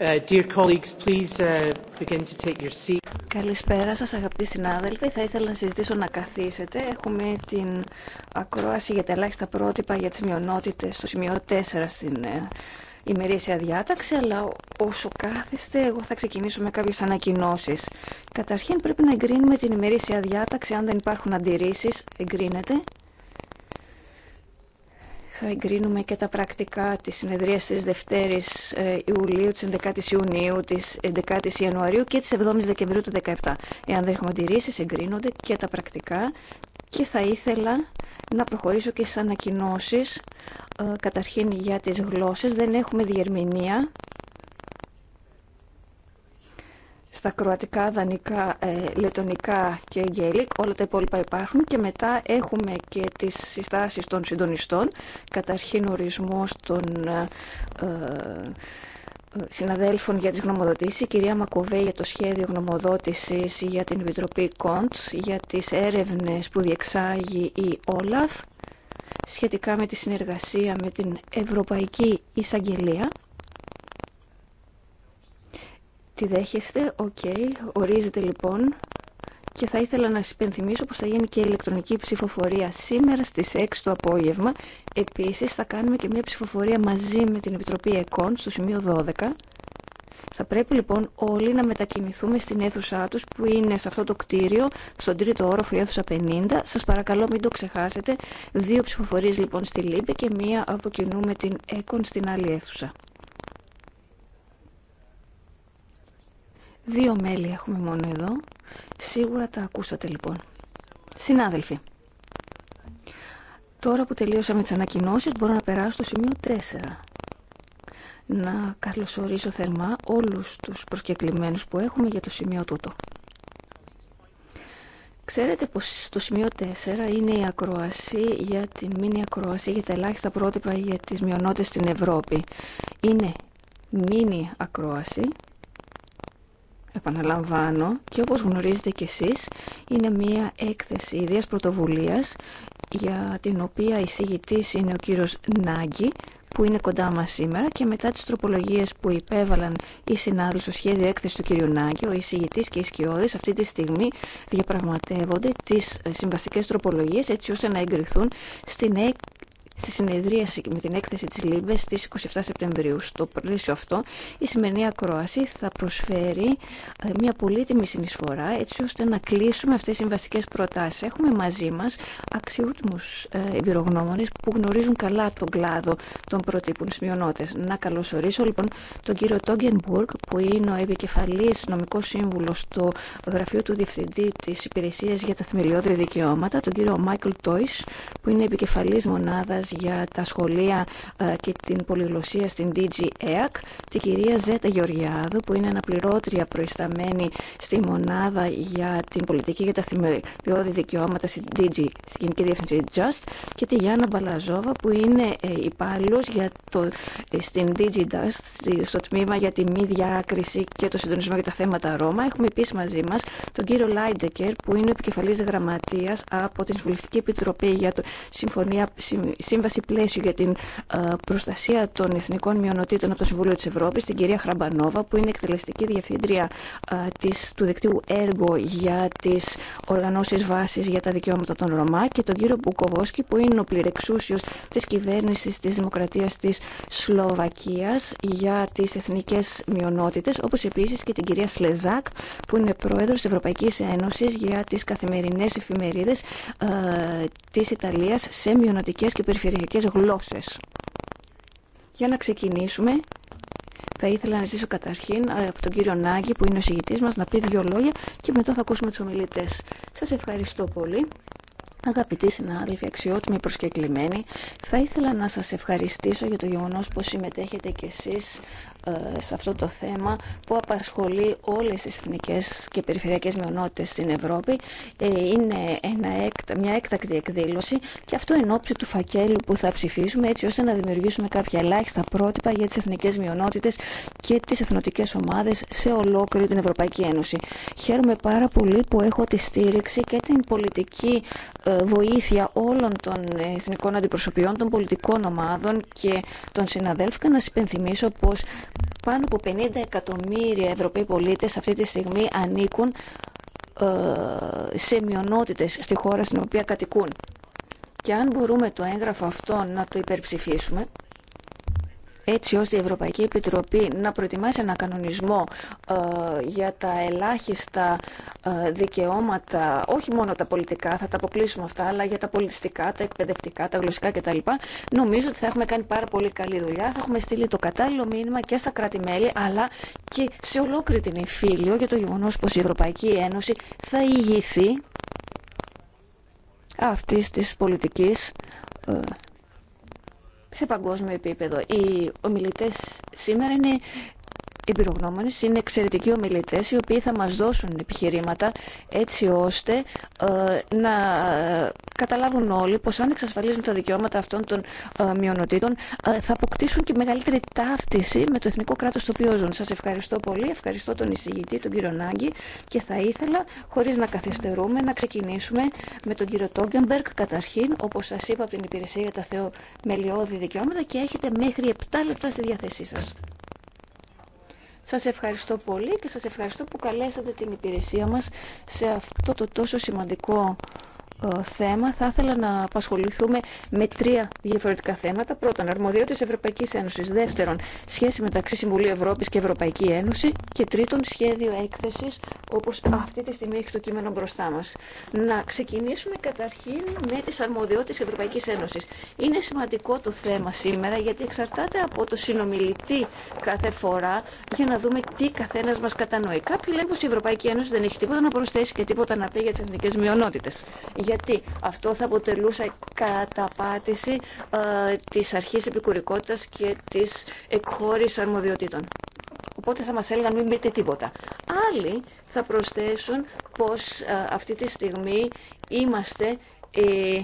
Uh, uh, Καλησπέρα σας αγαπητοί συνάδελφοι. Θα ήθελα να συζητήσω να καθίσετε. Έχουμε την ακρόαση για τα ελάχιστα πρότυπα για τις μειονότητες στο σημείο 4 στην ε, ημερήσια διάταξη, αλλά όσο κάθεστε εγώ θα ξεκινήσω με κάποιες ανακοινώσεις. Καταρχήν πρέπει να εγκρίνουμε την ημερήσια διάταξη, αν δεν υπάρχουν αντιρρήσεις, εγκρίνεται θα εγκρίνουμε και τα πρακτικά της συνεδρίας της Δευτέρης ε, Ιουλίου, της 11ης Ιουνίου, της 11ης Ιανουαρίου και της 7ης Δεκεμβρίου του 2017. Εάν δεν έχουμε αντιρρήσεις, εγκρίνονται και τα πρακτικά και θα ήθελα να προχωρήσω και στις ανακοινώσεις. Ε, καταρχήν για τις γλώσσες δεν έχουμε διερμηνία στα κροατικά, δανικά, ε, λετονικά και γέλικ. Όλα τα υπόλοιπα υπάρχουν και μετά έχουμε και τις συστάσεις των συντονιστών. Καταρχήν ορισμός των ε, ε, συναδέλφων για τις γνωμοδοτήσεις, η κυρία Μακοβέ για το σχέδιο γνωμοδότησης για την Επιτροπή Κοντ, για τις έρευνες που διεξάγει η Όλαφ, σχετικά με τη συνεργασία με την Ευρωπαϊκή Εισαγγελία Τη δέχεστε, οκ, okay. ορίζεται λοιπόν και θα ήθελα να σα υπενθυμίσω πω θα γίνει και ηλεκτρονική ψηφοφορία σήμερα στι 6 το απόγευμα. Επίση θα κάνουμε και μια ψηφοφορία μαζί με την Επιτροπή ΕΚΟΝ στο σημείο 12. Θα πρέπει λοιπόν όλοι να μετακινηθούμε στην αίθουσά τους που είναι σε αυτό το κτίριο, στον τρίτο όροφο η αίθουσα 50. Σας παρακαλώ μην το ξεχάσετε. Δύο ψηφοφορίες λοιπόν στη Λίμπε και μία από κοινού με την ΕΚΟΝ στην άλλη αίθουσα. Δύο μέλη έχουμε μόνο εδώ. Σίγουρα τα ακούσατε λοιπόν. Συνάδελφοι, τώρα που τελείωσαμε τις ανακοινώσεις μπορώ να περάσω στο σημείο 4. Να καλωσορίσω θερμά όλους τους προσκεκλημένους που έχουμε για το σημείο τούτο. Ξέρετε πως το σημείο 4 είναι η ακρόαση για την μήνυ ακρόαση για τα ελάχιστα πρότυπα για τις μειονότητες στην Ευρώπη. Είναι μήνυ ακρόαση επαναλαμβάνω και όπως γνωρίζετε κι εσείς είναι μια έκθεση ιδίας πρωτοβουλίας για την οποία εισηγητής είναι ο κύριος Νάγκη που είναι κοντά μας σήμερα και μετά τις τροπολογίες που υπέβαλαν οι συνάδελφοι στο σχέδιο έκθεση του κύριου Νάγκη, ο εισηγητής και οι σκιώδες αυτή τη στιγμή διαπραγματεύονται τις συμβαστικές τροπολογίες έτσι ώστε να εγκριθούν στην έκθεση στη συνεδρίαση με την έκθεση της ΛΥΜΠΕ στις 27 Σεπτεμβρίου. Στο πλαίσιο αυτό, η σημερινή ακρόαση θα προσφέρει ε, μια πολύτιμη συνεισφορά έτσι ώστε να κλείσουμε αυτές τις συμβαστικές προτάσεις. Έχουμε μαζί μας αξιότιμους ε, εμπειρογνώμονες που γνωρίζουν καλά τον κλάδο των προτύπων σημειονότες. Να καλωσορίσω λοιπόν τον κύριο Τόγκενμπουργκ που είναι ο επικεφαλής νομικός σύμβουλος στο γραφείο του Διευθυντή της Υπηρεσίας για τα Θεμελιώδη Δικαιώματα, τον κύριο Μάικλ Τόις που είναι επικεφαλής μονάδας για τα σχολεία ε, και την πολυγλωσία στην DG EAC, την κυρία Ζέτα Γεωργιάδου, που είναι αναπληρώτρια προϊσταμένη στη μονάδα για την πολιτική για τα θεμελιώδη δικαιώματα στην DG, στην Γενική Διεύθυνση Just, και τη Γιάννα Μπαλαζόβα, που είναι ε, υπάλληλο ε, στην DG Dust, στο τμήμα για τη μη διάκριση και το συντονισμό για τα θέματα Ρώμα. Έχουμε επίση μαζί μα τον κύριο Λάιντεκερ, που είναι επικεφαλή γραμματεία από την Συμβουλευτική Επιτροπή για το Συμφωνία σύμβαση πλαίσιο για την ε, προστασία των εθνικών μειονοτήτων από το Συμβούλιο της Ευρώπης, την κυρία Χραμπανόβα, που είναι εκτελεστική διευθύντρια ε, της, του δικτύου έργο για τις οργανώσεις βάσης για τα δικαιώματα των Ρωμά και τον κύριο Μπουκοβόσκι, που είναι ο πληρεξούσιος της κυβέρνησης της Δημοκρατίας της Σλοβακίας για τις εθνικές μειονότητες, όπως επίσης και την κυρία Σλεζάκ, που είναι πρόεδρος της Ευρωπαϊκής Ένωσης για τι καθημερινέ εφημερίδε ε, της σε μειονοτικές και περιφερειακές γλώσσες. Για να ξεκινήσουμε, θα ήθελα να ζήσω καταρχήν ε, από τον κύριο Νάγκη, που είναι ο συγητής μας, να πει δύο λόγια και μετά θα ακούσουμε τους ομιλητές. Σας ευχαριστώ πολύ. Αγαπητοί συνάδελφοι, αξιότιμοι προσκεκλημένοι, θα ήθελα να σας ευχαριστήσω για το γεγονός που συμμετέχετε κι εσείς ε, σε αυτό το θέμα που απασχολεί όλες τις εθνικές και περιφερειακές μειονότητες στην Ευρώπη. Ε, είναι ένα, μια έκτακτη εκδήλωση και αυτό εν ώψη του φακέλου που θα ψηφίσουμε έτσι ώστε να δημιουργήσουμε κάποια ελάχιστα πρότυπα για τις εθνικές μειονότητες και τις εθνοτικές ομάδες σε ολόκληρη την Ευρωπαϊκή Ένωση. Χαίρομαι πάρα πολύ που έχω τη στήριξη και την πολιτική ε, βοήθεια όλων των εθνικών αντιπροσωπιών, των πολιτικών ομάδων και των συναδέλφων να σα υπενθυμίσω πως πάνω από 50 εκατομμύρια Ευρωπαίοι πολίτες αυτή τη στιγμή ανήκουν ε, σε μειονότητες στη χώρα στην οποία κατοικούν. Και αν μπορούμε το έγγραφο αυτό να το υπερψηφίσουμε, έτσι ώστε η Ευρωπαϊκή Επιτροπή να προετοιμάσει ένα κανονισμό ε, για τα ελάχιστα ε, δικαιώματα, όχι μόνο τα πολιτικά, θα τα αποκλείσουμε αυτά, αλλά για τα πολιτιστικά, τα εκπαιδευτικά, τα γλωσσικά κτλ. Νομίζω ότι θα έχουμε κάνει πάρα πολύ καλή δουλειά, θα έχουμε στείλει το κατάλληλο μήνυμα και στα κράτη-μέλη, αλλά και σε ολόκληρη την εμφύλιο για το γεγονό πω η Ευρωπαϊκή Ένωση θα ηγηθεί αυτή τη πολιτική. Ε, σε παγκόσμιο επίπεδο. Οι ομιλητές σήμερα είναι εμπειρογνώμονες είναι εξαιρετικοί ομιλητές οι οποίοι θα μας δώσουν επιχειρήματα έτσι ώστε ε, να καταλάβουν όλοι πως αν εξασφαλίζουν τα δικαιώματα αυτών των ε, μειονοτήτων ε, θα αποκτήσουν και μεγαλύτερη ταύτιση με το εθνικό κράτος το οποίο ζουν. Σας ευχαριστώ πολύ, ευχαριστώ τον εισηγητή, τον κύριο Νάγκη και θα ήθελα χωρίς να καθυστερούμε να ξεκινήσουμε με τον κύριο Τόγκεμπεργκ καταρχήν όπως σας είπα από την υπηρεσία για τα θεομελιώδη δικαιώματα και έχετε μέχρι 7 λεπτά στη διάθεσή σας. Σας ευχαριστώ πολύ και σας ευχαριστώ που καλέσατε την υπηρεσία μας σε αυτό το τόσο σημαντικό ε, θέμα θα ήθελα να απασχοληθούμε με τρία διαφορετικά θέματα. Πρώτον, αρμοδιότητες Ευρωπαϊκής Ένωσης. Δεύτερον, σχέση μεταξύ Συμβουλίου Ευρώπης και Ευρωπαϊκή Ένωση. Και τρίτον, σχέδιο έκθεσης, όπως αυτή τη στιγμή έχει το κείμενο μπροστά μας. Να ξεκινήσουμε καταρχήν με τις αρμοδιότητες Ευρωπαϊκής Ένωσης. Είναι σημαντικό το θέμα σήμερα γιατί εξαρτάται από το συνομιλητή κάθε φορά για να δούμε τι καθένα μας κατανοεί. Κάποιοι λένε η Ευρωπαϊκή Ένωση δεν έχει τίποτα να προσθέσει και τίποτα να πει για μειονότητες. Γιατί αυτό θα αποτελούσε καταπάτηση ε, της αρχής επικουρικότητας και της εκχώρησης αρμοδιοτήτων. Οπότε θα μας έλεγαν μην πείτε τίποτα. Άλλοι θα προσθέσουν πως ε, αυτή τη στιγμή είμαστε ε,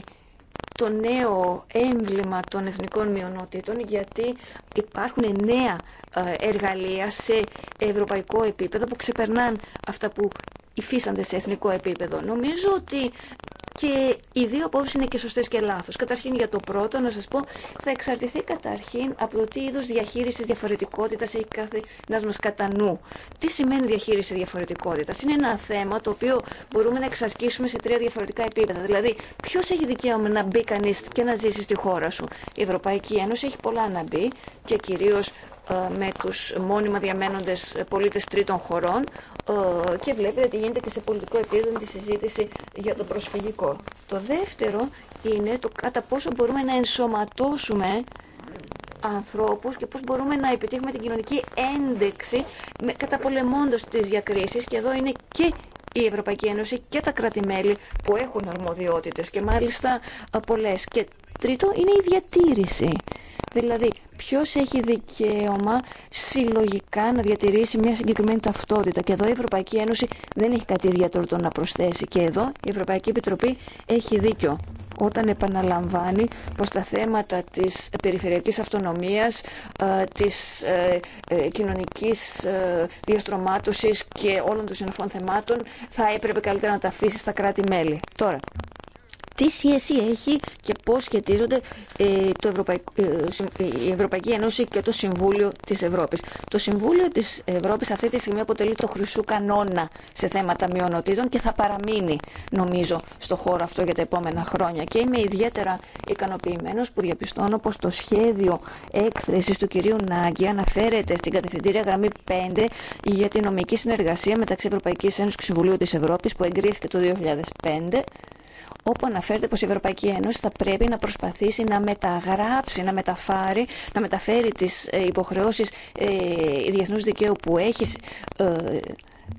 το νέο έμβλημα των εθνικών μειονότητων γιατί υπάρχουν νέα ε, εργαλεία σε ευρωπαϊκό επίπεδο που ξεπερνάν αυτά που υφίστανται σε εθνικό επίπεδο. Νομίζω ότι και οι δύο απόψει είναι και σωστέ και λάθο. Καταρχήν για το πρώτο να σα πω θα εξαρτηθεί καταρχήν από το τι είδου διαχείρισης διαφορετικότητα έχει κάθε να μα κατά νου. Τι σημαίνει διαχείριση διαφορετικότητα. Είναι ένα θέμα το οποίο μπορούμε να εξασκήσουμε σε τρία διαφορετικά επίπεδα. Δηλαδή ποιο έχει δικαίωμα να μπει κανεί και να ζήσει στη χώρα σου. Η Ευρωπαϊκή Ένωση έχει πολλά να μπει και κυρίω. Ε, με τους μόνιμα διαμένοντες πολίτες τρίτων χωρών ε, και βλέπετε ότι γίνεται και σε πολιτικό επίπεδο με τη συζήτηση για το προσφυγικό. Το δεύτερο είναι το κατά πόσο μπορούμε να ενσωματώσουμε ανθρώπους και πώς μπορούμε να επιτύχουμε την κοινωνική έντεξη με, καταπολεμώντας τις διακρίσεις και εδώ είναι και η Ευρωπαϊκή Ένωση και τα κράτη-μέλη που έχουν αρμοδιότητες και μάλιστα ε, πολλές. Και τρίτο είναι η διατήρηση. Δηλαδή ποιος έχει δικαίωμα συλλογικά να διατηρήσει μια συγκεκριμένη ταυτότητα. Και εδώ η Ευρωπαϊκή Ένωση δεν έχει κάτι ιδιαίτερο να προσθέσει. Και εδώ η Ευρωπαϊκή Επιτροπή έχει δίκιο όταν επαναλαμβάνει πως τα θέματα της περιφερειακής αυτονομίας, ε, της ε, ε, κοινωνικής διαστρωμάτωσης και όλων των συνοφών θεμάτων θα έπρεπε καλύτερα να τα αφήσει στα κράτη-μέλη. Τώρα, τι σχέση έχει και πώς σχετίζονται ε, το ε, ε, η Ευρωπαϊκή Ένωση και το Συμβούλιο της Ευρώπης. Το Συμβούλιο της Ευρώπης αυτή τη στιγμή αποτελεί το χρυσού κανόνα σε θέματα μειονοτήτων και θα παραμείνει νομίζω στο χώρο αυτό για τα επόμενα χρόνια. Και είμαι ιδιαίτερα ικανοποιημένος που διαπιστώνω πως το σχέδιο έκθεσης του κυρίου Νάγκη αναφέρεται στην κατευθυντήρια γραμμή 5 για τη νομική συνεργασία μεταξύ Ευρωπαϊκής Ένωσης και Συμβουλίου της Ευρώπης που εγκρίθηκε το 2005 όπου αναφέρεται πως η Ευρωπαϊκή Ένωση θα πρέπει να προσπαθήσει να μεταγράψει, να μεταφάρει, να μεταφέρει τις ε, υποχρεώσεις ε, διεθνούς δικαίου που έχει ε,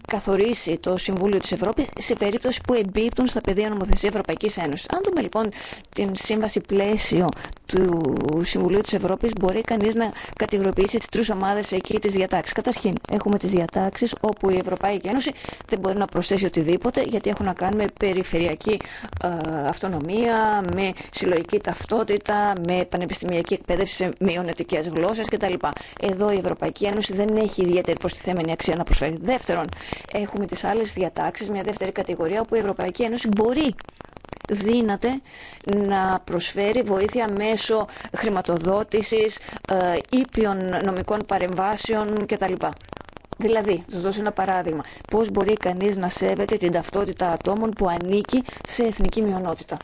καθορίσει το Συμβούλιο της Ευρώπης σε περίπτωση που εμπίπτουν στα πεδία νομοθεσία Ευρωπαϊκής Ένωσης. Αν δούμε λοιπόν την σύμβαση πλαίσιο του Συμβουλίου της Ευρώπης μπορεί κανείς να κατηγοριοποιήσει τις τρεις ομάδες εκεί τις διατάξεις. Καταρχήν έχουμε τις διατάξεις όπου η Ευρωπαϊκή Ένωση δεν μπορεί να προσθέσει οτιδήποτε γιατί έχουν να κάνουν με περιφερειακή ε, αυτονομία, με συλλογική ταυτότητα, με πανεπιστημιακή εκπαίδευση σε μειονετικές γλώσσες κτλ. Εδώ η Ευρωπαϊκή Ένωση δεν έχει ιδιαίτερη προστιθέμενη αξία να προσφέρει. Δεύτερον, Έχουμε τις άλλες διατάξεις, μια δεύτερη κατηγορία όπου η Ευρωπαϊκή Ένωση μπορεί δύναται να προσφέρει βοήθεια μέσω χρηματοδότησης, ε, ήπιων νομικών παρεμβάσεων κτλ. Δηλαδή, σα δώσω ένα παράδειγμα. Πώς μπορεί κανεί να σέβεται την ταυτότητα ατόμων που ανήκει σε εθνική μειονότητα.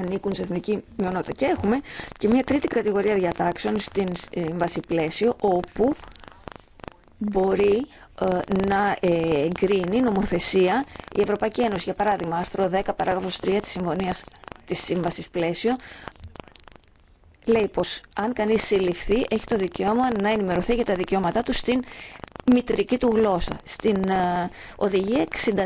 Ανήκουν σε εθνική μειονότητα. Και έχουμε και μια τρίτη κατηγορία διατάξεων στην ε, βασιπλαίσιο, όπου μπορεί ε, να ε, εγκρίνει νομοθεσία η Ευρωπαϊκή Ένωση. Για παράδειγμα, άρθρο 10, παράγραφος 3 της Συμφωνίας της Σύμβασης Πλαίσιο λέει πως αν κανείς συλληφθεί έχει το δικαίωμα να ενημερωθεί για τα δικαιώματά του στην μητρική του γλώσσα. Στην ε, Οδηγία 64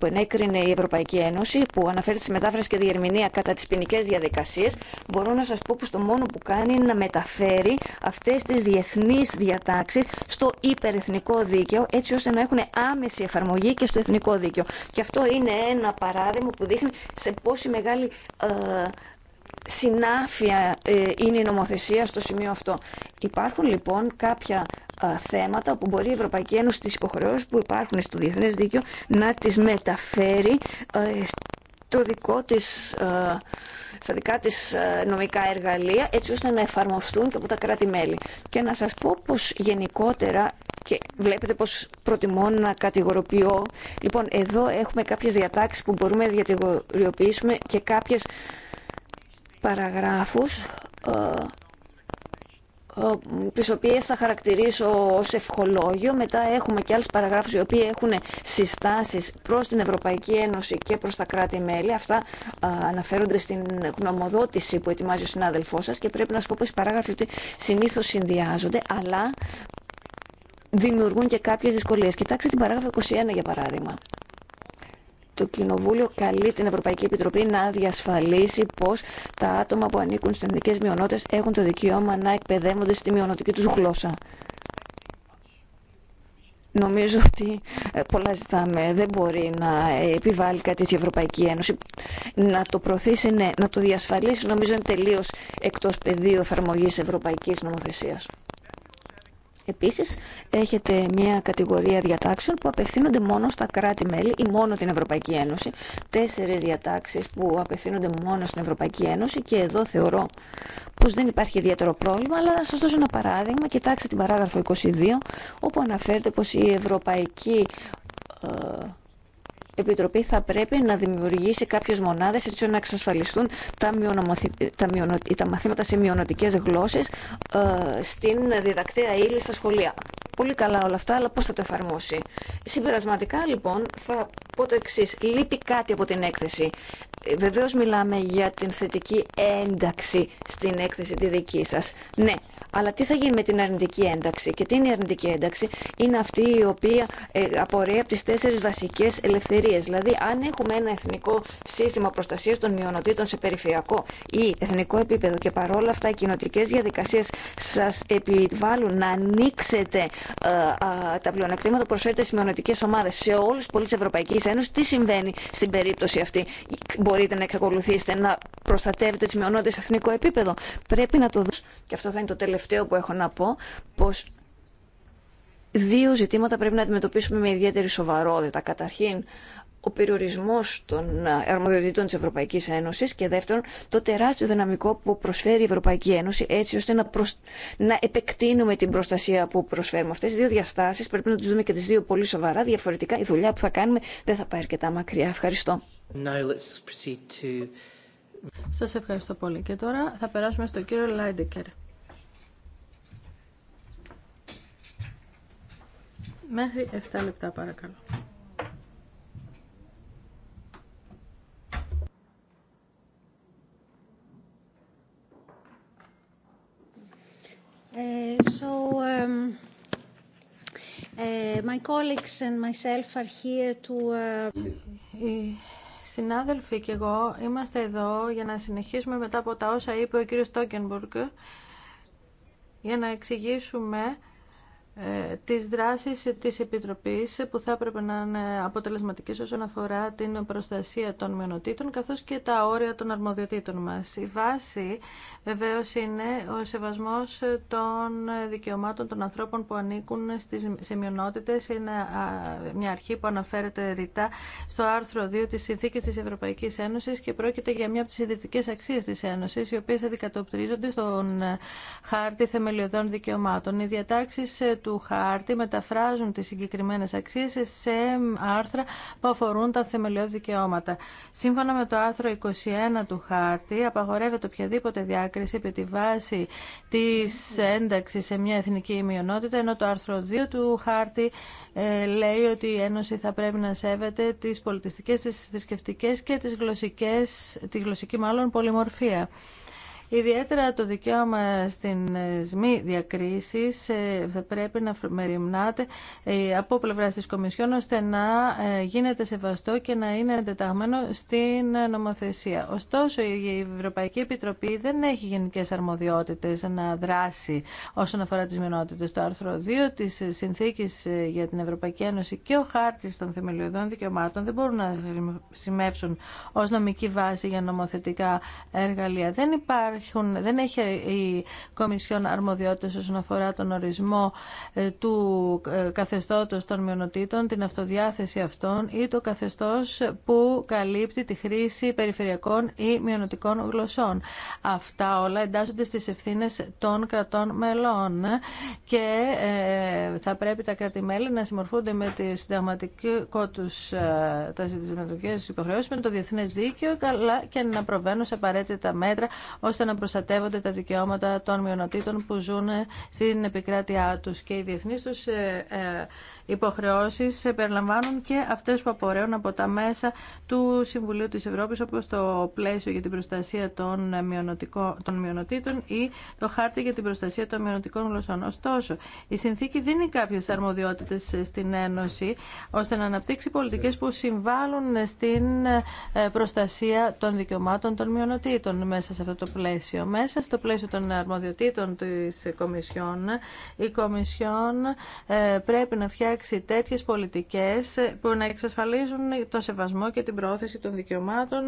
που ενέκρινε η Ευρωπαϊκή Ένωση, που αναφέρει στη μετάφραση και διερμηνία κατά τις ποινικέ διαδικασίες, μπορώ να σας πω πως το μόνο που κάνει είναι να μεταφέρει αυτές τις διεθνείς διατάξεις στο υπερεθνικό δίκαιο, έτσι ώστε να έχουν άμεση εφαρμογή και στο εθνικό δίκαιο. Και αυτό είναι ένα παράδειγμα που δείχνει σε πόση μεγάλη ε, συνάφεια ε, είναι η νομοθεσία στο σημείο αυτό. Υπάρχουν λοιπόν κάποια θέματα όπου μπορεί η Ευρωπαϊκή Ένωση τις υποχρεώσεις που υπάρχουν στο διεθνές δίκαιο να τις μεταφέρει ε, στο δικό της, ε, στα δικά της νομικά εργαλεία έτσι ώστε να εφαρμοστούν και από τα κράτη-μέλη. Και να σας πω πως γενικότερα και βλέπετε πως προτιμώ να κατηγοροποιώ. Λοιπόν, εδώ έχουμε κάποιες διατάξεις που μπορούμε να διατηγοριοποιήσουμε και κάποιες παραγράφους ε, ε, τις οποίες θα χαρακτηρίσω ως ευχολόγιο. Μετά έχουμε και άλλες παραγράφους οι οποίοι έχουν συστάσεις προς την Ευρωπαϊκή Ένωση και προς τα κράτη-μέλη. Αυτά ε, αναφέρονται στην γνωμοδότηση που ετοιμάζει ο συνάδελφός σας και πρέπει να σου πω πως οι παράγραφοι αυτοί συνήθως συνδυάζονται, αλλά δημιουργούν και κάποιες δυσκολίες. Κοιτάξτε την παράγραφο 21 για παράδειγμα το Κοινοβούλιο καλεί την Ευρωπαϊκή Επιτροπή να διασφαλίσει πω τα άτομα που ανήκουν στι εθνικέ μειονότητε έχουν το δικαίωμα να εκπαιδεύονται στη μειονοτική του γλώσσα. Νομίζω ότι ε, πολλά ζητάμε. Δεν μπορεί να επιβάλλει κάτι η Ευρωπαϊκή Ένωση. Να το προωθήσει, ναι. Να το διασφαλίσει, νομίζω, είναι τελείω εκτό πεδίου εφαρμογή ευρωπαϊκή νομοθεσία. Επίσης, έχετε μια κατηγορία διατάξεων που απευθύνονται μόνο στα κράτη-μέλη ή μόνο την Ευρωπαϊκή Ένωση. Τέσσερις διατάξεις που απευθύνονται μόνο στην Ευρωπαϊκή Ένωση και εδώ θεωρώ πως δεν υπάρχει ιδιαίτερο πρόβλημα, αλλά να σας δώσω ένα παράδειγμα. Κοιτάξτε την παράγραφο 22, όπου αναφέρεται πως η Ευρωπαϊκή ε, Επιτροπή θα πρέπει να δημιουργήσει κάποιες μονάδες έτσι ώστε να εξασφαλιστούν τα, τα, τα μαθήματα σε μειονοτικές γλώσσες ε, στην διδακτέα ύλη στα σχολεία. Πολύ καλά όλα αυτά, αλλά πώς θα το εφαρμόσει. Συμπερασματικά λοιπόν θα πω το εξή. Λείπει κάτι από την έκθεση. Ε, βεβαίως μιλάμε για την θετική ένταξη στην έκθεση τη δική σας. Ναι, αλλά τι θα γίνει με την αρνητική ένταξη. Και τι είναι η αρνητική ένταξη. Είναι αυτή η οποία ε, απορρέει από τι τέσσερι βασικέ ελευθερίε. Δηλαδή, αν έχουμε ένα εθνικό σύστημα προστασία των μειονοτήτων σε περιφερειακό ή εθνικό επίπεδο και παρόλα αυτά οι κοινοτικέ διαδικασίε σα επιβάλλουν να ανοίξετε ε, τα πλεονεκτήματα που προσφέρετε στι μειονοτικέ ομάδε σε όλου του πολίτε Ευρωπαϊκή Ένωση, τι συμβαίνει στην περίπτωση αυτή. Μπορείτε να εξακολουθήσετε να προστατεύετε τι μειονότητε σε εθνικό επίπεδο. Πρέπει να το δώσετε. Και αυτό θα το τελευταίο τελευταίο που έχω να πω, πως δύο ζητήματα πρέπει να αντιμετωπίσουμε με ιδιαίτερη σοβαρότητα. Καταρχήν, ο περιορισμό των ε, αρμοδιοτήτων τη Ευρωπαϊκή Ένωση και δεύτερον το τεράστιο δυναμικό που προσφέρει η Ευρωπαϊκή Ένωση έτσι ώστε να, προσ... να επεκτείνουμε την προστασία που προσφέρουμε. αυτέ οι δύο διαστάσει πρέπει να τι δούμε και τι δύο πολύ σοβαρά. Διαφορετικά η δουλειά που θα κάνουμε δεν θα πάει αρκετά μακριά. Ευχαριστώ. Now to... Σας ευχαριστώ πολύ. Και τώρα θα περάσουμε στον κύριο Λάιντεκερ. Μέχρι 7 λεπτά παρακαλώ. Ε, um, ε, my colleagues and myself are here to. Uh, συνάδελφοι και εγώ είμαστε εδώ για να συνεχίσουμε μετά από τα όσα είπε ο κύριος Τόκενμπουργκ για να εξηγήσουμε ε, τις δράσεις της Επιτροπής που θα έπρεπε να είναι αποτελεσματικές όσον αφορά την προστασία των μειονοτήτων καθώς και τα όρια των αρμοδιοτήτων μας. Η βάση βεβαίως είναι ο σεβασμός των δικαιωμάτων των ανθρώπων που ανήκουν στις, σε μειονότητες. Είναι μια αρχή που αναφέρεται ρητά στο άρθρο 2 της Συνθήκης της Ευρωπαϊκής Ένωσης και πρόκειται για μια από τις ιδρυτικές αξίες της Ένωσης οι οποίες αντικατοπτρίζονται στον ε, χάρτη θεμελιωδών δικαιωμάτων. Οι του χάρτη μεταφράζουν τις συγκεκριμένες αξίες σε άρθρα που αφορούν τα θεμελιώδη δικαιώματα. Σύμφωνα με το άρθρο 21 του χάρτη, απαγορεύεται οποιαδήποτε διάκριση επί τη βάση της ένταξης σε μια εθνική μειονότητα, ενώ το άρθρο 2 του χάρτη ε, λέει ότι η Ένωση θα πρέπει να σέβεται τις πολιτιστικές, τις θρησκευτικές και τις γλωσσικές, τη γλωσσική μάλλον πολυμορφία. Ιδιαίτερα το δικαίωμα στην ε, μη διακρίση ε, θα πρέπει να μεριμνάται ε, από πλευρά τη Κομισιόν ώστε να γίνεται σεβαστό και να είναι εντεταγμένο στην νομοθεσία. Ωστόσο, η Ευρωπαϊκή Επιτροπή δεν έχει γενικέ αρμοδιότητε να δράσει όσον αφορά τι μειονότητε. Το άρθρο 2 τη Συνθήκη για την Ευρωπαϊκή Ένωση και ο χάρτη των θεμελιωδών δικαιωμάτων δεν μπορούν να σημεύσουν ω νομική βάση για νομοθετικά εργαλεία. Δεν υπάρχει δεν έχει η Κομισιόν αρμοδιότητες όσον αφορά τον ορισμό ε, του ε, καθεστώτος των μειονοτήτων, την αυτοδιάθεση αυτών ή το καθεστώς που καλύπτει τη χρήση περιφερειακών ή μειονοτικών γλωσσών. Αυτά όλα εντάσσονται στις ευθύνες των κρατών μελών και ε, θα πρέπει τα κράτη-μέλη να συμμορφούνται με τη συνταγματικό του τα συνταγματικές υποχρεώσεις με το διεθνέ δίκαιο αλλά και να προβαίνουν σε απαραίτητα μέτρα ώστε να να προστατεύονται τα δικαιώματα των μειονοτήτων που ζουν στην επικράτειά τους και οι διεθνείς τους ε, ε, υποχρεώσει περιλαμβάνουν και αυτέ που απορρέουν από τα μέσα του Συμβουλίου τη Ευρώπη, όπω το πλαίσιο για την προστασία των, των μειονοτήτων ή το χάρτη για την προστασία των μειονοτικών γλωσσών. Ωστόσο, η συνθήκη δίνει κάποιε αρμοδιότητε στην Ένωση ώστε να αναπτύξει πολιτικέ που συμβάλλουν στην ε, προστασία των δικαιωμάτων των μειονοτήτων μέσα σε αυτό το πλαίσιο. Μέσα στο πλαίσιο των αρμοδιοτήτων τη Κομισιόν, η Κομισιόν ε, πρέπει να φτιάξει συντάξει τέτοιες πολιτικές που να εξασφαλίζουν το σεβασμό και την προώθηση των δικαιωμάτων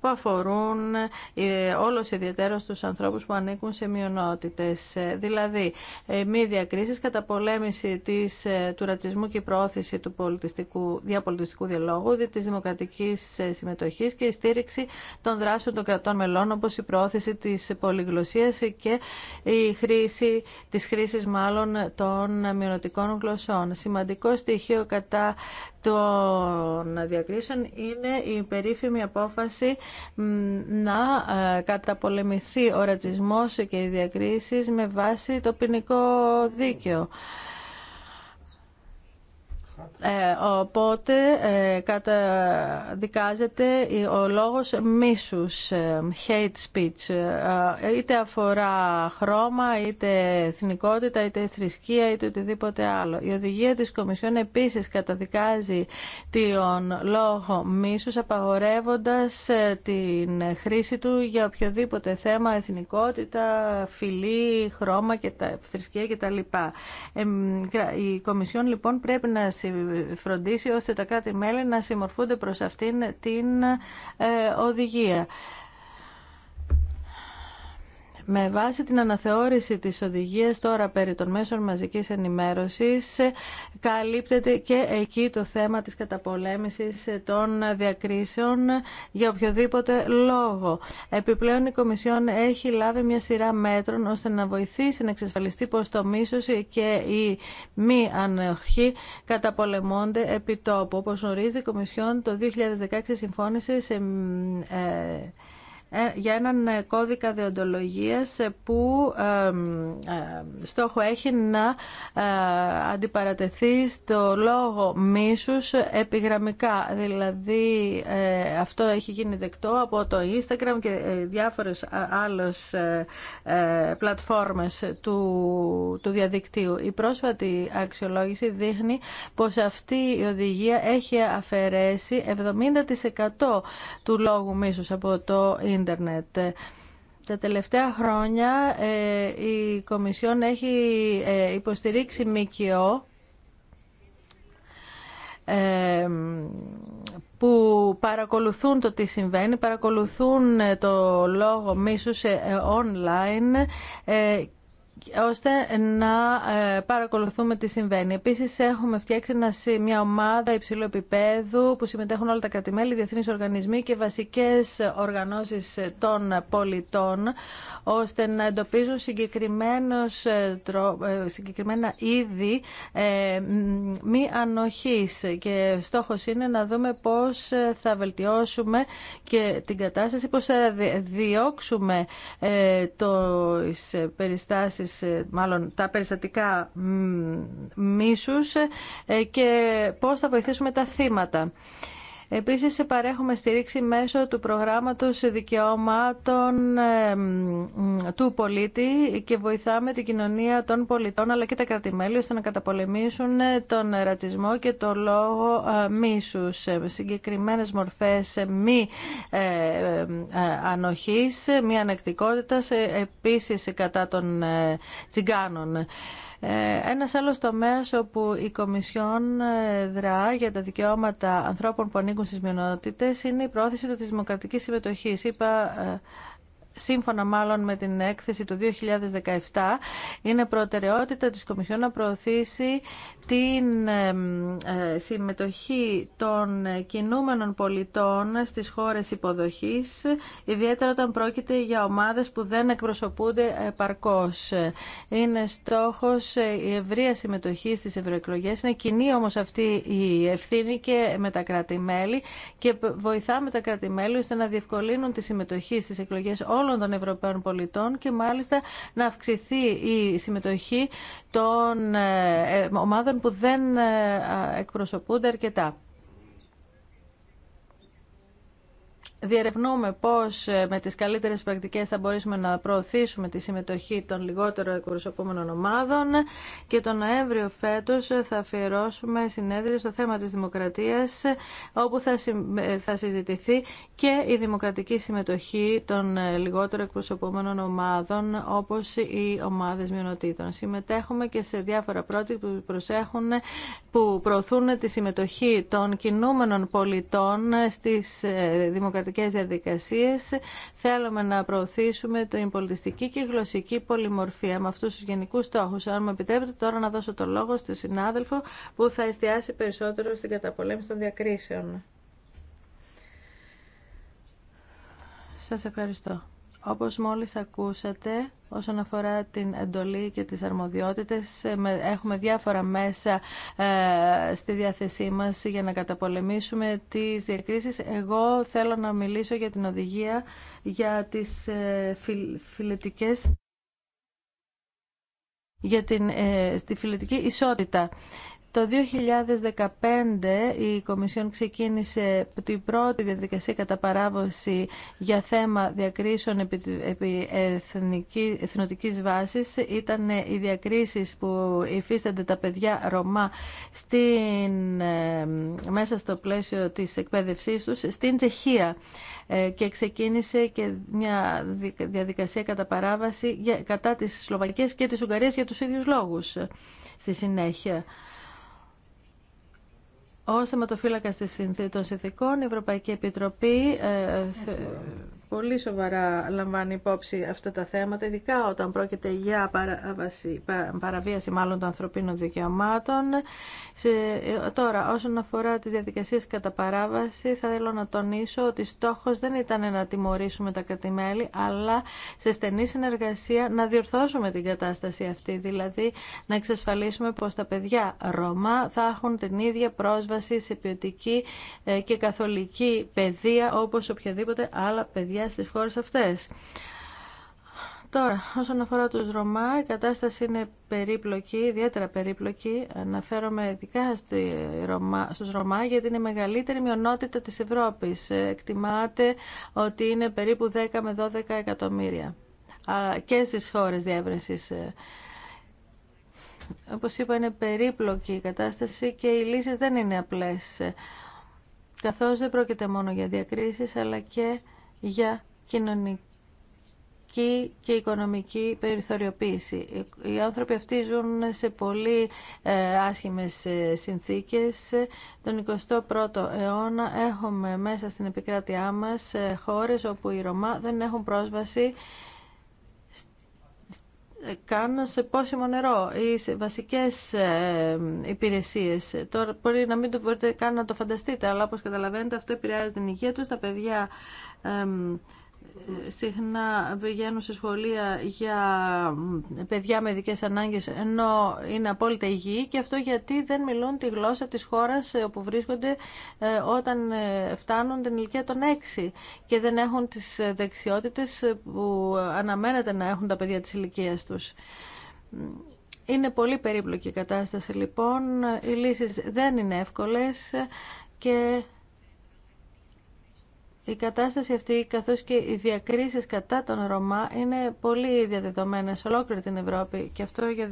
που αφορούν ε, όλος ιδιαίτερος τους ανθρώπους που ανήκουν σε μειονότητες. Ε, δηλαδή, ε, μη διακρίσεις, καταπολέμηση της, του ρατσισμού και η προώθηση του πολιτιστικού, διαπολιτιστικού διαλόγου, της δημοκρατικής συμμετοχής και η στήριξη των δράσεων των κρατών μελών, όπω η προώθηση της πολυγλωσσίας και η χρήση, της χρήσης μάλλον των μειονοτικών γλωσσών σημαντικό στοιχείο κατά των διακρίσεων είναι η περίφημη απόφαση να ε, καταπολεμηθεί ο ρατσισμός και οι διακρίσεις με βάση το ποινικό δίκαιο. Ε, οπότε ε, καταδικάζεται ο λόγος μίσους, ε, hate speech, είτε αφορά χρώμα, είτε εθνικότητα, είτε θρησκεία, είτε οτιδήποτε άλλο. Η οδηγία της Κομισιόν επίσης καταδικάζει τον λόγο μίσους, απαγορεύοντας την χρήση του για οποιοδήποτε θέμα, εθνικότητα, φιλή, χρώμα, και τα, θρησκεία κτλ. η Κομισιόν λοιπόν πρέπει να φροντίσει ώστε τα κράτη-μέλη να συμμορφούνται προς αυτήν την ε, οδηγία. Με βάση την αναθεώρηση της οδηγίας τώρα περί των μέσων μαζικής ενημέρωσης καλύπτεται και εκεί το θέμα της καταπολέμησης των διακρίσεων για οποιοδήποτε λόγο. Επιπλέον η Κομισιόν έχει λάβει μια σειρά μέτρων ώστε να βοηθήσει να εξασφαλιστεί πως το μίσος και η μη ανοχή καταπολεμώνται επί τόπου. Όπως γνωρίζει η Κομισιόν το 2016 συμφώνησε σε ε, ε, για έναν ε, κώδικα διοντολογίας ε, που στόχο έχει να αντιπαρατεθεί στο λόγο μίσους επιγραμμικά. Δηλαδή αυτό έχει γίνει δεκτό από το Instagram και διάφορες άλλες πλατφόρμες του, του διαδικτύου. Η πρόσφατη αξιολόγηση δείχνει πως αυτή η οδηγία έχει αφαιρέσει 70% του λόγου μίσους από το τα τελευταία χρόνια ε, η Κομισιόν έχει ε, υποστηρίξει ΜΚΟ ε, που παρακολουθούν το τι συμβαίνει, παρακολουθούν το λόγο μίσους online ώστε να ε, παρακολουθούμε τι συμβαίνει. Επίσης έχουμε φτιάξει μια ομάδα υψηλού επίπεδου που συμμετέχουν όλα τα κρατημέλη, διεθνεί οργανισμοί και βασικές οργανώσεις ε, των πολιτών ώστε να εντοπίζουν συγκεκριμένους, ε, συγκεκριμένα είδη μη ανοχής και στόχος είναι να δούμε πώς θα βελτιώσουμε και την κατάσταση, πώ θα διώξουμε το, τις περιστάσεις ε, μάλλον τα περιστατικά μίσους ε, και πώς θα βοηθήσουμε τα θύματα. Επίσης παρέχουμε στηρίξη μέσω του προγράμματος δικαιωμάτων του πολίτη και βοηθάμε την κοινωνία των πολιτών αλλά και τα κρατημέλη ώστε να καταπολεμήσουν ε, τον ρατσισμό και το λόγο ε, μίσους. Ε, συγκεκριμένες μορφές μη ανοχής, μη ανεκτικότητας επίσης κατά των τσιγκάνων. Ε, ένας άλλος τομέας όπου η Κομισιόν ε, δρά για τα δικαιώματα ανθρώπων που ανήκουν στις μειονότητες είναι η πρόθεση της δημοκρατικής συμμετοχής. Είπα ε, σύμφωνα μάλλον με την έκθεση του 2017, είναι προτεραιότητα της Κομισιόν να προωθήσει την ε, συμμετοχή των κινούμενων πολιτών στις χώρες υποδοχής, ιδιαίτερα όταν πρόκειται για ομάδες που δεν εκπροσωπούνται παρκώς. Είναι στόχος ε, η ευρεία συμμετοχή στις ευρωεκλογέ. Είναι κοινή όμως αυτή η ευθύνη και με τα κράτη-μέλη και βοηθάμε τα κράτη-μέλη ώστε να διευκολύνουν τη συμμετοχή στις εκλογές όλων των Ευρωπαίων πολιτών και μάλιστα να αυξηθεί η συμμετοχή των ε, ομάδων που δεν ε, εκπροσωπούνται αρκετά. διερευνούμε πώς ε, με τις καλύτερες πρακτικές θα μπορέσουμε να προωθήσουμε τη συμμετοχή των λιγότερων εκπροσωπούμενων ομάδων και τον Νοέμβριο φέτος θα αφιερώσουμε συνέδριο στο θέμα της δημοκρατίας όπου θα, ε, θα συζητηθεί και η δημοκρατική συμμετοχή των ε, λιγότερων εκπροσωπούμενων ομάδων όπως οι ομάδες μειονοτήτων. Συμμετέχουμε και σε διάφορα project που, προσέχουν, που προωθούν τη συμμετοχή των κινούμενων πολιτών στις δημοκρατικές δημοκρατικές διαδικασίες. Θέλουμε να προωθήσουμε την πολιτιστική και γλωσσική πολυμορφία με αυτούς τους γενικούς στόχους. Αν μου επιτρέπετε τώρα να δώσω το λόγο στη συνάδελφο που θα εστιάσει περισσότερο στην καταπολέμηση των διακρίσεων. Σας ευχαριστώ. Όπως μόλις ακούσατε, όσον αφορά την εντολή και τις αρμοδιότητες, ε, έχουμε διάφορα μέσα ε, στη διάθεσή μας για να καταπολεμήσουμε τις διακρίσεις. Εγώ θέλω να μιλήσω για την οδηγία για τις ε, φιλετικές για την, στη φιλετική ισότητα. Το 2015 η Κομισιόν ξεκίνησε την πρώτη διαδικασία κατά παράβαση για θέμα διακρίσεων επί εθνική, βάσης. Ήταν οι διακρίσεις που υφίστανται τα παιδιά Ρωμά στην, ε, μέσα στο πλαίσιο της εκπαίδευσής τους στην Τσεχία ε, και ξεκίνησε και μια διαδικασία κατά παράβαση κατά της Σλοβακίας και της Ουγγαρίας για τους ίδιους λόγους ε, στη συνέχεια. Ω θεματοφύλακα των συνθήκων, η Ευρωπαϊκή Επιτροπή ε, πολύ σοβαρά λαμβάνει υπόψη αυτά τα θέματα, ειδικά όταν πρόκειται για παραβάση, παραβίαση μάλλον των ανθρωπίνων δικαιωμάτων. Σε, ε, τώρα, όσον αφορά τις διαδικασίες κατά παράβαση, θα θέλω να τονίσω ότι στόχος δεν ήταν να τιμωρήσουμε τα κρατημέλη, αλλά σε στενή συνεργασία να διορθώσουμε την κατάσταση αυτή, δηλαδή να εξασφαλίσουμε πως τα παιδιά Ρώμα θα έχουν την ίδια πρόσβαση σε ποιοτική ε, και καθολική παιδεία όπως οποιαδήποτε άλλα παιδιά στις χώρες αυτές. Τώρα, όσον αφορά τους Ρωμά, η κατάσταση είναι περίπλοκη, ιδιαίτερα περίπλοκη. Αναφέρομαι ειδικά στη Ρωμά, στους Ρωμά, γιατί είναι η μεγαλύτερη μειονότητα της Ευρώπης. Ε, εκτιμάται ότι είναι περίπου 10 με 12 εκατομμύρια και στις χώρες διεύρυνσης. Ε. Όπως είπα, είναι περίπλοκη η κατάσταση και οι λύσεις δεν είναι απλές, καθώς δεν πρόκειται μόνο για διακρίσεις, αλλά και για κοινωνική και οικονομική περιθωριοποίηση. Οι άνθρωποι αυτοί ζουν σε πολύ ε, άσχημες ε, συνθήκες. Τον 21ο αιώνα έχουμε μέσα στην επικράτειά μας ε, χώρες όπου οι Ρωμά δεν έχουν πρόσβαση καν σε πόσιμο νερό ή σε βασικές ε, υπηρεσίες. Ε, τώρα μπορεί να μην το μπορείτε καν να το φανταστείτε, αλλά όπως καταλαβαίνετε αυτό επηρεάζει την υγεία τους, τα παιδιά συχνά πηγαίνουν σε σχολεία για παιδιά με ειδικέ ανάγκες ενώ είναι απόλυτα υγιή και αυτό γιατί δεν μιλούν τη γλώσσα της χώρας ε, όπου βρίσκονται ε, όταν ε, φτάνουν την ηλικία των 6 και δεν έχουν τις δεξιότητες που αναμένεται να έχουν τα παιδιά της ηλικία τους. Είναι πολύ περίπλοκη η κατάσταση λοιπόν, οι λύσεις δεν είναι εύκολες και η κατάσταση αυτή, καθώς και οι διακρίσεις κατά τον Ρωμά, είναι πολύ διαδεδομένες σε ολόκληρη την Ευρώπη. Και αυτό για...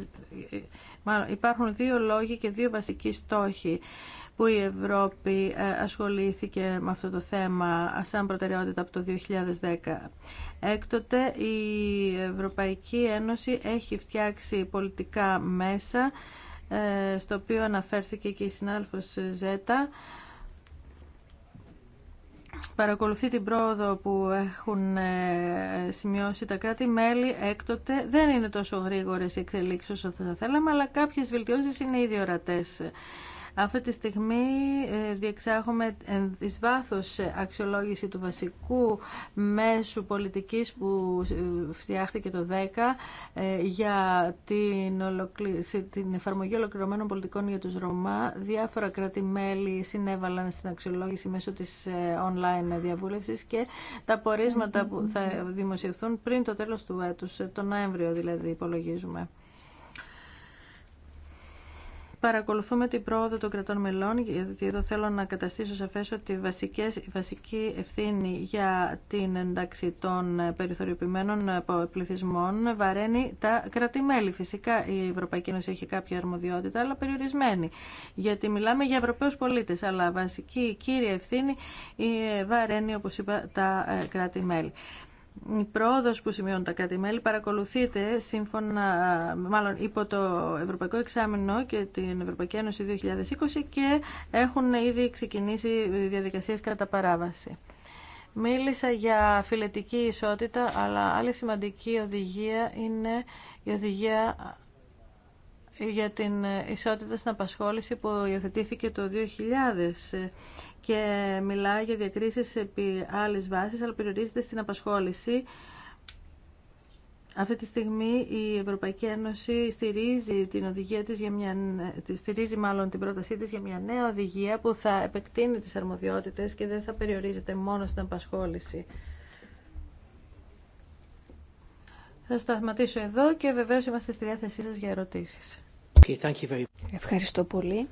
υπάρχουν δύο λόγοι και δύο βασικοί στόχοι που η Ευρώπη ε, ασχολήθηκε με αυτό το θέμα σαν προτεραιότητα από το 2010. Έκτοτε η Ευρωπαϊκή Ένωση έχει φτιάξει πολιτικά μέσα, ε, στο οποίο αναφέρθηκε και η συνάδελφος Ζέτα, παρακολουθεί την πρόοδο που έχουν ε, σημειώσει τα κράτη-μέλη έκτοτε. Δεν είναι τόσο γρήγορες οι εξελίξεις όσο θα θέλαμε, αλλά κάποιες βελτιώσεις είναι ήδη ορατές. Αυτή τη στιγμή ε, διεξάγουμε ε, εις βάθος ε, αξιολόγηση του βασικού μέσου πολιτικής που φτιάχτηκε το 10 για την, την εφαρμογή ολοκληρωμένων πολιτικών για τους Ρωμά. Διάφορα κράτη-μέλη συνέβαλαν στην αξιολόγηση μέσω της online διαβούλευσης και τα πορίσματα που θα δημοσιευθούν πριν το τέλος του έτους, τον Νοέμβριο δηλαδή υπολογίζουμε παρακολουθούμε την πρόοδο των κρατών μελών, γιατί εδώ θέλω να καταστήσω σαφέ ότι η βασική ευθύνη για την ένταξη των περιθωριοποιημένων πληθυσμών βαραίνει τα κρατημέλη. Φυσικά η Ευρωπαϊκή Ένωση έχει κάποια αρμοδιότητα, αλλά περιορισμένη, γιατί μιλάμε για Ευρωπαίου πολίτες, αλλά βασική κύρια ευθύνη ε, βαραίνει, όπω είπα, τα ε, κρατημέλη. μελη η πρόοδο που σημειώνουν τα κράτη-μέλη παρακολουθείται σύμφωνα, μάλλον υπό το Ευρωπαϊκό Εξάμεινο και την Ευρωπαϊκή Ένωση 2020 και έχουν ήδη ξεκινήσει διαδικασίες κατά παράβαση. Μίλησα για φιλετική ισότητα, αλλά άλλη σημαντική οδηγία είναι η οδηγία για την ισότητα στην απασχόληση που υιοθετήθηκε το 2000 και μιλά για διακρίσεις επί άλλης βάσης, αλλά περιορίζεται στην απασχόληση. Αυτή τη στιγμή η Ευρωπαϊκή Ένωση στηρίζει την οδηγία της για μια, στηρίζει μάλλον την πρότασή της για μια νέα οδηγία που θα επεκτείνει τις αρμοδιότητες και δεν θα περιορίζεται μόνο στην απασχόληση. Θα σταματήσω εδώ και βεβαίως είμαστε στη διάθεσή σας για ερωτήσεις. Okay, Ευχαριστώ πολύ.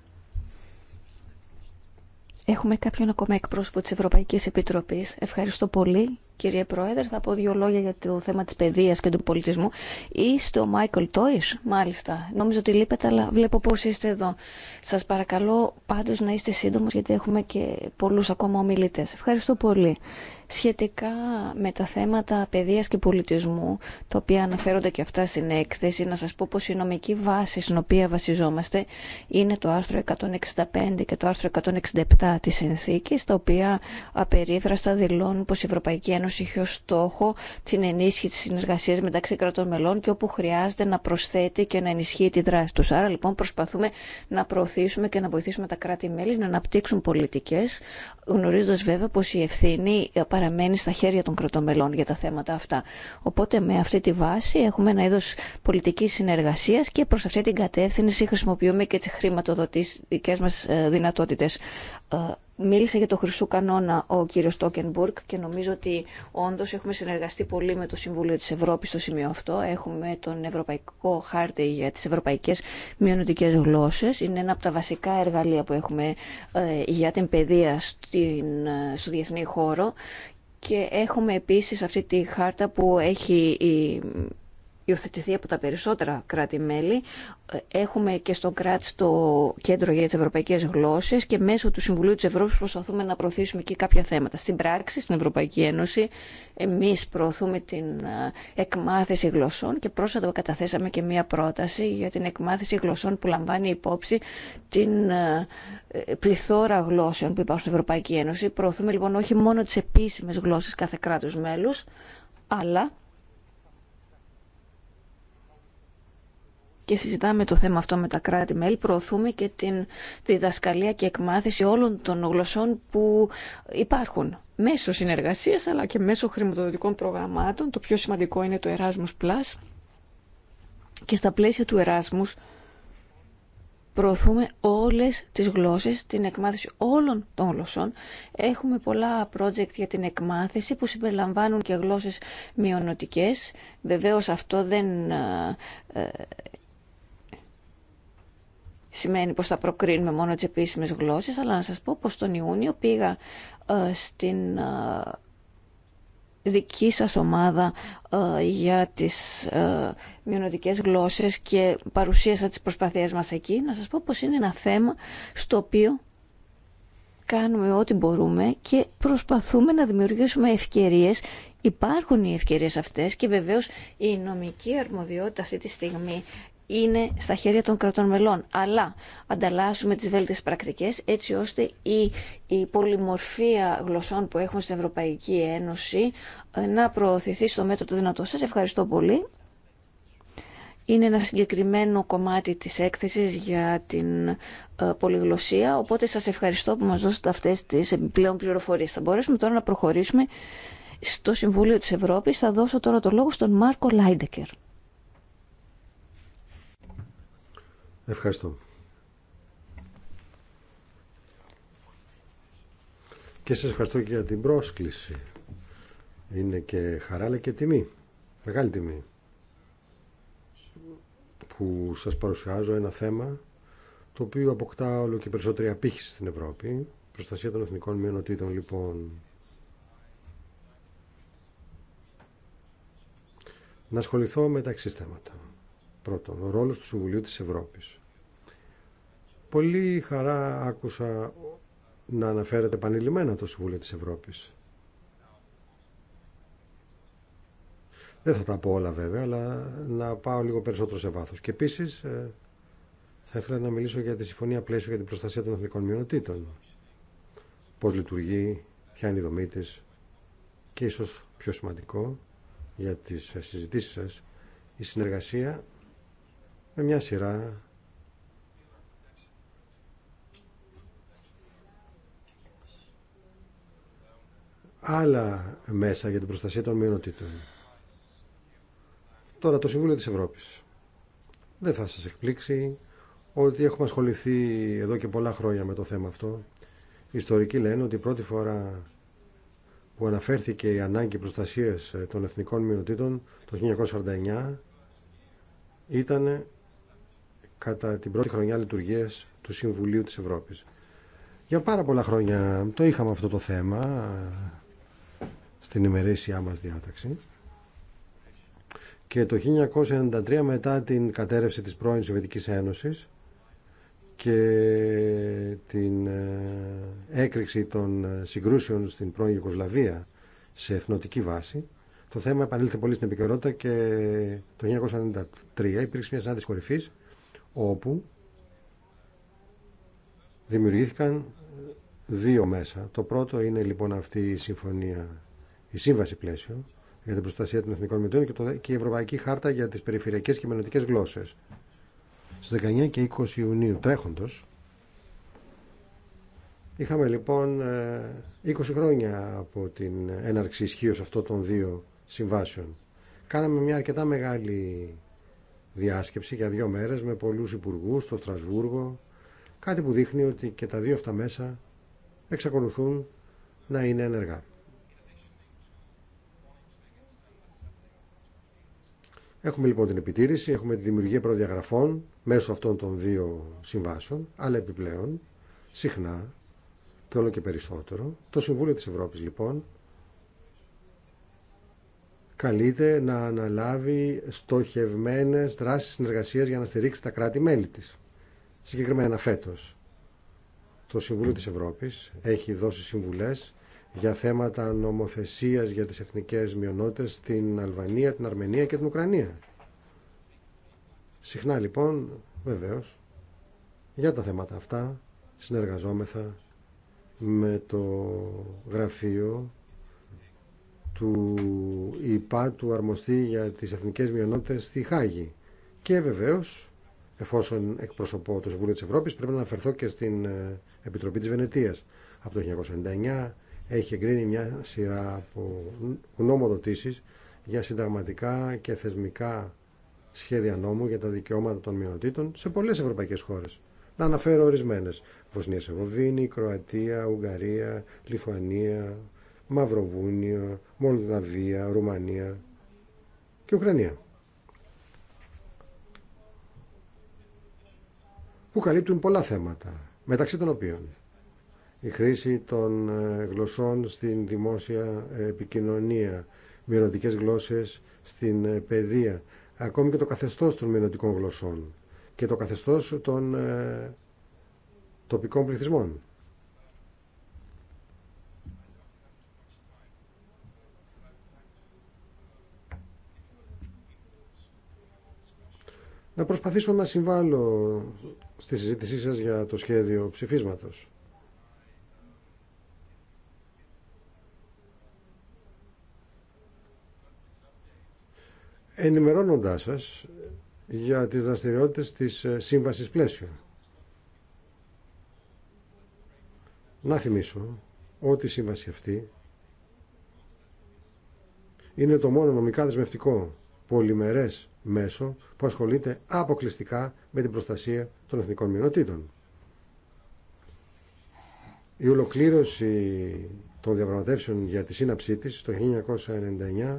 Έχουμε κάποιον ακόμα εκπρόσωπο της Ευρωπαϊκής Επιτροπής. Ευχαριστώ πολύ, κύριε Πρόεδρε. Θα πω δύο λόγια για το θέμα της παιδείας και του πολιτισμού. Είστε ο Μάικλ Τόις, μάλιστα. Νομίζω ότι λείπετε, αλλά βλέπω πώς είστε εδώ. Σας παρακαλώ πάντως να είστε σύντομος, γιατί έχουμε και πολλούς ακόμα ομιλητές. Ευχαριστώ πολύ σχετικά με τα θέματα παιδείας και πολιτισμού, τα οποία αναφέρονται και αυτά στην έκθεση, να σας πω πως η νομική βάση στην οποία βασιζόμαστε είναι το άρθρο 165 και το άρθρο 167 της συνθήκης, τα οποία απερίδραστα δηλώνουν πως η Ευρωπαϊκή Ένωση έχει ως στόχο την ενίσχυση της συνεργασίας μεταξύ κρατών μελών και όπου χρειάζεται να προσθέτει και να ενισχύει τη δράση τους. Άρα λοιπόν προσπαθούμε να προωθήσουμε και να βοηθήσουμε τα κράτη-μέλη να αναπτύξουν πολιτικές, γνωρίζοντας βέβαια πως η ευθύνη παραμένει στα χέρια των κρατομελών για τα θέματα αυτά. Οπότε με αυτή τη βάση έχουμε ένα είδος πολιτικής συνεργασίας και προς αυτή την κατεύθυνση χρησιμοποιούμε και τις δικές μας ε, δυνατότητες. Ε, μίλησε για το χρυσού κανόνα ο κύριο Τόκενμπουργκ και νομίζω ότι όντω έχουμε συνεργαστεί πολύ με το Συμβούλιο της Ευρώπης στο σημείο αυτό. Έχουμε τον Ευρωπαϊκό Χάρτη για τις Ευρωπαϊκές Μειονοτικέ Γλώσσες. Είναι ένα από τα βασικά εργαλεία που έχουμε ε, για την παιδεία στην, στο διεθνή χώρο και έχουμε επίσης αυτή τη χάρτα που έχει η υιοθετηθεί από τα περισσότερα κράτη-μέλη. Έχουμε και στο κράτη το Κέντρο για τι Ευρωπαϊκές Γλώσσες και μέσω του Συμβουλίου τη Ευρώπη προσπαθούμε να προωθήσουμε και κάποια θέματα. Στην πράξη, στην Ευρωπαϊκή Ένωση, εμεί προωθούμε την ε, εκμάθηση γλωσσών και πρόσφατα καταθέσαμε και μία πρόταση για την εκμάθηση γλωσσών που λαμβάνει υπόψη την ε, ε, πληθώρα γλώσσεων που υπάρχουν στην Ευρωπαϊκή Ένωση. Προωθούμε λοιπόν όχι μόνο τι επίσημε γλώσσε κάθε κράτου μέλου, αλλά και συζητάμε το θέμα αυτό με τα κράτη-μέλη, προωθούμε και τη διδασκαλία και εκμάθηση όλων των γλωσσών που υπάρχουν μέσω συνεργασίας αλλά και μέσω χρηματοδοτικών προγραμμάτων. Το πιο σημαντικό είναι το Erasmus Plus και στα πλαίσια του Erasmus προωθούμε όλες τις γλώσσες, την εκμάθηση όλων των γλωσσών. Έχουμε πολλά project για την εκμάθηση που συμπεριλαμβάνουν και γλώσσες μειονοτικές. Βεβαίως αυτό δεν ε, σημαίνει πως θα προκρίνουμε μόνο τις επίσημες γλώσσες, αλλά να σας πω πως τον Ιούνιο πήγα ε, στην ε, δική σας ομάδα ε, για τις ε, μειονοτικές γλώσσες και παρουσίασα τις προσπαθίες μας εκεί, να σας πω πως είναι ένα θέμα στο οποίο κάνουμε ό,τι μπορούμε και προσπαθούμε να δημιουργήσουμε ευκαιρίες. Υπάρχουν οι ευκαιρίες αυτές και βεβαίως η νομική αρμοδιότητα αυτή τη στιγμή είναι στα χέρια των κρατών μελών. Αλλά ανταλλάσσουμε τις βέλτιε πρακτικέ, έτσι ώστε η, η πολυμορφία γλωσσών που έχουμε στην Ευρωπαϊκή Ένωση ε, να προωθηθεί στο μέτρο του δυνατό. Σα ευχαριστώ πολύ. Είναι ένα συγκεκριμένο κομμάτι της έκθεσης για την ε, πολυγλωσσία, οπότε σας ευχαριστώ που μας δώσετε αυτές τις επιπλέον πληροφορίες. Θα μπορέσουμε τώρα να προχωρήσουμε στο Συμβούλιο της Ευρώπης. Θα δώσω τώρα το λόγο στον Μάρκο Λάιντεκερ. Ευχαριστώ. Και σας ευχαριστώ και για την πρόσκληση. Είναι και χαρά αλλά και τιμή. Μεγάλη τιμή. Που σας παρουσιάζω ένα θέμα το οποίο αποκτά όλο και περισσότερη απήχηση στην Ευρώπη. Προστασία των εθνικών μειονοτήτων λοιπόν. Να ασχοληθώ με τα θέματα. Πρώτον, ο ρόλος του Συμβουλίου της Ευρώπης. Πολύ χαρά άκουσα να αναφέρεται επανειλημμένα το Συμβούλιο της Ευρώπης. Δεν θα τα πω όλα βέβαια, αλλά να πάω λίγο περισσότερο σε βάθος. Και επίσης ε, θα ήθελα να μιλήσω για τη Συμφωνία Πλαίσιο για την Προστασία των Εθνικών Μειονοτήτων. Πώς λειτουργεί, ποια είναι η δομή της και ίσως πιο σημαντικό για τις συζητήσεις σας, η συνεργασία με μια σειρά άλλα μέσα για την προστασία των μειονοτήτων. Τώρα το Συμβούλιο της Ευρώπης. Δεν θα σας εκπλήξει ότι έχουμε ασχοληθεί εδώ και πολλά χρόνια με το θέμα αυτό. Οι ιστορικοί λένε ότι η πρώτη φορά που αναφέρθηκε η ανάγκη προστασίας ε, των εθνικών μειονοτήτων το 1949 ήταν κατά την πρώτη χρονιά λειτουργίας του Συμβουλίου της Ευρώπης. Για πάρα πολλά χρόνια το είχαμε αυτό το θέμα στην ημερήσια μας διάταξη και το 1993 μετά την κατέρευση της πρώην Σοβιετικής Ένωσης και την ε, έκρηξη των ε, συγκρούσεων στην πρώην Ιουγκοσλαβία σε εθνοτική βάση το θέμα επανήλθε πολύ στην επικαιρότητα και το 1993 υπήρξε μια συνάντηση κορυφή όπου δημιουργήθηκαν δύο μέσα. Το πρώτο είναι λοιπόν αυτή η συμφωνία η σύμβαση πλαίσιο για την προστασία των εθνικών μητών και, το, και η Ευρωπαϊκή Χάρτα για τις περιφερειακές και μελλοντικές γλώσσες. στι 19 και 20 Ιουνίου τρέχοντος είχαμε λοιπόν 20 ε, χρόνια από την έναρξη ισχύω αυτών των δύο συμβάσεων. Κάναμε μια αρκετά μεγάλη διάσκεψη για δύο μέρες με πολλούς υπουργού στο Στρασβούργο, κάτι που δείχνει ότι και τα δύο αυτά μέσα εξακολουθούν να είναι ενεργά. Έχουμε λοιπόν την επιτήρηση, έχουμε τη δημιουργία προδιαγραφών μέσω αυτών των δύο συμβάσεων, αλλά επιπλέον, συχνά και όλο και περισσότερο, το Συμβούλιο της Ευρώπης λοιπόν καλείται να αναλάβει στοχευμένες δράσεις συνεργασίας για να στηρίξει τα κράτη-μέλη της. Συγκεκριμένα φέτος, το Συμβούλιο της Ευρώπης έχει δώσει συμβουλές για θέματα νομοθεσίας για τις εθνικές μειονότητες στην Αλβανία, την Αρμενία και την Ουκρανία. Συχνά λοιπόν, βεβαίως, για τα θέματα αυτά συνεργαζόμεθα με το γραφείο του ΙΠΑ του αρμοστή για τις εθνικές μειονότητες στη Χάγη. Και βεβαίως, εφόσον εκπροσωπώ το Συμβούλιο της Ευρώπης, πρέπει να αναφερθώ και στην ε, Επιτροπή της Βενετίας. Από το 1999 έχει εγκρίνει μια σειρά από γνωμοδοτήσεις για συνταγματικά και θεσμικά σχέδια νόμου για τα δικαιώματα των μειονοτήτων σε πολλές ευρωπαϊκές χώρες. Να αναφέρω ορισμένες. Βοσνία Σεβοβίνη, Κροατία, Ουγγαρία, Λιθουανία, Μαυροβούνιο, Μολδαβία, Ρουμανία και Ουκρανία. Που καλύπτουν πολλά θέματα, μεταξύ των οποίων η χρήση των ε, γλωσσών στην δημόσια επικοινωνία, μειωνοτικέ γλώσσες στην ε, παιδεία, ακόμη και το καθεστώς των μειωνοτικών γλωσσών και το καθεστώς των ε, τοπικών πληθυσμών. Να προσπαθήσω να συμβάλλω στη συζήτησή σας για το σχέδιο ψηφίσματος. ενημερώνοντάς σας για τις δραστηριότητες της ε, Σύμβασης Πλαίσιο. Να θυμίσω ότι η Σύμβαση αυτή είναι το μόνο νομικά δεσμευτικό πολυμερές μέσο που ασχολείται αποκλειστικά με την προστασία των εθνικών μειονοτήτων. Η ολοκλήρωση των διαπραγματεύσεων για τη σύναψή της το 1999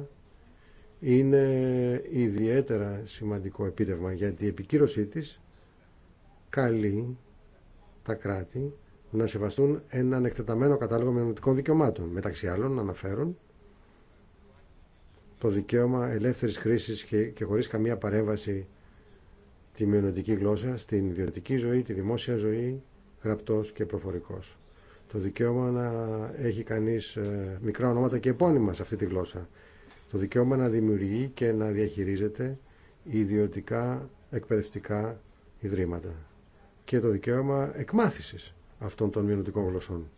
είναι ιδιαίτερα σημαντικό επίτευγμα γιατί η επικύρωσή της καλεί τα κράτη να σεβαστούν έναν εκτεταμένο κατάλογο μειονοτικών δικαιωμάτων. Μεταξύ άλλων αναφέρουν το δικαίωμα ελεύθερης χρήσης και, και χωρίς καμία παρέμβαση τη μειονοτική γλώσσα στην ιδιωτική ζωή, τη δημόσια ζωή, γραπτός και προφορικός. Το δικαίωμα να έχει κανείς ε, μικρά ονόματα και επώνυμα σε αυτή τη γλώσσα το δικαίωμα να δημιουργεί και να διαχειρίζεται ιδιωτικά εκπαιδευτικά ιδρύματα και το δικαίωμα εκμάθησης αυτών των μειωνοτικών γλωσσών.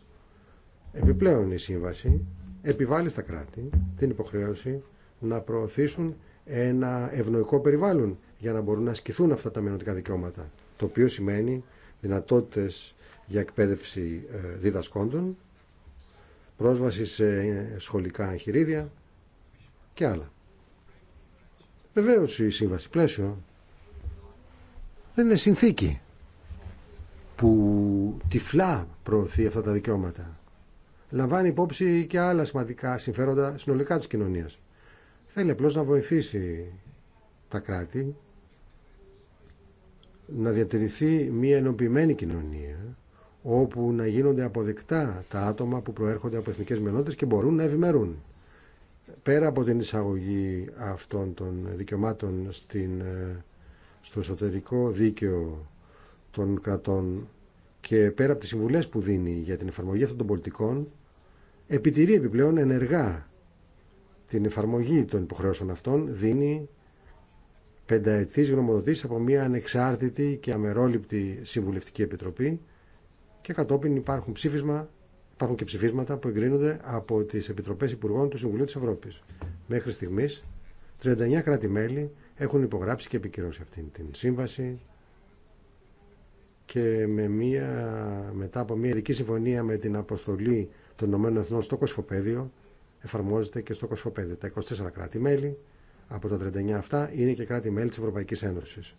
Επιπλέον η Σύμβαση επιβάλλει στα κράτη την υποχρέωση να προωθήσουν ένα ευνοϊκό περιβάλλον για να μπορούν να ασκηθούν αυτά τα μειωνοτικά δικαιώματα, το οποίο σημαίνει δυνατότητες για εκπαίδευση ε, διδασκόντων, πρόσβαση σε σχολικά εγχειρίδια, και άλλα. Βεβαίως η σύμβαση πλαίσιο δεν είναι συνθήκη που τυφλά προωθεί αυτά τα δικαιώματα. Λαμβάνει υπόψη και άλλα σημαντικά συμφέροντα συνολικά της κοινωνίας. Θέλει απλώς να βοηθήσει τα κράτη να διατηρηθεί μια ενοποιημένη κοινωνία όπου να γίνονται αποδεκτά τα άτομα που προέρχονται από εθνικές μενότητε και μπορούν να ευημερούν πέρα από την εισαγωγή αυτών των δικαιωμάτων στην, ε, στο εσωτερικό δίκαιο των κρατών και πέρα από τις συμβουλές που δίνει για την εφαρμογή αυτών των πολιτικών, επιτηρεί επιπλέον ενεργά την εφαρμογή των υποχρεώσεων αυτών, δίνει πενταετής γνωμοδοτήσεις από μια ανεξάρτητη και αμερόληπτη συμβουλευτική επιτροπή και κατόπιν υπάρχουν ψήφισμα υπάρχουν και ψηφίσματα που εγκρίνονται από τι Επιτροπέ Υπουργών του Συμβουλίου τη Ευρώπη. Μέχρι στιγμή, 39 κράτη-μέλη έχουν υπογράψει και επικυρώσει αυτή την σύμβαση και με μία, μετά από μια ειδική συμφωνία με την αποστολή των ΗΠΑ στο Κοσφοπέδιο, εφαρμόζεται και στο Κοσφοπέδιο. Τα 24 κράτη-μέλη από τα 39 αυτά είναι και κράτη-μέλη της Ευρωπαϊκής Ένωσης.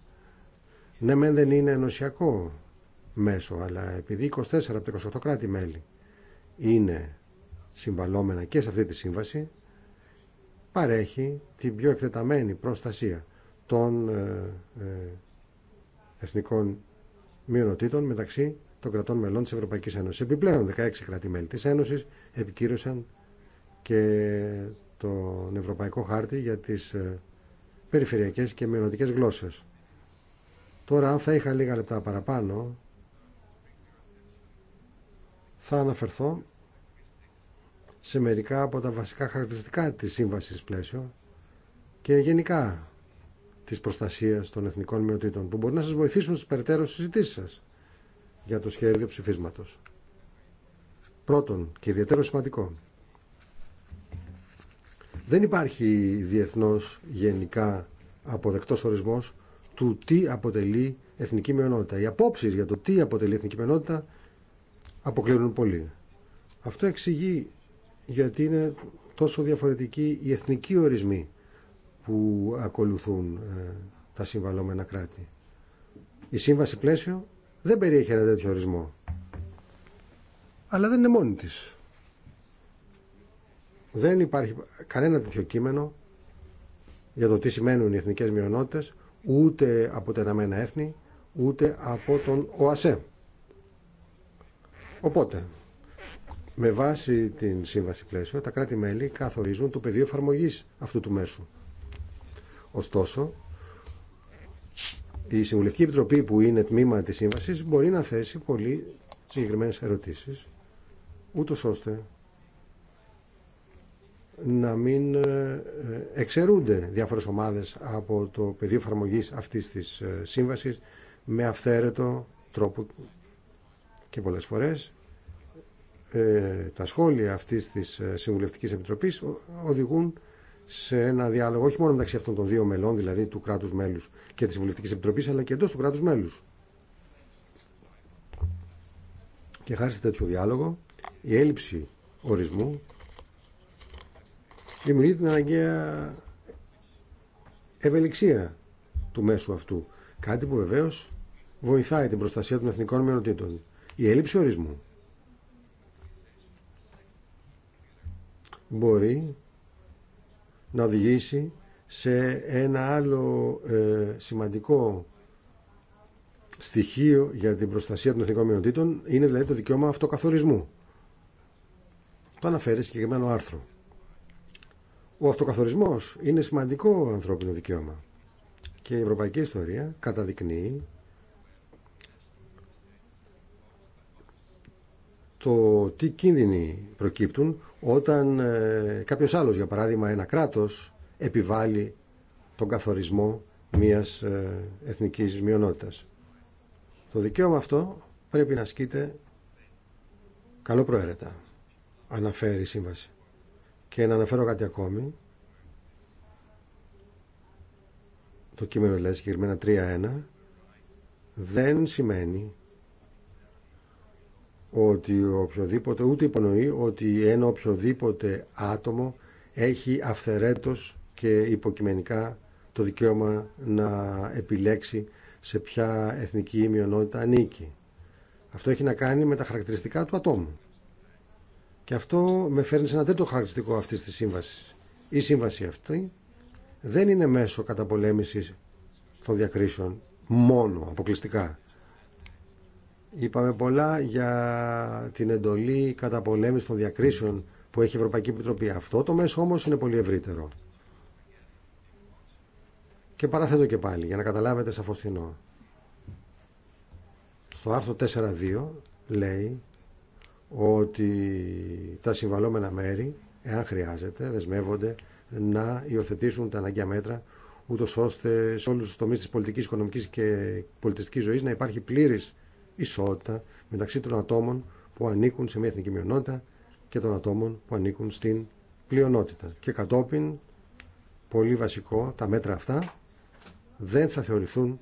Ναι, μεν δεν είναι ενωσιακό μέσο, αλλά επειδή 24 από τα 28 κράτη-μέλη είναι συμβαλόμενα και σε αυτή τη σύμβαση παρέχει την πιο εκτεταμένη προστασία των ε, ε, εθνικών μειονοτήτων μεταξύ των κρατών μελών της Ευρωπαϊκής Ένωσης. Επιπλέον 16 κράτη-μέλη της Ένωσης επικύρωσαν και τον Ευρωπαϊκό Χάρτη για τις ε, περιφερειακές και μειονοτικές γλώσσες. Τώρα αν θα είχα λίγα λεπτά παραπάνω θα αναφερθώ σε μερικά από τα βασικά χαρακτηριστικά της σύμβασης πλαίσιο και γενικά της προστασίας των εθνικών μειοτήτων που μπορεί να σας βοηθήσουν στις περαιτέρω συζητήσεις σας για το σχέδιο ψηφίσματος. Πρώτον και ιδιαίτερο σημαντικό. Δεν υπάρχει διεθνώς γενικά αποδεκτός ορισμός του τι αποτελεί εθνική μειονότητα. Οι απόψεις για το τι αποτελεί εθνική μειονότητα αποκλίνουν πολύ. Αυτό εξηγεί γιατί είναι τόσο διαφορετικοί οι εθνικοί ορισμοί που ακολουθούν ε, τα συμβαλόμενα κράτη. Η σύμβαση πλαίσιο δεν περιέχει ένα τέτοιο ορισμό. Αλλά δεν είναι μόνη της. Δεν υπάρχει κανένα τέτοιο κείμενο για το τι σημαίνουν οι εθνικές μειονότητες ούτε από τα Ηνωμένα Έθνη ούτε από τον ΟΑΣΕ. Οπότε, με βάση την σύμβαση πλαίσιο, τα κράτη-μέλη καθορίζουν το πεδίο εφαρμογή αυτού του μέσου. Ωστόσο, η Συμβουλευτική Επιτροπή που είναι τμήμα της σύμβασης μπορεί να θέσει πολύ συγκεκριμένες ερωτήσεις, ούτω ώστε να μην ε, εξαιρούνται διάφορες ομάδες από το πεδίο εφαρμογή αυτής της ε, σύμβασης με αυθαίρετο τρόπο και πολλές φορές ε, τα σχόλια αυτής της ε, Συμβουλευτικής Επιτροπής οδηγούν σε ένα διάλογο όχι μόνο μεταξύ αυτών των δύο μελών, δηλαδή του κράτους μέλους και της Συμβουλευτικής Επιτροπής, αλλά και εντός του κράτους μέλους. Και χάρη σε τέτοιο διάλογο, η έλλειψη ορισμού δημιουργεί την αναγκαία ευελιξία του μέσου αυτού. Κάτι που βεβαίως βοηθάει την προστασία των εθνικών μειονοτήτων. Η έλλειψη ορισμού μπορεί να οδηγήσει σε ένα άλλο ε, σημαντικό στοιχείο για την προστασία των εθνικών μειονοτήτων είναι δηλαδή το δικαίωμα αυτοκαθορισμού. Το αναφέρει συγκεκριμένο άρθρο. Ο αυτοκαθορισμός είναι σημαντικό ανθρώπινο δικαίωμα και η ευρωπαϊκή ιστορία καταδεικνύει το τι κίνδυνοι προκύπτουν όταν ε, κάποιος άλλος, για παράδειγμα ένα κράτος, επιβάλλει τον καθορισμό μιας ε, εθνικής μειονότητας. Το δικαίωμα αυτό πρέπει να ασκείται καλό προαίρετα, αναφέρει η Σύμβαση. Και να αναφέρω κάτι ακόμη. Το κείμενο λέει δηλαδή, συγκεκριμένα 3-1 δεν σημαίνει ότι οποιοδήποτε, ούτε υπονοεί ότι ένα οποιοδήποτε άτομο έχει αυθερέτως και υποκειμενικά το δικαίωμα να επιλέξει σε ποια εθνική μειονότητα ανήκει. Αυτό έχει να κάνει με τα χαρακτηριστικά του ατόμου. Και αυτό με φέρνει σε ένα τέτοιο χαρακτηριστικό αυτής της σύμβασης. Η σύμβαση αυτή δεν είναι μέσο καταπολέμησης των διακρίσεων μόνο, αποκλειστικά. Είπαμε πολλά για την εντολή κατά καταπολέμηση των διακρίσεων που έχει η Ευρωπαϊκή Επιτροπή. Αυτό το μέσο όμως είναι πολύ ευρύτερο. Και παραθέτω και πάλι για να καταλάβετε σαφώς τι εννοώ. Στο άρθρο 4.2 λέει ότι τα συμβαλόμενα μέρη, εάν χρειάζεται, δεσμεύονται να υιοθετήσουν τα αναγκαία μέτρα ούτω ώστε σε όλου του τομεί τη πολιτική, οικονομική και πολιτιστικής ζωή να υπάρχει πλήρης ισότητα μεταξύ των ατόμων που ανήκουν σε μια εθνική μειονότητα και των ατόμων που ανήκουν στην πλειονότητα. Και κατόπιν, πολύ βασικό, τα μέτρα αυτά δεν θα θεωρηθούν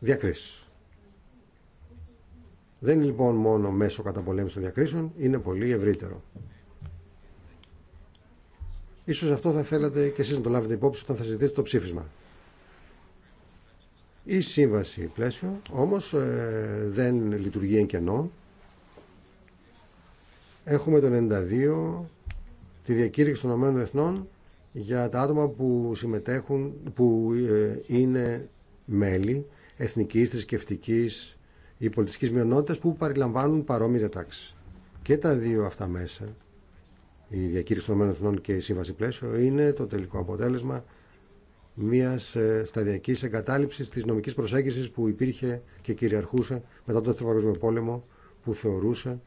διακρίσεις. Δεν είναι λοιπόν μόνο μέσο καταπολέμησης των διακρίσεων, είναι πολύ ευρύτερο. Ίσως αυτό θα θέλατε και εσείς να το λάβετε υπόψη όταν θα συζητήσετε το ψήφισμα. Η σύμβαση πλαίσιο όμως ε, δεν λειτουργεί εν κενό. Έχουμε το 92 τη διακήρυξη των ΟΕΕ Εθνών για τα άτομα που συμμετέχουν, που ε, είναι μέλη εθνικής, θρησκευτική ή πολιτιστικής μειονότητας που παριλαμβάνουν παρόμοιες διατάξει. Και τα δύο αυτά μέσα, η διακήρυξη των ΟΕΕ και η σύμβαση πλαίσιο, είναι το τελικό αποτέλεσμα μιας ε, σταδιακής εγκατάλειψη τη νομική προσέγγιση που υπήρχε και κυριαρχούσε μετά τον Δεύτερο Παγκόσμιο Πόλεμο που θεωρούσε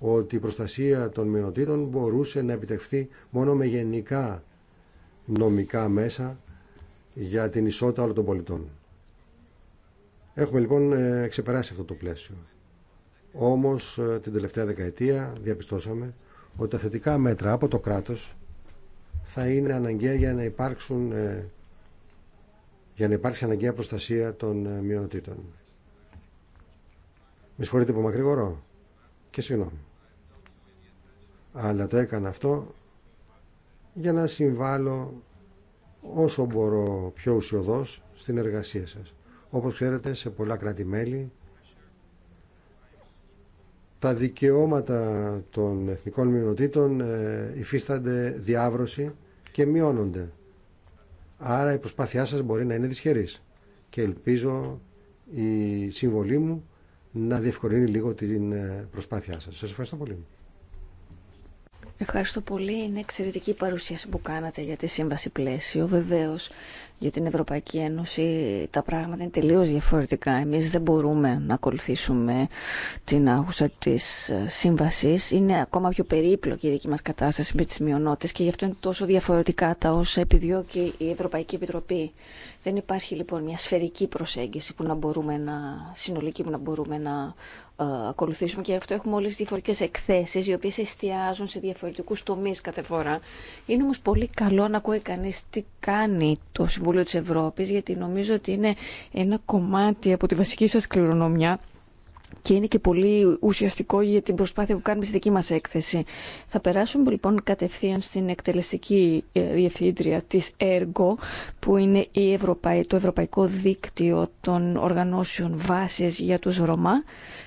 ότι η προστασία των μειονοτήτων μπορούσε να επιτευχθεί μόνο με γενικά νομικά μέσα για την ισότητα όλων των πολιτών. Έχουμε λοιπόν ε, ξεπεράσει αυτό το πλαίσιο. Όμως ε, την τελευταία δεκαετία διαπιστώσαμε ότι τα θετικά μέτρα από το κράτος θα είναι αναγκαία για να υπάρξουν για να υπάρξει αναγκαία προστασία των ε, μειονοτήτων. Με συγχωρείτε που μακρηγορώ και συγγνώμη. Αλλά το έκανα αυτό για να συμβάλλω όσο μπορώ πιο ουσιοδός στην εργασία σας. Όπως ξέρετε σε πολλά κράτη-μέλη τα δικαιώματα των εθνικών μειονοτήτων ε, υφίστανται διάβρωση και μειώνονται. Άρα η προσπάθειά σας μπορεί να είναι δυσχερής και ελπίζω η συμβολή μου να διευκολύνει λίγο την ε, προσπάθειά σας. Σας ευχαριστώ πολύ. Ευχαριστώ πολύ. Είναι εξαιρετική η παρουσίαση που κάνατε για τη σύμβαση πλαίσιο. Βεβαίω, για την Ευρωπαϊκή Ένωση τα πράγματα είναι τελείω διαφορετικά. Εμεί δεν μπορούμε να ακολουθήσουμε την άγουσα τη ε, σύμβαση. Είναι ακόμα πιο περίπλοκη η δική μα κατάσταση με τι μειονότητε και γι' αυτό είναι τόσο διαφορετικά τα όσα επιδιώκει η Ευρωπαϊκή Επιτροπή. Δεν υπάρχει λοιπόν μια σφαιρική προσέγγιση που να μπορούμε να, συνολική που να μπορούμε να ε, ακολουθήσουμε και αυτό έχουμε όλες τις διαφορετικές εκθέσεις οι οποίες εστιάζουν σε διαφορετικούς τομείς κάθε φορά. Είναι όμως πολύ καλό να ακούει κανείς τι κάνει το Συμβούλιο της Ευρώπης γιατί νομίζω ότι είναι ένα κομμάτι από τη βασική σας κληρονομιά και είναι και πολύ ουσιαστικό για την προσπάθεια που κάνουμε στη δική μας έκθεση. Θα περάσουμε λοιπόν κατευθείαν στην εκτελεστική ε, διευθύντρια της ΕΡΓΟ που είναι η Ευρωπαϊ... το Ευρωπαϊκό Δίκτυο των Οργανώσεων Βάσης για τους Ρωμά.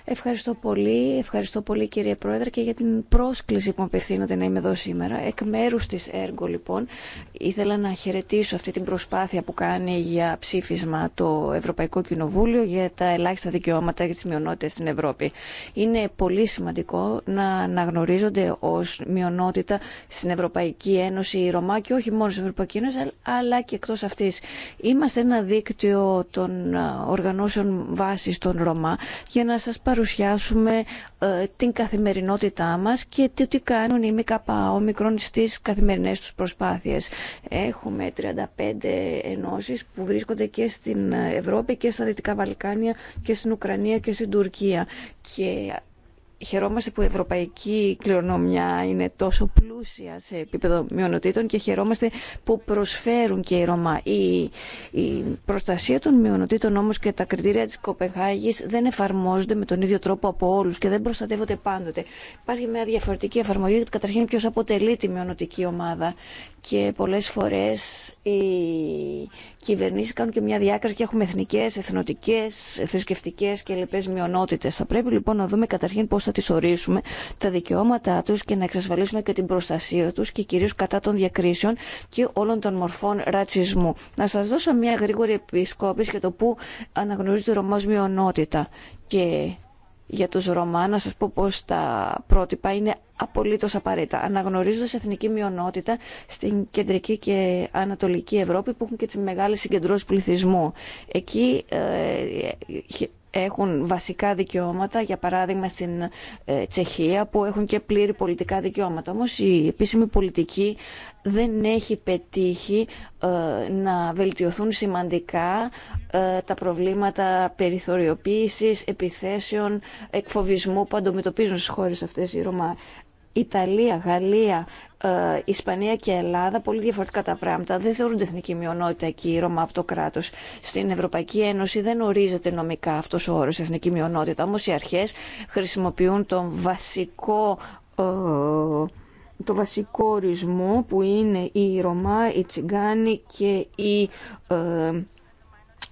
Ευχαριστώ πολύ, ευχαριστώ πολύ κύριε Πρόεδρε και για την πρόσκληση που απευθύνονται να είμαι εδώ σήμερα. Εκ μέρους της ΕΡΓΟ λοιπόν ήθελα να χαιρετήσω αυτή την προσπάθεια που κάνει για ψήφισμα το Ευρωπαϊκό Κοινοβούλιο για τα ελάχιστα δικαιώματα και τις μειονότητες στην Ευρώπη. Είναι πολύ σημαντικό να αναγνωρίζονται ως μειονότητα στην Ευρωπαϊκή Ένωση οι Ρωμά και όχι μόνο στην Ευρωπαϊκή Ένωση αλλά και εκτός αυτής. Είμαστε ένα δίκτυο των ε, οργανώσεων βάσης των Ρωμά για να σας παρουσιάσουμε ε, την καθημερινότητά μας και τι κάνουν οι ΜΚΑ ομικρών στις καθημερινές τους προσπάθειες. Έχουμε 35 ενώσεις που βρίσκονται και στην Ευρώπη και στα Δυτικά Βαλκάνια και στην Ουκρανία και στην Τουρκία και χαιρόμαστε που η ευρωπαϊκή κληρονομιά είναι τόσο πλούσια σε επίπεδο μειονοτήτων και χαιρόμαστε που προσφέρουν και οι Ρωμά. Η, η προστασία των μειονοτήτων όμως και τα κριτήρια της Κοπεχάγης δεν εφαρμόζονται με τον ίδιο τρόπο από όλους και δεν προστατεύονται πάντοτε. Υπάρχει μια διαφορετική εφαρμογή γιατί καταρχήν ποιο αποτελεί τη μειονοτική ομάδα και πολλές φορές οι κυβερνήσεις κάνουν και μια διάκριση και έχουμε εθνικές, εθνοτικές, θρησκευτικέ και λοιπές μειονότητες. Θα πρέπει λοιπόν να δούμε καταρχήν πώς θα τις ορίσουμε τα δικαιώματά τους και να εξασφαλίσουμε και την προστασία τους και κυρίως κατά των διακρίσεων και όλων των μορφών ρατσισμού. Να σας δώσω μια γρήγορη επισκόπηση για το που αναγνωρίζεται ο Ρωμός μειονότητα και για τους Ρωμά να σας πω πως τα πρότυπα είναι απολύτως απαραίτητα, αναγνωρίζοντας εθνική μειονότητα στην κεντρική και ανατολική Ευρώπη που έχουν και τι μεγάλες συγκεντρώσει πληθυσμού. Εκεί ε, ε, έχουν βασικά δικαιώματα, για παράδειγμα στην ε, Τσεχία, που έχουν και πλήρη πολιτικά δικαιώματα. Όμως η επίσημη πολιτική δεν έχει πετύχει να βελτιωθούν σημαντικά τα προβλήματα περιθωριοποίησης, επιθέσεων, εκφοβισμού που αντιμετωπίζουν στις χώρες αυτές οι Ρωμά. Ιταλία, Γαλλία, ε, Ισπανία και Ελλάδα, πολύ διαφορετικά τα πράγματα. Δεν θεωρούνται εθνική μειονότητα εκεί η Ρώμα από το κράτο. Στην Ευρωπαϊκή Ένωση δεν ορίζεται νομικά αυτό ο όρο εθνική μειονότητα. Όμω οι αρχέ χρησιμοποιούν τον βασικό. Ε, το βασικό ορισμό που είναι η Ρωμά, η Τσιγκάνη και η ε,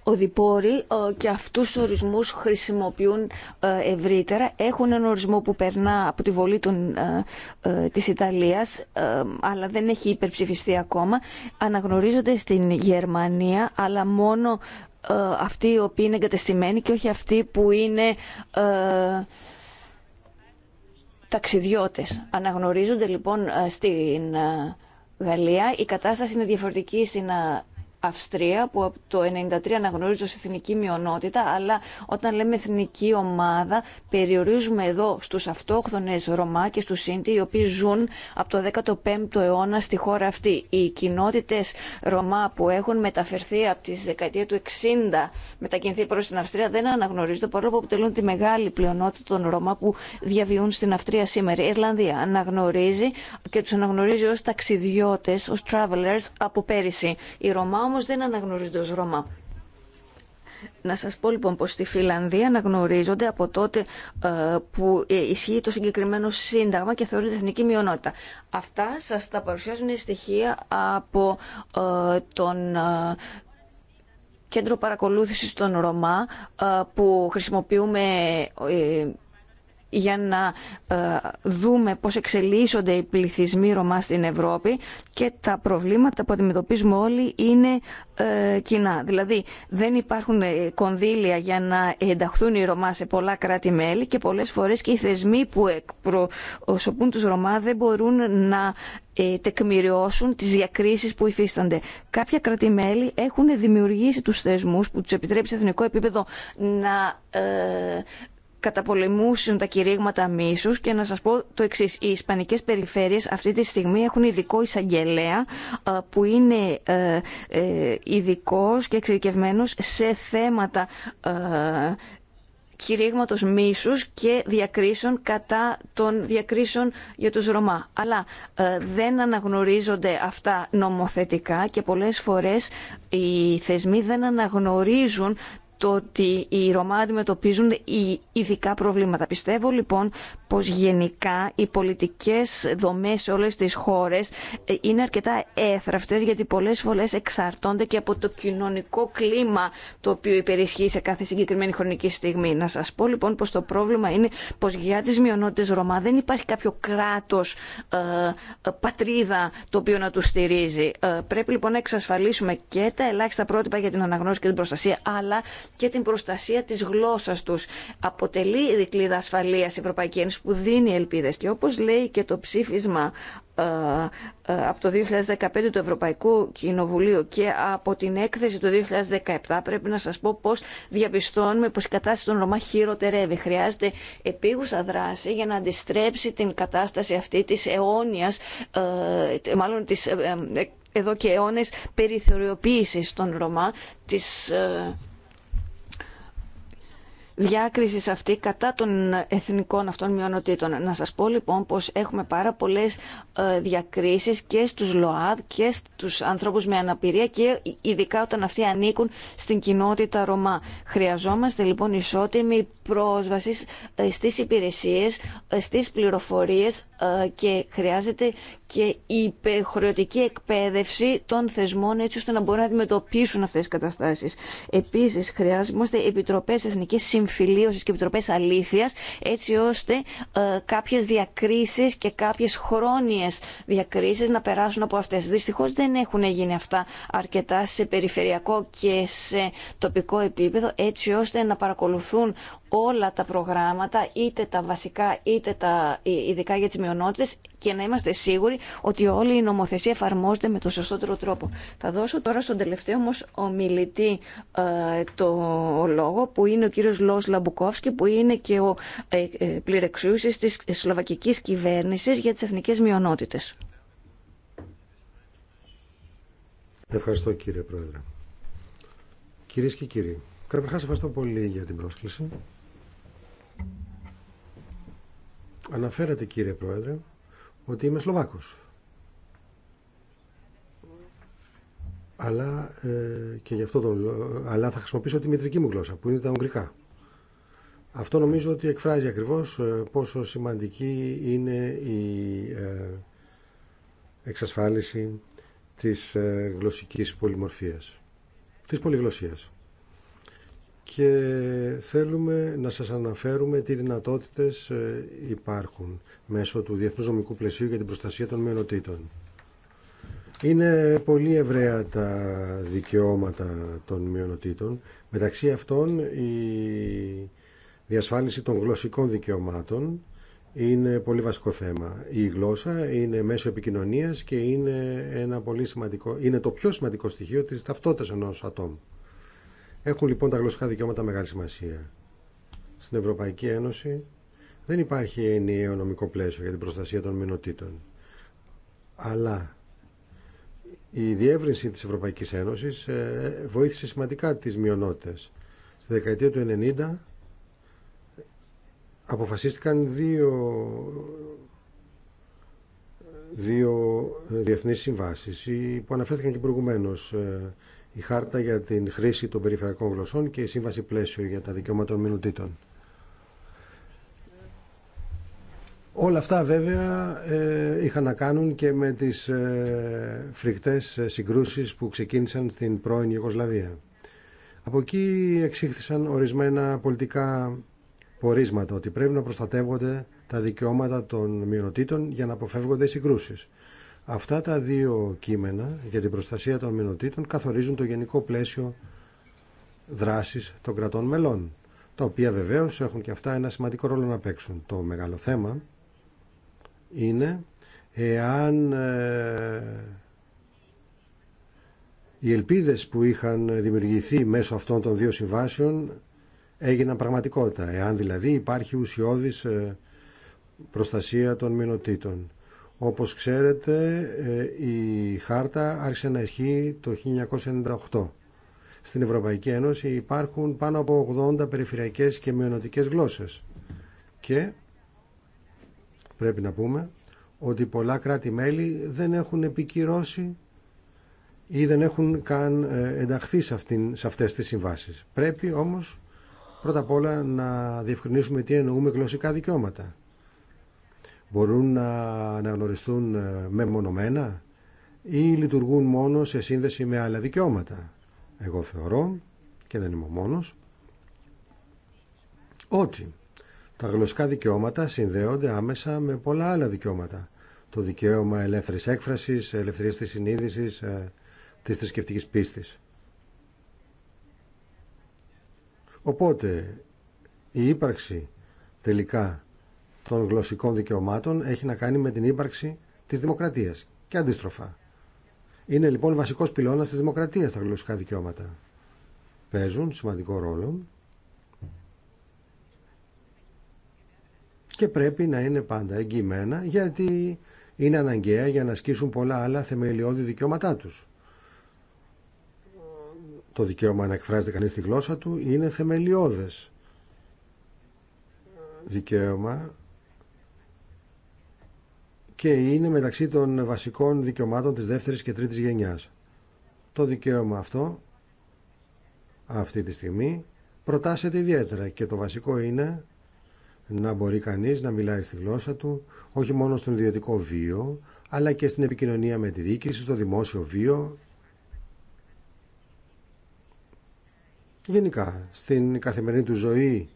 οδηπόροι ε, και αυτούς τους ορισμούς χρησιμοποιούν ε, ευρύτερα. Έχουν έναν ορισμό που περνά από τη βολή των, ε, της Ιταλίας, αλλά δεν έχει υπερψηφιστεί ακόμα. Αναγνωρίζονται στην Γερμανία, αλλά μόνο αυτοί οι οποίοι είναι εγκατεστημένοι και όχι αυτοί που είναι ταξιδιώτες. Αναγνωρίζονται λοιπόν στην Γαλλία. Η κατάσταση είναι διαφορετική στην Αυστρία που από το 1993 αναγνωρίζεται ως εθνική μειονότητα αλλά όταν λέμε εθνική ομάδα περιορίζουμε εδώ στους αυτόχθονες Ρωμά και στους Σύντι οι οποίοι ζουν από το 15ο αιώνα στη χώρα αυτή. Οι κοινότητες Ρωμά που έχουν μεταφερθεί από τη δεκαετία του 60 μετακινηθεί προς την Αυστρία δεν αναγνωρίζονται παρόλο που αποτελούν τη μεγάλη πλειονότητα των Ρωμά που διαβιούν στην Αυστρία σήμερα. Η Ιρλανδία αναγνωρίζει και τους αναγνωρίζει ως ταξιδιώτες, ως travelers από πέρυσι. Οι Ρωμά όμως δεν αναγνωρίζονται ως Ρώμα. Να σας πω λοιπόν πως στη Φιλανδία αναγνωρίζονται από τότε ε, που ε, ισχύει το συγκεκριμένο σύνταγμα και θεωρείται εθνική μειονότητα. Αυτά σας τα παρουσιάζουν στοιχεία από ε, τον Κέντρο Παρακολούθησης των Ρωμά που χρησιμοποιούμε για να ε, δούμε πώς εξελίσσονται οι πληθυσμοί Ρωμά στην Ευρώπη και τα προβλήματα που αντιμετωπίζουμε όλοι είναι ε, κοινά. Δηλαδή δεν υπάρχουν ε, κονδύλια για να ενταχθούν οι Ρωμά σε πολλά κράτη-μέλη και πολλές φορές και οι θεσμοί που εκπροσωπούν τους Ρωμά δεν μπορούν να τεκμηριώσουν τις διακρίσεις που υφίστανται. Κάποια κράτη-μέλη έχουν δημιουργήσει τους θεσμούς που τους επιτρέπει σε εθνικό επίπεδο να καταπολεμούσουν τα κηρύγματα μίσους και να σας πω το εξή. Οι Ισπανικές περιφέρειες αυτή τη στιγμή έχουν ειδικό εισαγγελέα ε, που είναι ε, ε, ειδικό και εξειδικευμένος σε θέματα κηρύγματος μίσους και διακρίσεων κατά των διακρίσεων για τους Ρωμά. Αλλά δεν αναγνωρίζονται αυτά νομοθετικά και πολλές φορές οι θεσμοί δεν αναγνωρίζουν το ότι οι Ρωμά αντιμετωπίζουν ειδικά προβλήματα. Πιστεύω λοιπόν πως γενικά οι πολιτικές δομές σε όλες τις χώρες ε, είναι αρκετά έθραυτες, γιατί πολλές φορές εξαρτώνται και από το κοινωνικό κλίμα το οποίο υπερισχύει σε κάθε συγκεκριμένη χρονική στιγμή. Να σας πω λοιπόν πως το πρόβλημα είναι πως για τις μειονότητες Ρωμά δεν υπάρχει κάποιο κράτος ε, ε πατρίδα το οποίο να του στηρίζει. Ε, πρέπει λοιπόν να εξασφαλίσουμε και τα ελάχιστα πρότυπα για την αναγνώριση και την προστασία αλλά και την προστασία της γλώσσας τους. Αποτελεί η δικλίδα ασφαλείας Ευρωπαϊκή Ένωση που δίνει ελπίδες και όπως λέει και το ψήφισμα ε, ε, από το 2015 του Ευρωπαϊκού Κοινοβουλίου και από την έκθεση του 2017 πρέπει να σας πω πως διαπιστώνουμε πως η κατάσταση των Ρωμά χειροτερεύει. Χρειάζεται επίγουσα δράση για να αντιστρέψει την κατάσταση αυτή της αιώνιας, ε, μάλλον της εδώ και αιώνες περιθωριοποίησης των Ρωμά, της Διάκριση αυτή κατά των εθνικών αυτών μειονοτήτων. Να σας πω λοιπόν πως έχουμε πάρα πολλές ε, διακρίσεις και στους ΛΟΑΔ και στους ανθρώπους με αναπηρία και ειδικά όταν αυτοί ανήκουν στην κοινότητα Ρωμά. Χρειαζόμαστε λοιπόν ισότιμη πρόσβαση ε, στις υπηρεσίες, ε, στις πληροφορίες και χρειάζεται και η υπερχρεωτική εκπαίδευση των θεσμών έτσι ώστε να μπορούν να αντιμετωπίσουν αυτές τις καταστάσεις. Επίσης χρειάζομαστε επιτροπές εθνικής συμφιλίωσης και επιτροπές αλήθειας έτσι ώστε ε, κάποιες διακρίσεις και κάποιες χρόνιες διακρίσεις να περάσουν από αυτές. Δυστυχώς δεν έχουν γίνει αυτά αρκετά σε περιφερειακό και σε τοπικό επίπεδο έτσι ώστε να παρακολουθούν όλα τα προγράμματα, είτε τα βασικά είτε τα ειδικά για τις μειονότητες και να είμαστε σίγουροι ότι όλη η νομοθεσία εφαρμόζεται με τον σωστότερο τρόπο. Θα δώσω τώρα στον τελευταίο όμως ομιλητή ε, το λόγο που είναι ο κύριος Λος Λαμπουκόφσκι που είναι και ο ε, ε, πληρεξούσης της κυβέρνησης για τις εθνικές μειονότητες. Ευχαριστώ κύριε Πρόεδρε. Κυρίες και κύριοι, Καταρχά, ευχαριστώ πολύ για την πρόσκληση. Αναφέρατε κύριε Πρόεδρε ότι είμαι Σλοβάκος. Αλλά, ε, και γι τον, αλλά θα χρησιμοποιήσω τη μητρική μου γλώσσα που είναι τα Ουγγρικά. Αυτό νομίζω ότι εκφράζει ακριβώς ε, πόσο σημαντική είναι η ε, εξασφάλιση της ε, γλωσσικής πολυμορφίας, της πολυγλωσσίας και θέλουμε να σας αναφέρουμε τι δυνατότητες ε, υπάρχουν μέσω του Διεθνούς Νομικού Πλαισίου για την προστασία των μειονοτήτων. Είναι πολύ ευραία τα δικαιώματα των μειονοτήτων. Μεταξύ αυτών η διασφάλιση των γλωσσικών δικαιωμάτων είναι πολύ βασικό θέμα. Η γλώσσα είναι μέσο επικοινωνίας και είναι, ένα πολύ είναι το πιο σημαντικό στοιχείο της ταυτότητας ενός ατόμου. Έχουν λοιπόν τα γλωσσικά δικαιώματα μεγάλη σημασία. Στην Ευρωπαϊκή Ένωση δεν υπάρχει ενιαίο νομικό πλαίσιο για την προστασία των μειονοτήτων. Αλλά η διεύρυνση της Ευρωπαϊκής Ένωσης ε, βοήθησε σημαντικά τις μειονότητες. Στη δεκαετία του 90 αποφασίστηκαν δύο, δύο διεθνείς συμβάσεις που αναφέρθηκαν και προηγουμένως ε, η χάρτα για την χρήση των περιφερειακών γλωσσών και η σύμβαση πλαίσιο για τα δικαιώματα των μηνοτήτων. Όλα αυτά βέβαια ε, είχαν να κάνουν και με τις ε, φρικτές ε, συγκρούσεις που ξεκίνησαν στην πρώην Ιουγκοσλαβία. Από εκεί εξήχθησαν ορισμένα πολιτικά πορίσματα ότι πρέπει να προστατεύονται τα δικαιώματα των μειονοτήτων για να αποφεύγονται οι συγκρούσεις. Αυτά τα δύο κείμενα για την προστασία των μηνοτήτων καθορίζουν το γενικό πλαίσιο δράσης των κρατών μελών, τα οποία βεβαίως έχουν και αυτά ένα σημαντικό ρόλο να παίξουν. Το μεγάλο θέμα είναι εάν ε, οι ελπίδες που είχαν δημιουργηθεί μέσω αυτών των δύο συμβάσεων έγιναν πραγματικότητα, εάν δηλαδή υπάρχει ουσιώδης ε, προστασία των μηνοτήτων. Όπως ξέρετε, ε, η χάρτα άρχισε να ισχύει το 1998. Στην Ευρωπαϊκή Ένωση υπάρχουν πάνω από 80 περιφερειακές και μειονοτικές γλώσσες. Και πρέπει να πούμε ότι πολλά κράτη-μέλη δεν έχουν επικυρώσει ή δεν έχουν καν ε, ενταχθεί σε, αυτήν, σε αυτές τις συμβάσεις. Πρέπει όμως πρώτα απ' όλα να διευκρινίσουμε τι εννοούμε γλωσσικά δικαιώματα μπορούν να αναγνωριστούν ε, μεμονωμένα ή λειτουργούν μόνο σε σύνδεση με άλλα δικαιώματα. Εγώ θεωρώ, και δεν είμαι ο μόνος, ότι τα γλωσσικά δικαιώματα συνδέονται άμεσα με πολλά άλλα δικαιώματα. Το δικαίωμα ελεύθερης έκφρασης, ελευθερίας της συνείδησης, ε, της θρησκευτική πίστης. Οπότε, η ύπαρξη τελικά των γλωσσικών δικαιωμάτων έχει να κάνει με την ύπαρξη της δημοκρατίας και αντίστροφα. Είναι λοιπόν βασικός πυλώνας της δημοκρατίας τα γλωσσικά δικαιώματα. Παίζουν σημαντικό ρόλο και πρέπει να είναι πάντα εγγυημένα γιατί είναι αναγκαία για να ασκήσουν πολλά άλλα θεμελιώδη δικαιώματά τους. Το δικαίωμα να εκφράζεται κανείς τη γλώσσα του είναι θεμελιώδες δικαίωμα και είναι μεταξύ των βασικών δικαιωμάτων της δεύτερης και τρίτης γενιάς. Το δικαίωμα αυτό αυτή τη στιγμή προτάσεται ιδιαίτερα και το βασικό είναι να μπορεί κανείς να μιλάει στη γλώσσα του όχι μόνο στον ιδιωτικό βίο αλλά και στην επικοινωνία με τη διοίκηση, στο δημόσιο βίο γενικά στην καθημερινή του ζωή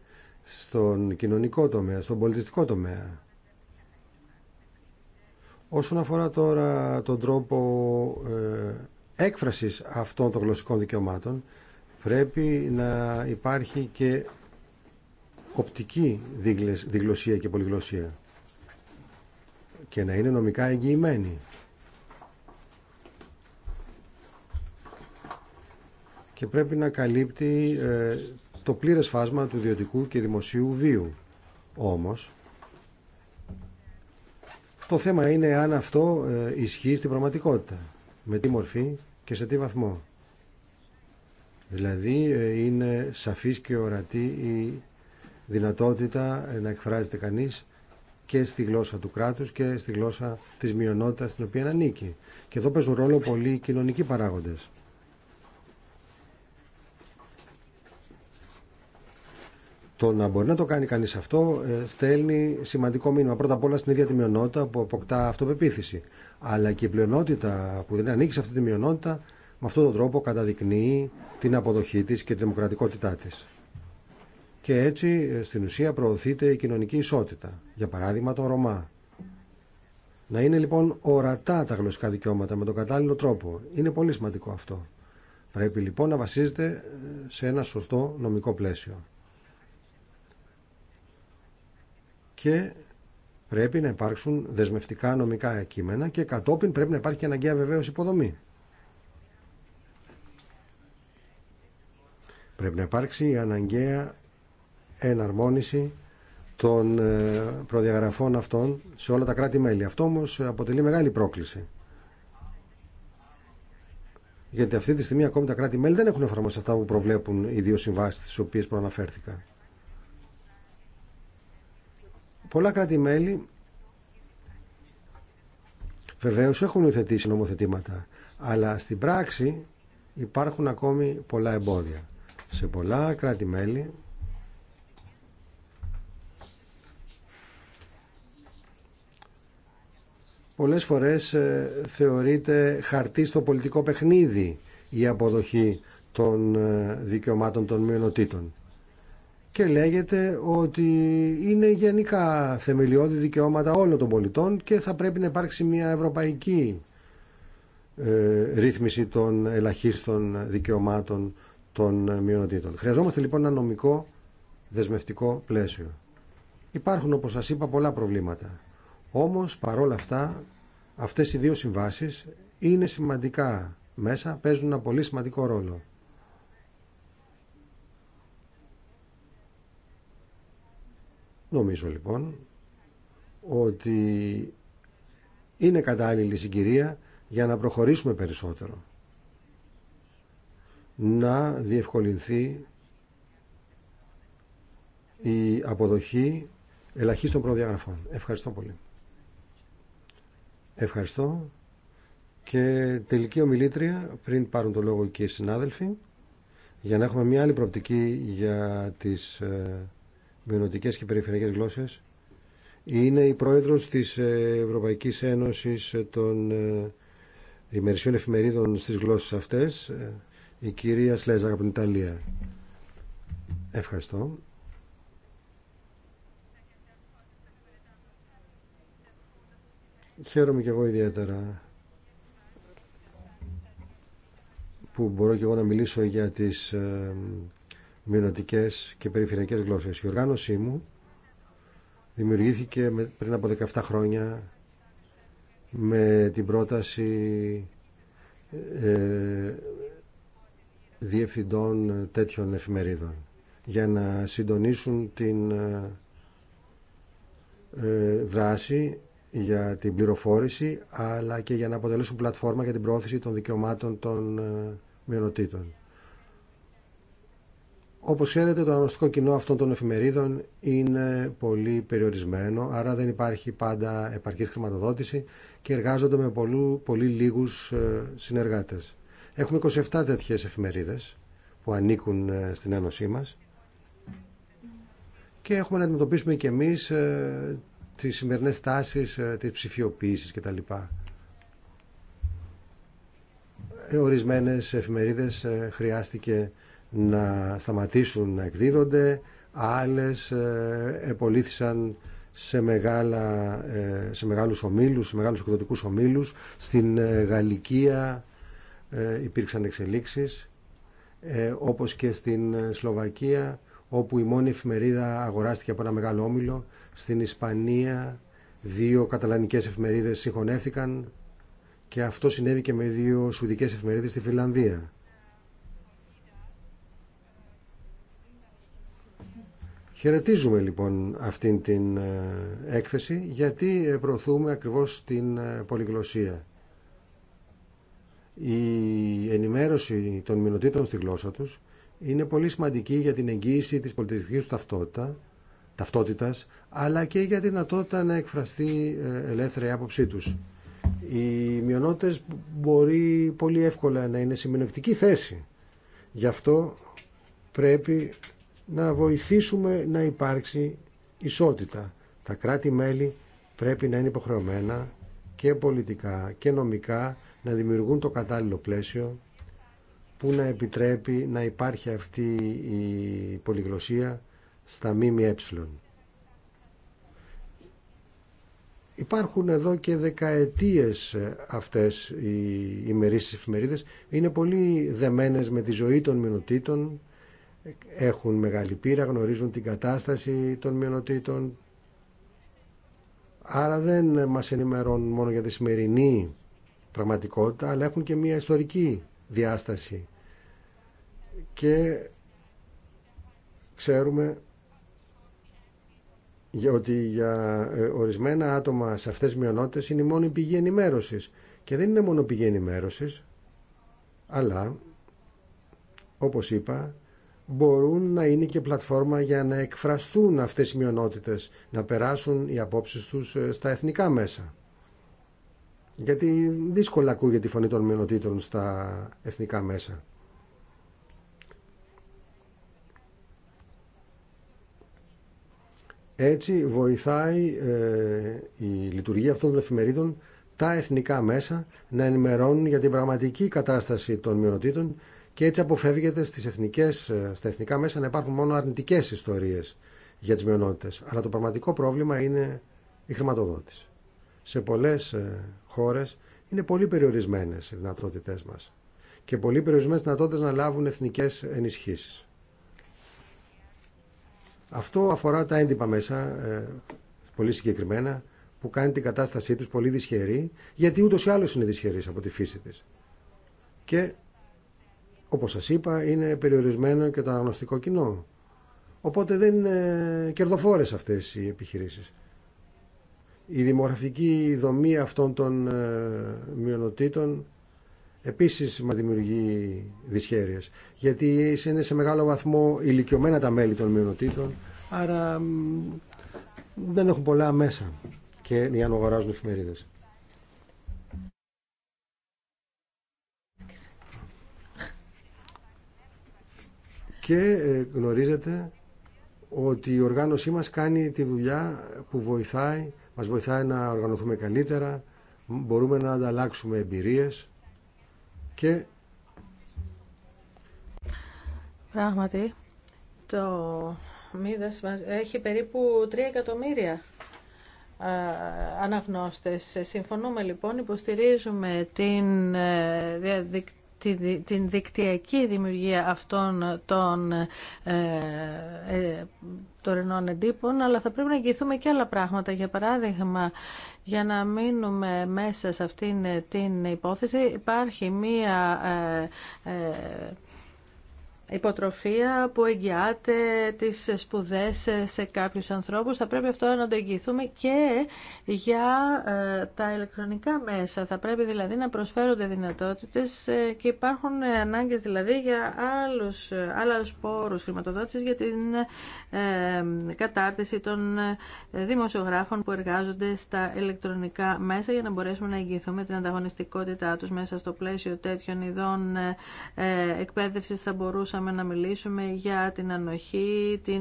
στον κοινωνικό τομέα, στον πολιτιστικό τομέα Όσον αφορά τώρα τον τρόπο ε, έκφρασης αυτών των γλωσσικών δικαιωμάτων πρέπει να υπάρχει και οπτική διγλωσία και πολυγλωσία και να είναι νομικά εγγυημένη. Και πρέπει να καλύπτει ε, το πλήρες φάσμα του ιδιωτικού και δημοσίου βίου. Όμως, το θέμα είναι αν αυτό ε, ισχύει στην πραγματικότητα. Με τι μορφή και σε τι βαθμό. Δηλαδή ε, είναι σαφής και ορατή η δυνατότητα ε, να εκφράζεται κανείς και στη γλώσσα του κράτους και στη γλώσσα της μειονότητας στην οποία ανήκει. Και εδώ παίζουν ρόλο πολλοί κοινωνικοί παράγοντες. Το να μπορεί να το κάνει κανείς αυτό ε, στέλνει σημαντικό μήνυμα. Πρώτα απ' όλα στην ίδια τη μειονότητα που αποκτά αυτοπεποίθηση. Αλλά και η πλειονότητα που δεν ανήκει σε αυτή τη μειονότητα με αυτόν τον τρόπο καταδεικνύει την αποδοχή της και τη δημοκρατικότητά της. Και έτσι ε, στην ουσία προωθείται η κοινωνική ισότητα. Για παράδειγμα το Ρωμά. Να είναι λοιπόν ορατά τα γλωσσικά δικαιώματα με τον κατάλληλο τρόπο. Είναι πολύ σημαντικό αυτό. Πρέπει λοιπόν να βασίζεται ε, σε ένα σωστό νομικό πλαίσιο. και πρέπει να υπάρξουν δεσμευτικά νομικά κείμενα και κατόπιν πρέπει να υπάρχει και αναγκαία βεβαίω υποδομή. Πρέπει να υπάρξει η αναγκαία εναρμόνιση των ε, προδιαγραφών αυτών σε όλα τα κράτη-μέλη. Αυτό όμω αποτελεί μεγάλη πρόκληση. Γιατί αυτή τη στιγμή ακόμη τα κράτη-μέλη δεν έχουν εφαρμόσει αυτά που προβλέπουν οι δύο συμβάσει τι οποίε προαναφέρθηκα. Πολλά κράτη-μέλη βεβαίω έχουν υιοθετήσει νομοθετήματα, αλλά στην πράξη υπάρχουν ακόμη πολλά εμπόδια. Σε πολλά κράτη-μέλη πολλές φορές ε, θεωρείται χαρτί στο πολιτικό παιχνίδι η αποδοχή των ε, δικαιωμάτων των μειονοτήτων και λέγεται ότι είναι γενικά θεμελιώδη δικαιώματα όλων των πολιτών και θα πρέπει να υπάρξει μια ευρωπαϊκή ε, ρύθμιση των ελαχίστων δικαιωμάτων των μειονοτήτων. Χρειαζόμαστε λοιπόν ένα νομικό δεσμευτικό πλαίσιο. Υπάρχουν όπως σας είπα πολλά προβλήματα. Όμως παρόλα αυτά αυτές οι δύο συμβάσεις είναι σημαντικά μέσα, παίζουν ένα πολύ σημαντικό ρόλο. Νομίζω λοιπόν ότι είναι κατάλληλη συγκυρία για να προχωρήσουμε περισσότερο. Να διευκολυνθεί η αποδοχή ελαχίστων προδιαγραφών. Ευχαριστώ πολύ. Ευχαριστώ. Και τελική ομιλήτρια, πριν πάρουν το λόγο και οι συνάδελφοι, για να έχουμε μια άλλη προοπτική για τις ε, μειονοτικέ και περιφερειακές γλώσσες είναι η πρόεδρος της Ευρωπαϊκής Ένωσης των ε, ημερησιών εφημερίδων στις γλώσσες αυτές ε, η κυρία Σλέζα από την Ιταλία. Ευχαριστώ. Χαίρομαι και εγώ ιδιαίτερα που μπορώ και εγώ να μιλήσω για τις ε, μειονοτικέ και περιφερειακές γλώσσες. Η οργάνωσή μου δημιουργήθηκε πριν από 17 χρόνια με την πρόταση ε, διευθυντών τέτοιων εφημερίδων για να συντονίσουν την ε, ε, δράση για την πληροφόρηση αλλά και για να αποτελέσουν πλατφόρμα για την προώθηση των δικαιωμάτων των μειονοτήτων. Όπως ξέρετε το αναγνωστικό κοινό αυτών των εφημερίδων είναι πολύ περιορισμένο, άρα δεν υπάρχει πάντα επαρκής χρηματοδότηση και εργάζονται με πολύ, πολύ λίγους ε, συνεργάτες. Έχουμε 27 τέτοιες εφημερίδες που ανήκουν ε, στην Ένωσή μας και έχουμε να αντιμετωπίσουμε και εμείς ε, τις σημερινές τάσεις της ψηφιοποίησης κτλ. Ορισμένες εφημερίδες χρειάστηκε να σταματήσουν να εκδίδονται, άλλες ε, επολύθησαν σε, μεγάλα, ε, σε μεγάλους ομίλους, σε μεγάλους εκδοτικούς ομίλους. Στην ε, Γαλλικία υπήρξαν εξελίξεις, όπως και στην Σλοβακία, όπου η μόνη εφημερίδα αγοράστηκε από ένα μεγάλο όμιλο. Στην Ισπανία δύο καταλανικές εφημερίδες συγχωνεύτηκαν και αυτό συνέβη και με δύο σουδικές εφημερίδες στη Φιλανδία. Χαιρετίζουμε λοιπόν αυτήν την ε, έκθεση γιατί προωθούμε ακριβώς την ε, πολυγλωσία. Η ενημέρωση των μηνοτήτων στη γλώσσα τους είναι πολύ σημαντική για την εγγύηση της πολιτιστικής του ταυτότητα, ταυτότητας, αλλά και για τη δυνατότητα να εκφραστεί ε, ελεύθερη άποψή τους. Οι μειονότητες μπορεί πολύ εύκολα να είναι σε θέση. Γι' αυτό πρέπει να βοηθήσουμε να υπάρξει ισότητα. Τα κράτη-μέλη πρέπει να είναι υποχρεωμένα και πολιτικά και νομικά να δημιουργούν το κατάλληλο πλαίσιο που να επιτρέπει να υπάρχει αυτή η πολυγλωσία στα ΜΜΕ. Υπάρχουν εδώ και δεκαετίες αυτές οι ημερήσεις εφημερίδες. Είναι πολύ δεμένες με τη ζωή των μηνοτήτων, έχουν μεγάλη πείρα, γνωρίζουν την κατάσταση των μειονοτήτων. Άρα δεν μας ενημερώνουν μόνο για τη σημερινή πραγματικότητα, αλλά έχουν και μια ιστορική διάσταση. Και ξέρουμε ότι για ε, ορισμένα άτομα σε αυτές τις μειονότητες είναι η μόνη πηγή ενημέρωσης. Και δεν είναι μόνο πηγή ενημέρωσης, αλλά, όπως είπα, μπορούν να είναι και πλατφόρμα για να εκφραστούν αυτές οι μειονότητες, να περάσουν οι απόψεις τους ε, στα εθνικά μέσα. Γιατί δύσκολα ακούγεται τη φωνή των μειονοτήτων στα εθνικά μέσα. Έτσι βοηθάει ε, η λειτουργία αυτών των εφημερίδων τα εθνικά μέσα να ενημερώνουν για την πραγματική κατάσταση των μειονοτήτων και έτσι αποφεύγεται στις εθνικές, ε, στα εθνικά μέσα να υπάρχουν μόνο αρνητικές ιστορίες για τις μειονότητες. Αλλά το πραγματικό πρόβλημα είναι η χρηματοδότηση. Σε πολλές ε, χώρες είναι πολύ περιορισμένες οι δυνατότητές μας και πολύ περιορισμένες δυνατότητες να λάβουν εθνικές ενισχύσεις. Αυτό αφορά τα έντυπα μέσα, ε, πολύ συγκεκριμένα, που κάνει την κατάστασή τους πολύ δυσχερή, γιατί ούτως ή άλλως είναι δυσχερής από τη φύση της. Και όπως σας είπα, είναι περιορισμένο και το αναγνωστικό κοινό. Οπότε δεν είναι κερδοφόρες αυτές οι επιχειρήσεις. Η δημογραφική δομή αυτών των ε, μειονοτήτων επίσης μας δημιουργεί δυσχέρειες. Γιατί είναι σε μεγάλο βαθμό ηλικιωμένα τα μέλη των μειονοτήτων, άρα δεν έχουν πολλά μέσα και για να αγοράζουν εφημερίδες. και ε, γνωρίζετε ότι η οργάνωσή μας κάνει τη δουλειά που βοηθάει, μας βοηθάει να οργανωθούμε καλύτερα, μπορούμε να ανταλλάξουμε εμπειρίες και... Πράγματι, το Μίδας μας έχει περίπου 3 εκατομμύρια αναγνώστες. Συμφωνούμε λοιπόν, υποστηρίζουμε την ε, διαδικτυακή την δικτυακή δημιουργία αυτών των ε, ε, τωρινών εντύπων, αλλά θα πρέπει να εγγυηθούμε και άλλα πράγματα. Για παράδειγμα, για να μείνουμε μέσα σε αυτήν την υπόθεση, υπάρχει μία ε, ε, υποτροφία που εγγυάται τις σπουδές σε κάποιους ανθρώπους. Θα πρέπει αυτό να το εγγυηθούμε και για ε, τα ηλεκτρονικά μέσα. Θα πρέπει δηλαδή να προσφέρονται δυνατότητες ε, και υπάρχουν ανάγκες δηλαδή για άλλους, άλλους πόρους χρηματοδότησης για την ε, κατάρτιση των δημοσιογράφων που εργάζονται στα ηλεκτρονικά μέσα για να μπορέσουμε να εγγυηθούμε την ανταγωνιστικότητά τους μέσα στο πλαίσιο τέτοιων ειδών εκπαίδευσης θα μπορούσαν μπορούσαμε να μιλήσουμε για την ανοχή, ε,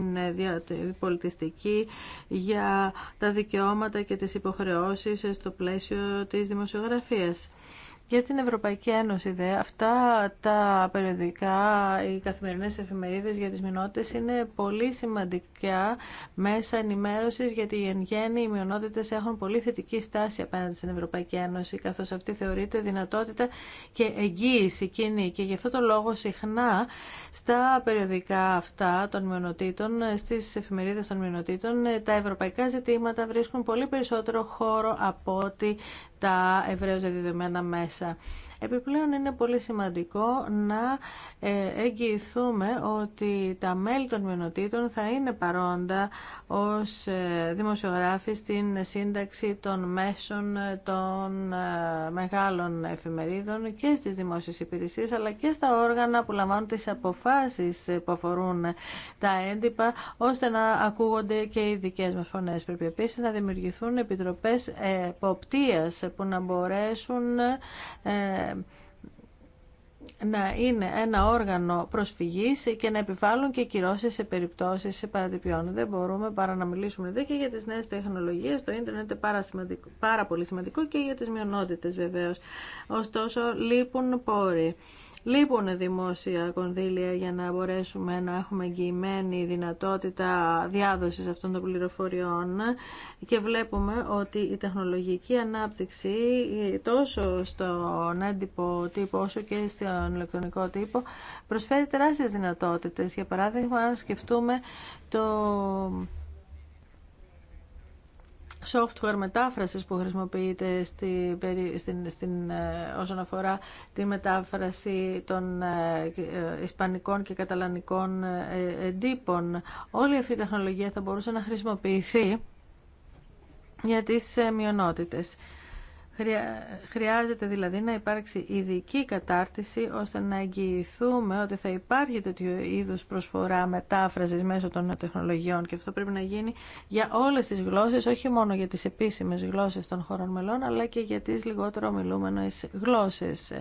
την πολιτιστική, για τα δικαιώματα και τις υποχρεώσεις ε, στο πλαίσιο της δημοσιογραφίας. Για την Ευρωπαϊκή Ένωση δε, αυτά τα περιοδικά, οι καθημερινές εφημερίδες για τις μηνότητες είναι πολύ σημαντικά μέσα ενημέρωσης γιατί εν γέννη οι μειονότητες έχουν πολύ θετική στάση απέναντι στην Ευρωπαϊκή Ένωση καθώς αυτή θεωρείται δυνατότητα και εγγύηση κοινή και γι' αυτό το λόγο συχνά στα περιοδικά αυτά των μειονοτήτων, στις εφημερίδες των μειονοτήτων τα ευρωπαϊκά ζητήματα βρίσκουν πολύ περισσότερο χώρο από ότι τα ευρέως διαδεδομένα μέσα. Επιπλέον είναι πολύ σημαντικό να ε, εγγυηθούμε ότι τα μέλη των μειονοτήτων θα είναι παρόντα ως ε, δημοσιογράφοι στην σύνταξη των μέσων ε, των μεγάλων εφημερίδων και στις δημόσιες υπηρεσίες αλλά και στα όργανα που λαμβάνουν τις αποφάσεις που αφορούν τα έντυπα ώστε να ακούγονται και οι δικές μας φωνές. Πρέπει επίσης να δημιουργηθούν επιτροπές εποπτείας που να μπορέσουν να είναι ένα όργανο προσφυγής και να επιβάλλουν και κυρώσεις σε περιπτώσεις παρατυπιών. Δεν μπορούμε παρά να μιλήσουμε εδώ και για τις νέες τεχνολογίες. Το ίντερνετ είναι πάρα, σημαντικό, πάρα πολύ σημαντικό και για τις μειονότητες βεβαίως. Ωστόσο λείπουν πόροι. Λείπουν δημόσια κονδύλια για να μπορέσουμε να έχουμε εγγυημένη δυνατότητα διάδοσης αυτών των πληροφοριών και βλέπουμε ότι η τεχνολογική ανάπτυξη τόσο στον έντυπο τύπο όσο και στον ηλεκτρονικό τύπο προσφέρει τεράστιες δυνατότητες. Για παράδειγμα, αν σκεφτούμε το software μετάφρασης που χρησιμοποιείται στη, στην, στην, ε, όσον αφορά τη μετάφραση των ε, ε, ισπανικών και καταλανικών εντύπων. Όλη αυτή η τεχνολογία θα μπορούσε να χρησιμοποιηθεί για τις μειονότητες. Χρειάζεται δηλαδή να υπάρξει ειδική κατάρτιση ώστε να εγγυηθούμε ότι θα υπάρχει τέτοιο είδους προσφορά μετάφρασης μέσω των τεχνολογιών και αυτό πρέπει να γίνει για όλες τις γλώσσες, όχι μόνο για τις επίσημες γλώσσες των χωρών μελών αλλά και για τις λιγότερο ομιλούμενες γλώσσες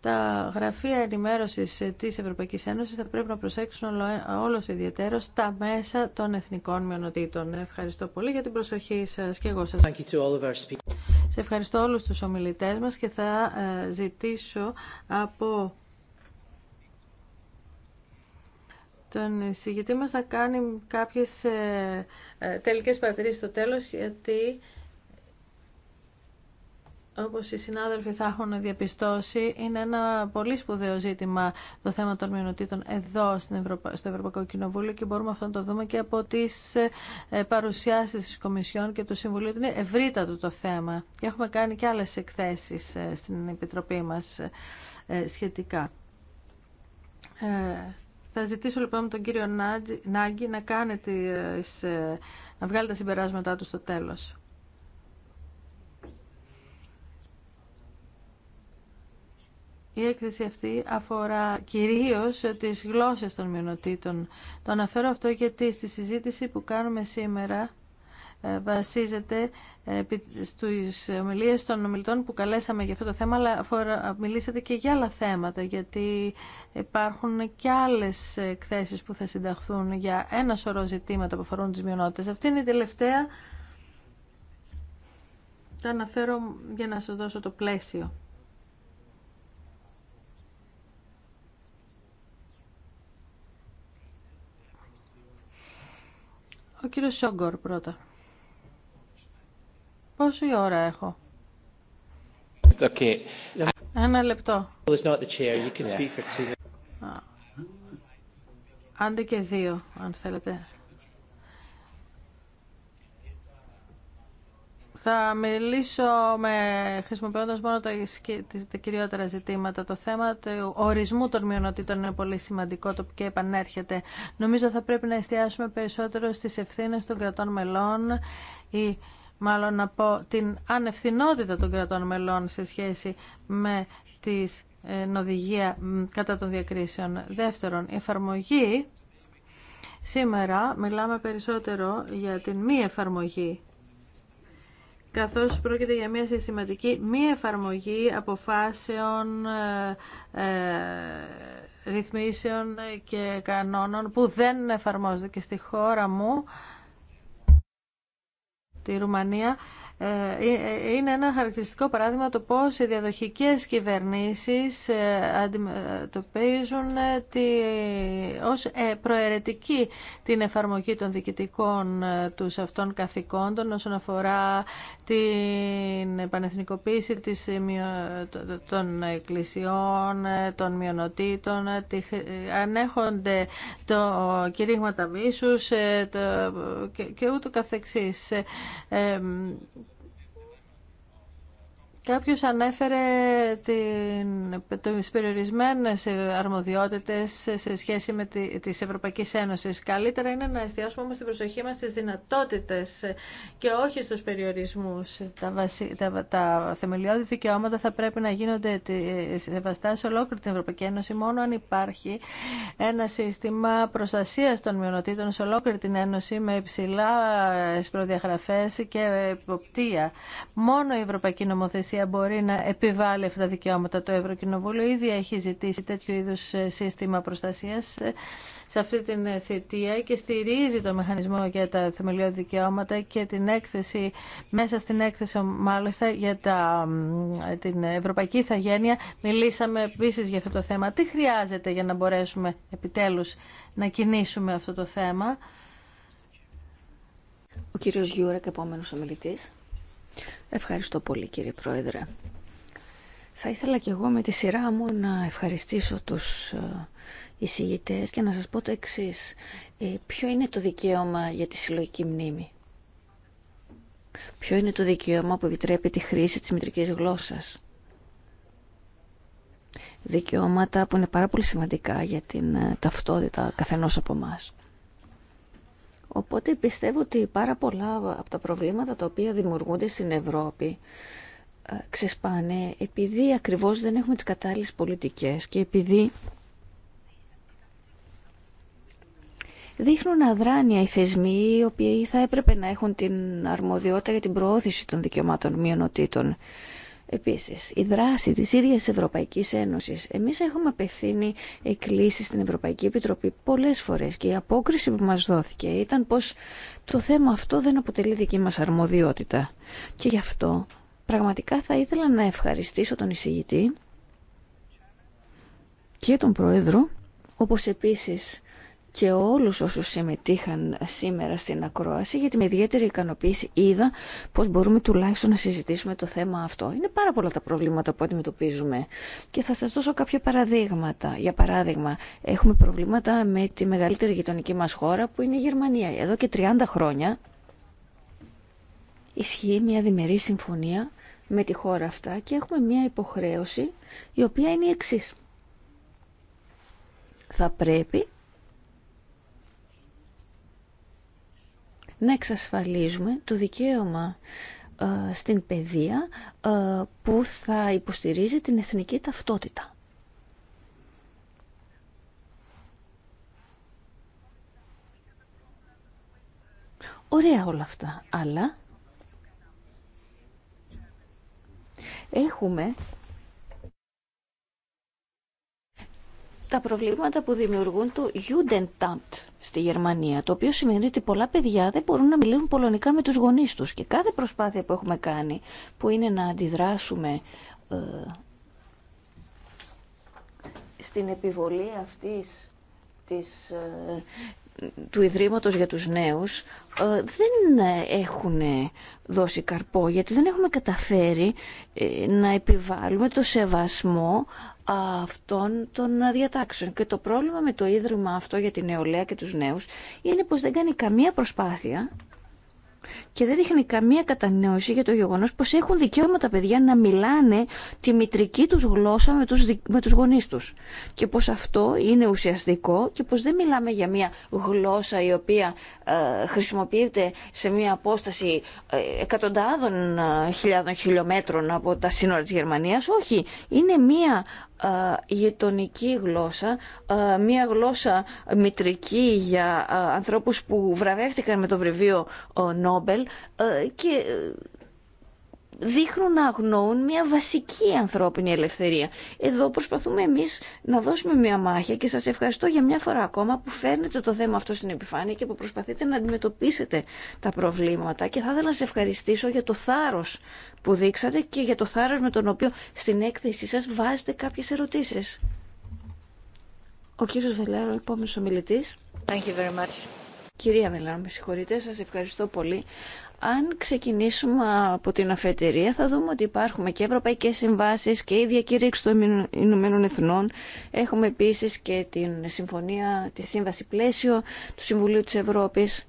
τα γραφεία ενημέρωσης της Ευρωπαϊκής Ένωσης θα πρέπει να προσέξουν όλος ιδιαίτερο τα μέσα των εθνικών μειονοτήτων. Ευχαριστώ πολύ για την προσοχή σας και εγώ σας. Σε ευχαριστώ όλους τους ομιλητές μας και θα ε, ζητήσω από τον εισηγητή μας να κάνει κάποιες ε, ε, τελικές παρατηρήσεις στο τέλος γιατί όπως οι συνάδελφοι θα έχουν διαπιστώσει, είναι ένα πολύ σπουδαίο ζήτημα το θέμα των μειονοτήτων εδώ στο Ευρωπαϊκό Κοινοβούλιο και μπορούμε αυτό να το δούμε και από τις ε, παρουσιάσεις της Κομισιόν και του Συμβουλίου. Είναι ευρύτατο το θέμα και έχουμε κάνει και άλλες εκθέσεις ε, στην Επιτροπή μας ε, σχετικά. Θα ζητήσω λοιπόν τον κύριο Νάγκη να, να βγάλει τα συμπεράσματά του στο τέλος. Η έκθεση αυτή αφορά κυρίως τις γλώσσες των μειονοτήτων. Το αναφέρω αυτό γιατί στη συζήτηση που κάνουμε σήμερα ε, βασίζεται ε, στις ομιλίες των ομιλητών που καλέσαμε για αυτό το θέμα, αλλά μιλήσατε και για άλλα θέματα, γιατί υπάρχουν και άλλες εκθέσεις που θα συνταχθούν για ένα σωρό ζητήματα που αφορούν τις μειονότητες. Αυτή είναι η τελευταία. Το αναφέρω για να σας δώσω το πλαίσιο. Ο κύριος Σόγκορ πρώτα. Πόση ώρα έχω. Ένα λεπτό. Άντε και δύο, αν θέλετε. Θα μιλήσω με, χρησιμοποιώντας μόνο τα, κυριότερα ζητήματα. Το θέμα του ορισμού των μειονοτήτων είναι πολύ σημαντικό το και επανέρχεται. Νομίζω θα πρέπει να εστιάσουμε περισσότερο στις ευθύνες των κρατών μελών ή μάλλον να πω την ανευθυνότητα των κρατών μελών σε σχέση με τις ε, οδηγία κατά των διακρίσεων. Δεύτερον, η εφαρμογή. Σήμερα μιλάμε περισσότερο για την μη εφαρμογή καθώς πρόκειται για μια συστηματική μη εφαρμογή αποφάσεων ε, ε, ρυθμίσεων και κανόνων που δεν εφαρμόζονται και στη χώρα μου, τη Ρουμανία, ε, ε, είναι ένα χαρακτηριστικό παράδειγμα το πώς οι διαδοχικές κυβερνήσεις ε, αντιμετωπίζουν τη, ως προαιρετική την εφαρμογή των διοικητικών τους αυτών καθηκόντων όσον αφορά την επανεθνικοποίηση της, των εκκλησιών, των μειονοτήτων, ανέχονται το κηρύγματα μίσους και, και ούτω καθεξής Κάποιος ανέφερε τις περιορισμένες αρμοδιότητες σε σχέση με τη, της Ευρωπαϊκής Καλύτερα είναι να εστιάσουμε όμως την προσοχή μας στις δυνατότητες και όχι στους περιορισμούς. Τα, τα, θεμελιώδη δικαιώματα θα πρέπει να γίνονται σεβαστά σε ολόκληρη την Ευρωπαϊκή Ένωση μόνο αν υπάρχει ένα σύστημα προστασίας των μειονοτήτων σε ολόκληρη την Ένωση με υψηλά προδιαγραφές και υποπτία. Μόνο η Ευρωπαϊκή Νομοθεσία μπορεί να επιβάλλει αυτά τα δικαιώματα. Το Ευρωκοινοβούλιο ήδη έχει ζητήσει τέτοιο είδου ε, σύστημα προστασίας ε, σε αυτή την ε, θητεία και στηρίζει το μηχανισμό για τα θεμελιώδη δικαιώματα και την έκθεση, μέσα στην έκθεση μάλιστα για τα, την Ευρωπαϊκή Ιθαγένεια μιλήσαμε επίση για αυτό το θέμα. Τι χρειάζεται για να μπορέσουμε επιτέλους να κινήσουμε αυτό το θέμα. Ο κύριος Γιούρακ, επόμενος ομιλητής. Ευχαριστώ πολύ κύριε Πρόεδρε. Θα ήθελα και εγώ με τη σειρά μου να ευχαριστήσω τους ε, εισηγητές και να σας πω το εξής. Ε, ποιο είναι το δικαίωμα για τη συλλογική μνήμη. Ποιο είναι το δικαίωμα που επιτρέπει τη χρήση της μητρικής γλώσσας. Δικαιώματα που είναι πάρα πολύ σημαντικά για την ε, ταυτότητα καθενός από μας. Οπότε πιστεύω ότι πάρα πολλά από τα προβλήματα τα οποία δημιουργούνται στην Ευρώπη ε, ξεσπάνε επειδή ακριβώς δεν έχουμε τις κατάλληλες πολιτικές και επειδή δείχνουν αδράνεια οι θεσμοί οι οποίοι θα έπρεπε να έχουν την αρμοδιότητα για την προώθηση των δικαιωμάτων μειονοτήτων. Επίσης, η δράση της ίδιας Ευρωπαϊκής Ένωσης. Εμείς έχουμε απευθύνει εκκλήσει στην Ευρωπαϊκή Επιτροπή πολλές φορές και η απόκριση που μας δόθηκε ήταν πως το θέμα αυτό δεν αποτελεί δική μας αρμοδιότητα. Και γι' αυτό πραγματικά θα ήθελα να ευχαριστήσω τον εισηγητή και τον Πρόεδρο, όπως επίσης και όλους όσους συμμετείχαν σήμερα στην ακρόαση γιατί με ιδιαίτερη ικανοποίηση είδα πως μπορούμε τουλάχιστον να συζητήσουμε το θέμα αυτό. Είναι πάρα πολλά τα προβλήματα που αντιμετωπίζουμε και θα σας δώσω κάποια παραδείγματα. Για παράδειγμα, έχουμε προβλήματα με τη μεγαλύτερη γειτονική μας χώρα που είναι η Γερμανία. Εδώ και 30 χρόνια ισχύει μια διμερή συμφωνία με τη χώρα αυτά και έχουμε μια υποχρέωση η οποία είναι η εξής. Θα πρέπει να εξασφαλίζουμε το δικαίωμα ε, στην παιδεία ε, που θα υποστηρίζει την εθνική ταυτότητα. Ωραία όλα αυτά, αλλά έχουμε τα προβλήματα που δημιουργούν το Judentamt στη Γερμανία, το οποίο σημαίνει ότι πολλά παιδιά δεν μπορούν να μιλούν πολωνικά με τους γονείς τους και κάθε προσπάθεια που έχουμε κάνει που είναι να αντιδράσουμε ε, στην επιβολή αυτής της ε, του Ιδρύματος για τους Νέους ε, δεν έχουν δώσει καρπό γιατί δεν έχουμε καταφέρει ε, να επιβάλλουμε το σεβασμό αυτών των διατάξεων. Και το πρόβλημα με το Ίδρυμα αυτό για τη νεολαία και τους νέους είναι πως δεν κάνει καμία προσπάθεια και δεν δείχνει καμία κατανόηση για το γεγονός πως έχουν δικαίωμα τα παιδιά να μιλάνε τη μητρική τους γλώσσα με τους, με τους γονείς τους και πως αυτό είναι ουσιαστικό και πως δεν μιλάμε για μια γλώσσα η οποία ε, χρησιμοποιείται σε μια απόσταση ε, εκατοντάδων ε, χιλιάδων χιλιόμετρων από τα σύνορα της Γερμανίας όχι, είναι μια ε, γειτονική γλώσσα, ε, μια γλώσσα μητρική για ε, ανθρώπους που βραβεύτηκαν με το βρεβείο Νόμπελ και δείχνουν να αγνοούν μια βασική ανθρώπινη ελευθερία. Εδώ προσπαθούμε εμείς να δώσουμε μια μάχη και σας ευχαριστώ για μια φορά ακόμα που φέρνετε το θέμα αυτό στην επιφάνεια και που προσπαθείτε να αντιμετωπίσετε τα προβλήματα και θα ήθελα να σας ευχαριστήσω για το θάρρος που δείξατε και για το θάρρος με τον οποίο στην έκθεσή σας βάζετε κάποιες ερωτήσεις. Ο κύριος Βελέρο, επόμενος ομιλητής. Thank you very much. Κυρία Βελέρο, με συγχωρείτε, σας ευχαριστώ πολύ. Αν ξεκινήσουμε από την αφετηρία θα δούμε ότι υπάρχουν και ευρωπαϊκές συμβάσεις και η διακήρυξη των Ηνωμένων Εθνών. Έχουμε επίσης και την συμφωνία, τη σύμβαση πλαίσιο του Συμβουλίου της Ευρώπης.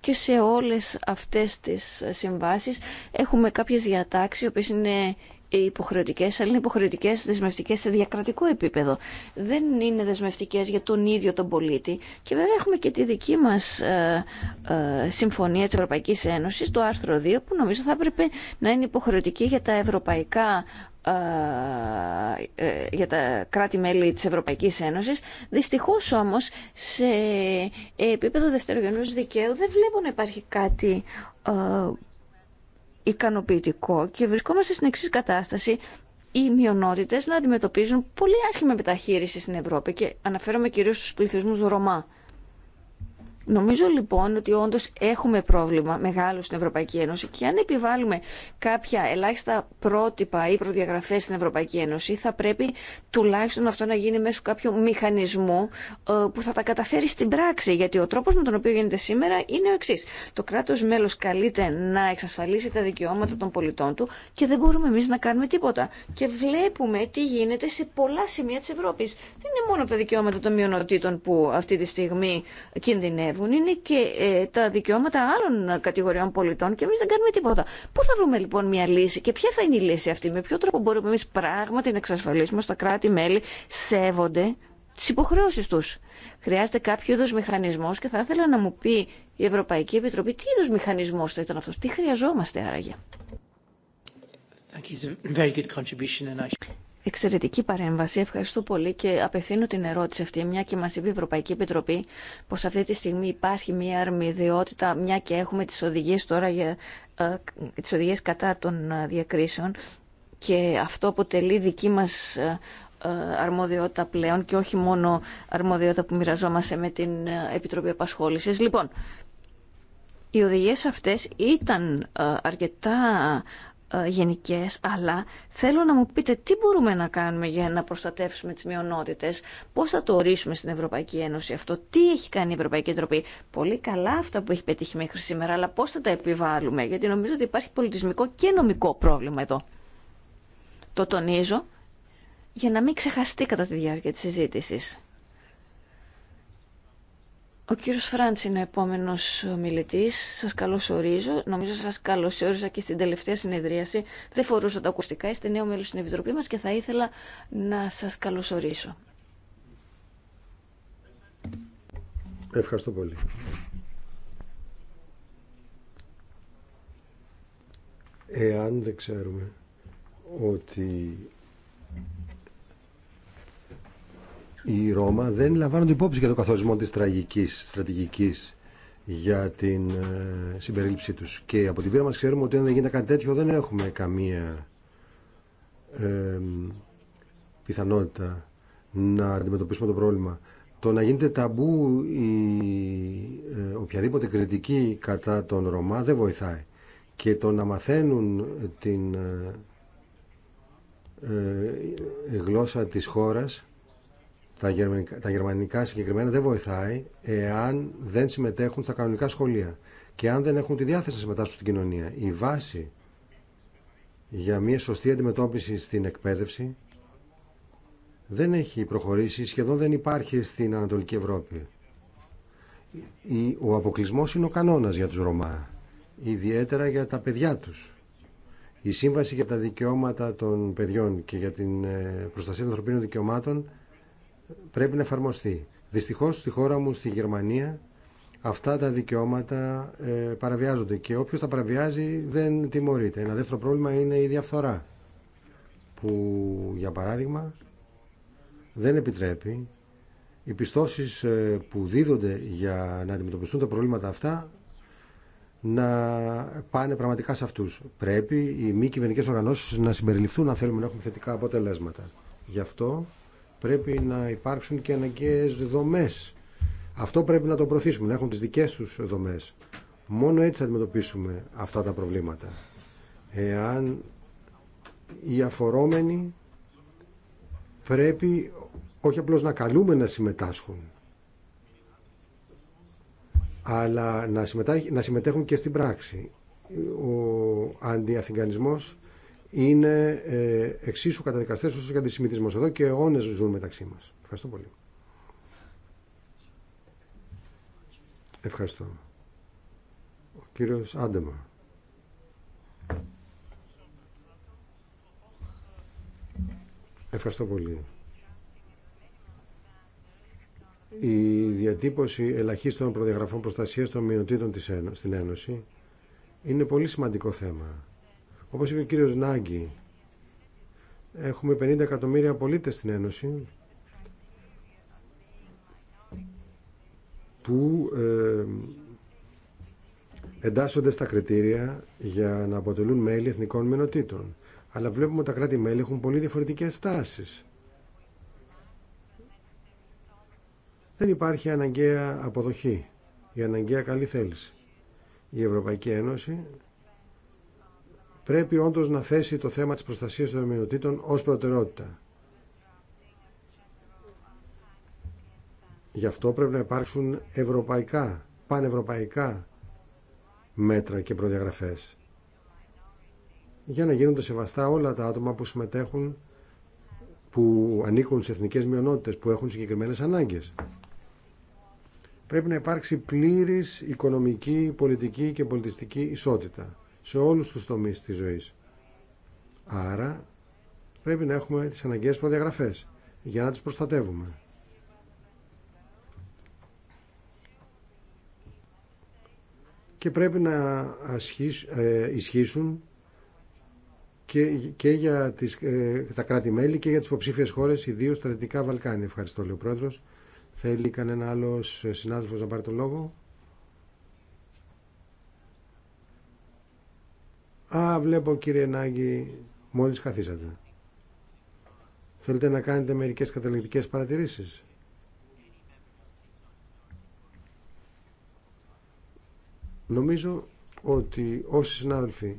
Και σε όλες αυτές τις συμβάσεις έχουμε κάποιες διατάξεις, οι οποίες είναι υποχρεωτικέ, αλλά είναι υποχρεωτικέ δεσμευτικέ σε διακρατικό επίπεδο. Δεν είναι δεσμευτικέ για τον ίδιο τον πολίτη. Και βέβαια έχουμε και τη δική μα ε, ε, συμφωνία τη Ευρωπαϊκή Ένωση, το άρθρο 2, που νομίζω θα έπρεπε να είναι υποχρεωτική για τα ευρωπαϊκά ε, για τα κράτη-μέλη της Ευρωπαϊκής Ένωσης. Δυστυχώς όμως σε επίπεδο δευτερογενούς δικαίου δεν βλέπω να υπάρχει κάτι ικανοποιητικό και βρισκόμαστε στην εξή κατάσταση οι μειονότητε να αντιμετωπίζουν πολύ άσχημη μεταχείριση στην Ευρώπη και αναφέρομαι κυρίως στους πληθυσμούς Ρωμά. Νομίζω λοιπόν ότι όντω έχουμε πρόβλημα μεγάλο στην Ευρωπαϊκή Ένωση και αν επιβάλλουμε κάποια ελάχιστα πρότυπα ή προδιαγραφέ στην Ευρωπαϊκή Ένωση, θα πρέπει τουλάχιστον αυτό να γίνει μέσω κάποιου μηχανισμού ε, που θα τα καταφέρει στην πράξη. Γιατί ο τρόπο με τον οποίο γίνεται σήμερα είναι ο εξή. Το κράτο μέλο καλείται να εξασφαλίσει τα δικαιώματα των πολιτών του και δεν μπορούμε εμεί να κάνουμε τίποτα. Και βλέπουμε τι γίνεται σε πολλά σημεία τη Ευρώπη. Δεν είναι μόνο τα δικαιώματα των μειονοτήτων που αυτή τη στιγμή κινδυνεύουν είναι και ε, τα δικαιώματα άλλων κατηγοριών πολιτών και εμεί δεν κάνουμε τίποτα. Πού θα βρούμε λοιπόν μια λύση και ποια θα είναι η λύση αυτή, με ποιο τρόπο μπορούμε εμεί πράγματι να εξασφαλίσουμε ότι τα κράτη-μέλη σέβονται τι υποχρεώσει του. Χρειάζεται κάποιο είδο μηχανισμό και θα ήθελα να μου πει η Ευρωπαϊκή Επιτροπή τι είδο μηχανισμό θα ήταν αυτό, τι χρειαζόμαστε άραγε. Εξαιρετική παρέμβαση. Ευχαριστώ πολύ και απευθύνω την ερώτηση αυτή, μια και μα είπε η Ευρωπαϊκή Επιτροπή πως αυτή τη στιγμή υπάρχει μια αρμοδιότητα, μια και έχουμε τις οδηγίες τώρα για ε, κατά των ε, διακρίσεων και αυτό αποτελεί δική μας ε, αρμοδιότητα πλέον και όχι μόνο αρμοδιότητα που μοιραζόμαστε με την Επιτροπή απασχόληση. Λοιπόν, οι οδηγίες αυτές ήταν αρκετά ε, γενικές, αλλά θέλω να μου πείτε τι μπορούμε να κάνουμε για να προστατεύσουμε τις μειονότητες, πώς θα το ορίσουμε στην Ευρωπαϊκή Ένωση αυτό, τι έχει κάνει η Ευρωπαϊκή Τροπή. Πολύ καλά αυτά που έχει πετύχει μέχρι σήμερα, αλλά πώς θα τα επιβάλλουμε, γιατί νομίζω ότι υπάρχει πολιτισμικό και νομικό πρόβλημα εδώ. Το τονίζω για να μην ξεχαστεί κατά τη διάρκεια της συζήτησης. Ο κύριος Φράντς είναι ο επόμενος μιλητής. Σας καλωσορίζω. Νομίζω σας καλωσόρισα και στην τελευταία συνεδρίαση. Δεν φορούσα τα ακουστικά. Είστε νέο μέλος στην Επιτροπή μας και θα ήθελα να σας καλωσορίσω. Ευχαριστώ πολύ. Εάν δεν ξέρουμε ότι οι Ρώμα δεν λαμβάνονται υπόψη για το καθορισμό της τραγικής στρατηγικής για την ε, συμπερίληψή τους. Και από την πείρα μας ξέρουμε ότι αν δεν γίνεται κάτι τέτοιο δεν έχουμε καμία πιθανότητα να αντιμετωπίσουμε το πρόβλημα. Το να γίνεται ταμπού ε, οποιαδήποτε κριτική κατά τον Ρωμά δεν βοηθάει. Και το να μαθαίνουν την ε, ε γλώσσα της χώρας τα γερμανικά, τα γερμανικά συγκεκριμένα δεν βοηθάει εάν δεν συμμετέχουν στα κανονικά σχολεία και αν δεν έχουν τη διάθεση να συμμετάσχουν στην κοινωνία. Η βάση για μια σωστή αντιμετώπιση στην εκπαίδευση δεν έχει προχωρήσει, σχεδόν δεν υπάρχει στην Ανατολική Ευρώπη. Ο αποκλεισμό είναι ο κανόνας για τους Ρωμά, ιδιαίτερα για τα παιδιά τους. Η Σύμβαση για τα Δικαιώματα των Παιδιών και για την ε, Προστασία των Ανθρωπίνων Δικαιωμάτων πρέπει να εφαρμοστεί. Δυστυχώς στη χώρα μου, στη Γερμανία, αυτά τα δικαιώματα ε, παραβιάζονται και όποιος τα παραβιάζει δεν τιμωρείται. Ένα δεύτερο πρόβλημα είναι η διαφθορά που για παράδειγμα δεν επιτρέπει οι πιστώσεις ε, που δίδονται για να αντιμετωπιστούν τα προβλήματα αυτά να πάνε πραγματικά σε αυτούς. Πρέπει οι μη κυβερνικές οργανώσεις να συμπεριληφθούν αν θέλουμε να έχουμε θετικά αποτελέσματα. Γι' αυτό Πρέπει να υπάρξουν και αναγκαίες δομές. Αυτό πρέπει να το προωθήσουμε, να έχουν τις δικές τους δομές. Μόνο έτσι θα αντιμετωπίσουμε αυτά τα προβλήματα. Εάν οι αφορόμενοι πρέπει όχι απλώς να καλούμε να συμμετάσχουν, αλλά να, συμμετέχουν και στην πράξη. Ο αντιαθηγανισμός είναι ε, εξίσου καταδικαστέ όσο και αντισημιτισμός. Εδώ και αιώνε ζουν μεταξύ μα. Ευχαριστώ πολύ. Ευχαριστώ. Ο κύριος Άντεμα. Ευχαριστώ πολύ. Η διατύπωση ελαχίστων προδιαγραφών προστασίας των μειονοτήτων στην Ένωση είναι πολύ σημαντικό θέμα όπως είπε ο κύριος Νάγκη, έχουμε 50 εκατομμύρια πολίτες στην Ένωση που ε, εντάσσονται στα κριτήρια για να αποτελούν μέλη εθνικών μενοτήτων. Αλλά βλέπουμε ότι τα κράτη-μέλη έχουν πολύ διαφορετικές στάσεις. Δεν υπάρχει αναγκαία αποδοχή, η αναγκαία καλή θέληση. Η Ευρωπαϊκή Ένωση πρέπει όντως να θέσει το θέμα της προστασίας των μειονοτήτων ως προτεραιότητα. Γι' αυτό πρέπει να υπάρξουν ευρωπαϊκά, πανευρωπαϊκά μέτρα και προδιαγραφές για να γίνονται σεβαστά όλα τα άτομα που συμμετέχουν που ανήκουν σε εθνικές μειονότητες που έχουν συγκεκριμένες ανάγκες. Πρέπει να υπάρξει πλήρης οικονομική, πολιτική και πολιτιστική ισότητα σε όλους τους τομείς της ζωής. Άρα πρέπει να έχουμε τις αναγκαίες προδιαγραφές για να τις προστατεύουμε. Και πρέπει να ε, ισχύσουν και, για τις, ε, τα κράτη-μέλη και για τις υποψήφιε χώρες, ιδίως τα Δυτικά Βαλκάνια. Ευχαριστώ, λέει ο Πρόεδρος. Θέλει κανένα άλλος συνάδελφος να πάρει το λόγο. Α, βλέπω κύριε Νάγκη, μόλις καθίσατε Θέλετε να κάνετε μερικές καταληκτικές παρατηρήσεις. Νομίζω ότι όσοι συνάδελφοι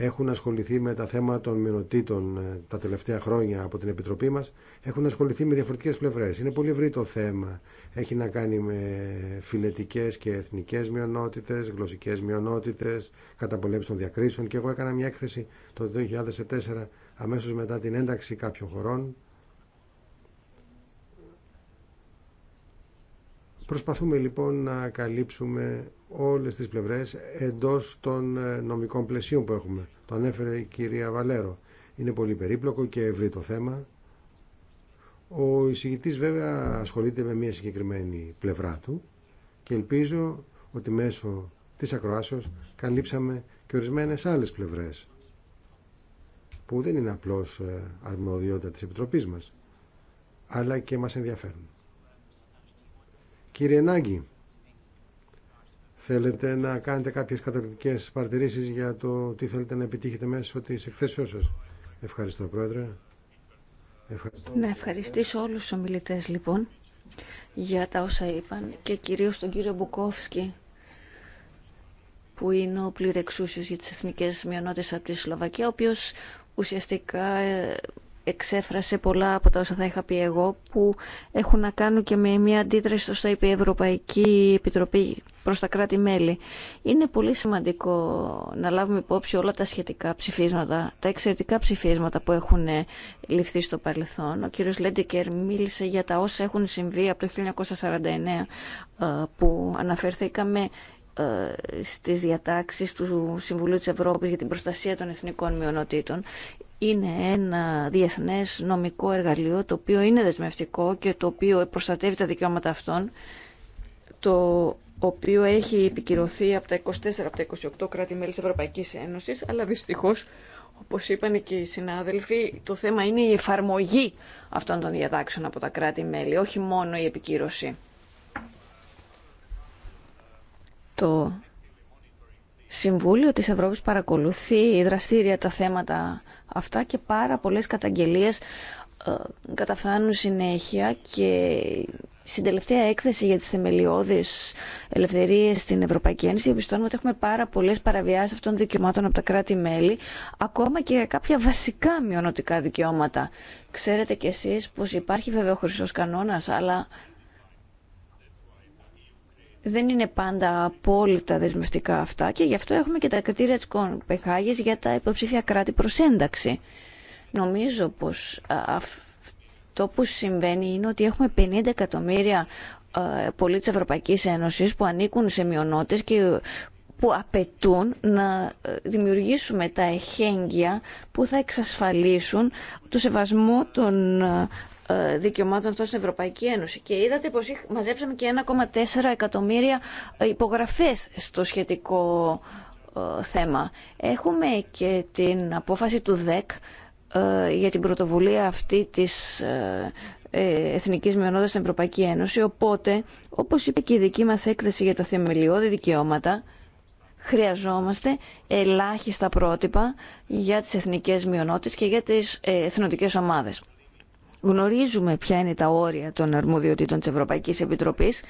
έχουν ασχοληθεί με τα θέματα των μειονοτήτων ε, τα τελευταία χρόνια από την Επιτροπή μας έχουν ασχοληθεί με διαφορετικές πλευρές. Είναι πολύ ευρύ το θέμα. Έχει να κάνει με φιλετικές και εθνικές μειονότητες, γλωσσικές μειονότητες, καταπολέμηση των διακρίσεων και εγώ έκανα μια έκθεση το 2004 αμέσως μετά την ένταξη κάποιων χωρών Προσπαθούμε λοιπόν να καλύψουμε όλες τις πλευρές εντός των ε, νομικών πλαισίων που έχουμε. Το ανέφερε η κυρία Βαλέρο. Είναι πολύ περίπλοκο και ευρύ το θέμα. Ο εισηγητής βέβαια ασχολείται με μια συγκεκριμένη πλευρά του και ελπίζω ότι μέσω της ακροάσεως καλύψαμε και ορισμένες άλλες πλευρές που δεν είναι απλώς ε, αρμοδιότητα της Επιτροπής μας αλλά και μας ενδιαφέρουν. Κύριε Νάγκη, Θέλετε να κάνετε κάποιες κατακριτικές παρατηρήσεις για το τι θέλετε να επιτύχετε μέσω της εκθέσεώς σας. Ευχαριστώ, Πρόεδρε. Να ευχαριστήσω όλους τους ομιλητές, λοιπόν, για τα όσα είπαν και κυρίως τον κύριο Μπουκόφσκι, που είναι ο πληρεξούσιος για τις εθνικές μειονότητες από τη Σλοβακία, ο οποίος ουσιαστικά ε, εξέφρασε πολλά από τα όσα θα είχα πει εγώ που έχουν να κάνουν και με μια αντίδραση στο είπε η Ευρωπαϊκή Επιτροπή προς τα κράτη-μέλη. Είναι πολύ σημαντικό να λάβουμε υπόψη όλα τα σχετικά ψηφίσματα, τα εξαιρετικά ψηφίσματα που έχουν ε, ληφθεί στο παρελθόν. Ο κύριος Λέντικερ μίλησε για τα όσα έχουν συμβεί από το 1949 ε, που αναφερθήκαμε ε, στις διατάξεις του Συμβουλίου της Ευρώπης για την προστασία των εθνικών μειονοτήτων είναι ένα διεθνές νομικό εργαλείο το οποίο είναι δεσμευτικό και το οποίο προστατεύει τα δικαιώματα αυτών το οποίο έχει επικυρωθεί από τα 24 από τα 28 κράτη-μέλη της Ευρωπαϊκής Ένωσης αλλά δυστυχώς όπως είπαν και οι συνάδελφοι το θέμα είναι η εφαρμογή αυτών των διατάξεων από τα κράτη-μέλη όχι μόνο η επικύρωση. Το Συμβούλιο της Ευρώπης παρακολουθεί δραστήρια τα θέματα αυτά και πάρα πολλές καταγγελίες ε, καταφθάνουν συνέχεια και στην τελευταία έκθεση για τις θεμελιώδεις ελευθερίες στην Ευρωπαϊκή Ένωση διαπιστώνουμε ότι έχουμε πάρα πολλές παραβιάσεις αυτών των δικαιωμάτων από τα κράτη-μέλη, ακόμα και κάποια βασικά μειονοτικά δικαιώματα. Ξέρετε κι εσείς πως υπάρχει βέβαια ο χρυσός κανόνας, αλλά δεν είναι πάντα απόλυτα δεσμευτικά αυτά και γι' αυτό έχουμε και τα κριτήρια της Κοπεχάγης για τα υποψήφια κράτη προς ένταξη. Νομίζω πως αυτό που συμβαίνει είναι ότι έχουμε 50 εκατομμύρια πολίτες Ευρωπαϊκής Ένωσης που ανήκουν σε μειονότητες και που απαιτούν να ε, δημιουργήσουμε τα εχέγγυα που θα εξασφαλίσουν το σεβασμό των ε, ε, δικαιωμάτων αυτών στην Ευρωπαϊκή Ένωση. Και είδατε πως μαζέψαμε και 1,4 εκατομμύρια ε, υπογραφές στο σχετικό ε, θέμα. Έχουμε και την απόφαση του ΔΕΚ για την πρωτοβουλία αυτή της εθνικής μειονότητας στην Ευρωπαϊκή Ένωση. Οπότε, όπως είπε και η δική μας έκθεση για τα θεμελιώδη δικαιώματα, χρειαζόμαστε ελάχιστα πρότυπα για τις εθνικές μειονότητες και για τις εθνοτικές ομάδες γνωρίζουμε ποια είναι τα όρια των αρμοδιοτήτων της Ευρωπαϊκής Επιτροπής.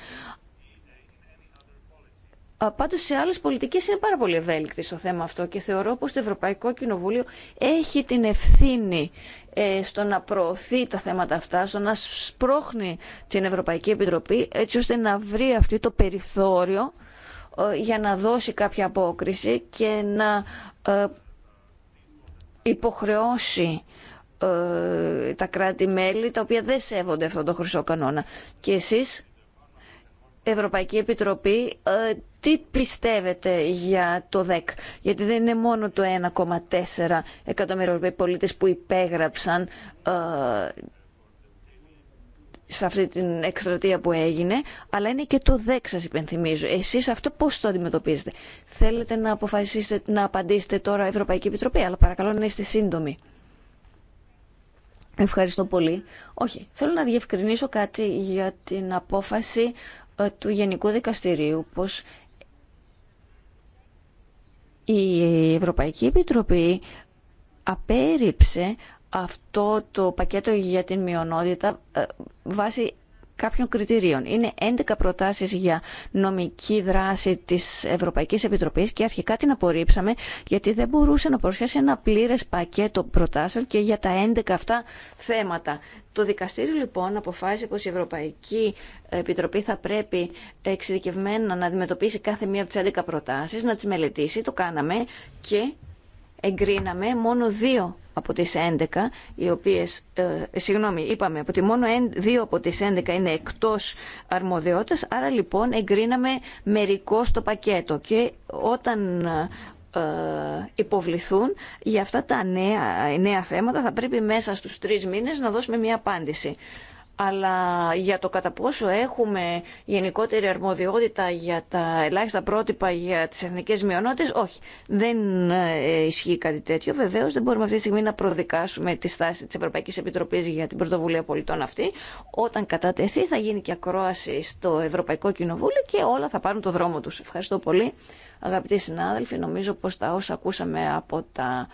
Πάντω σε άλλε πολιτικέ είναι πάρα πολύ ευέλικτη στο θέμα αυτό και θεωρώ πω το Ευρωπαϊκό Κοινοβούλιο έχει την ευθύνη ε, στο να προωθεί τα θέματα αυτά, στο να σπρώχνει την Ευρωπαϊκή Επιτροπή έτσι ώστε να βρει αυτό το περιθώριο ε, για να δώσει κάποια απόκριση και να ε, υποχρεώσει ε, τα κράτη-μέλη τα οποία δεν σέβονται αυτόν τον χρυσό κανόνα. Και εσείς, Ευρωπαϊκή Επιτροπή, ε, τι πιστεύετε για το ΔΕΚ. Γιατί δεν είναι μόνο το 1,4 εκατομμύρια Ευρωπαίοι πολίτες που υπέγραψαν ε, σε αυτή την εκστρατεία που έγινε, αλλά είναι και το ΔΕΚ σας υπενθυμίζω. Εσείς αυτό πώς το αντιμετωπίζετε. Θέλετε να αποφασίσετε, να απαντήσετε τώρα Ευρωπαϊκή Επιτροπή, αλλά παρακαλώ να είστε σύντομοι. Ευχαριστώ πολύ. Όχι, θέλω να διευκρινίσω κάτι για την απόφαση ε, του Γενικού Δικαστηρίου, πως η Ευρωπαϊκή Επιτροπή απέρριψε αυτό το πακέτο για την μειονότητα ε, βάσει κάποιων κριτηρίων. Είναι 11 προτάσεις για νομική δράση της Ευρωπαϊκής Επιτροπής και αρχικά την απορρίψαμε γιατί δεν μπορούσε να παρουσιάσει ένα πλήρες πακέτο προτάσεων και για τα 11 αυτά θέματα. Το δικαστήριο λοιπόν αποφάσισε πως η Ευρωπαϊκή Επιτροπή θα πρέπει εξειδικευμένα να αντιμετωπίσει κάθε μία από τις 11 προτάσεις, να τις μελετήσει, το κάναμε και εγκρίναμε μόνο δύο από τις 11, οι οποίες, ε, ε, συγγνώμη, είπαμε ότι μόνο δύο από τις 11 είναι εκτός αρμοδιότητας, άρα λοιπόν εγκρίναμε μερικό στο πακέτο και όταν ε, υποβληθούν για αυτά τα νέα, νέα θέματα θα πρέπει μέσα στους τρεις μήνες να δώσουμε μια απάντηση αλλά για το κατά πόσο έχουμε γενικότερη αρμοδιότητα για τα ελάχιστα πρότυπα για τις εθνικές μειονότητες, όχι. Δεν ε, ισχύει κάτι τέτοιο. Βεβαίως δεν μπορούμε αυτή τη στιγμή να προδικάσουμε τη στάση της Ευρωπαϊκής Επιτροπής για την πρωτοβουλία πολιτών αυτή. Όταν κατατεθεί θα γίνει και ακρόαση στο Ευρωπαϊκό Κοινοβούλιο και όλα θα πάρουν το δρόμο τους. Ευχαριστώ πολύ. Αγαπητοί συνάδελφοι, νομίζω πως τα όσα ακούσαμε από τα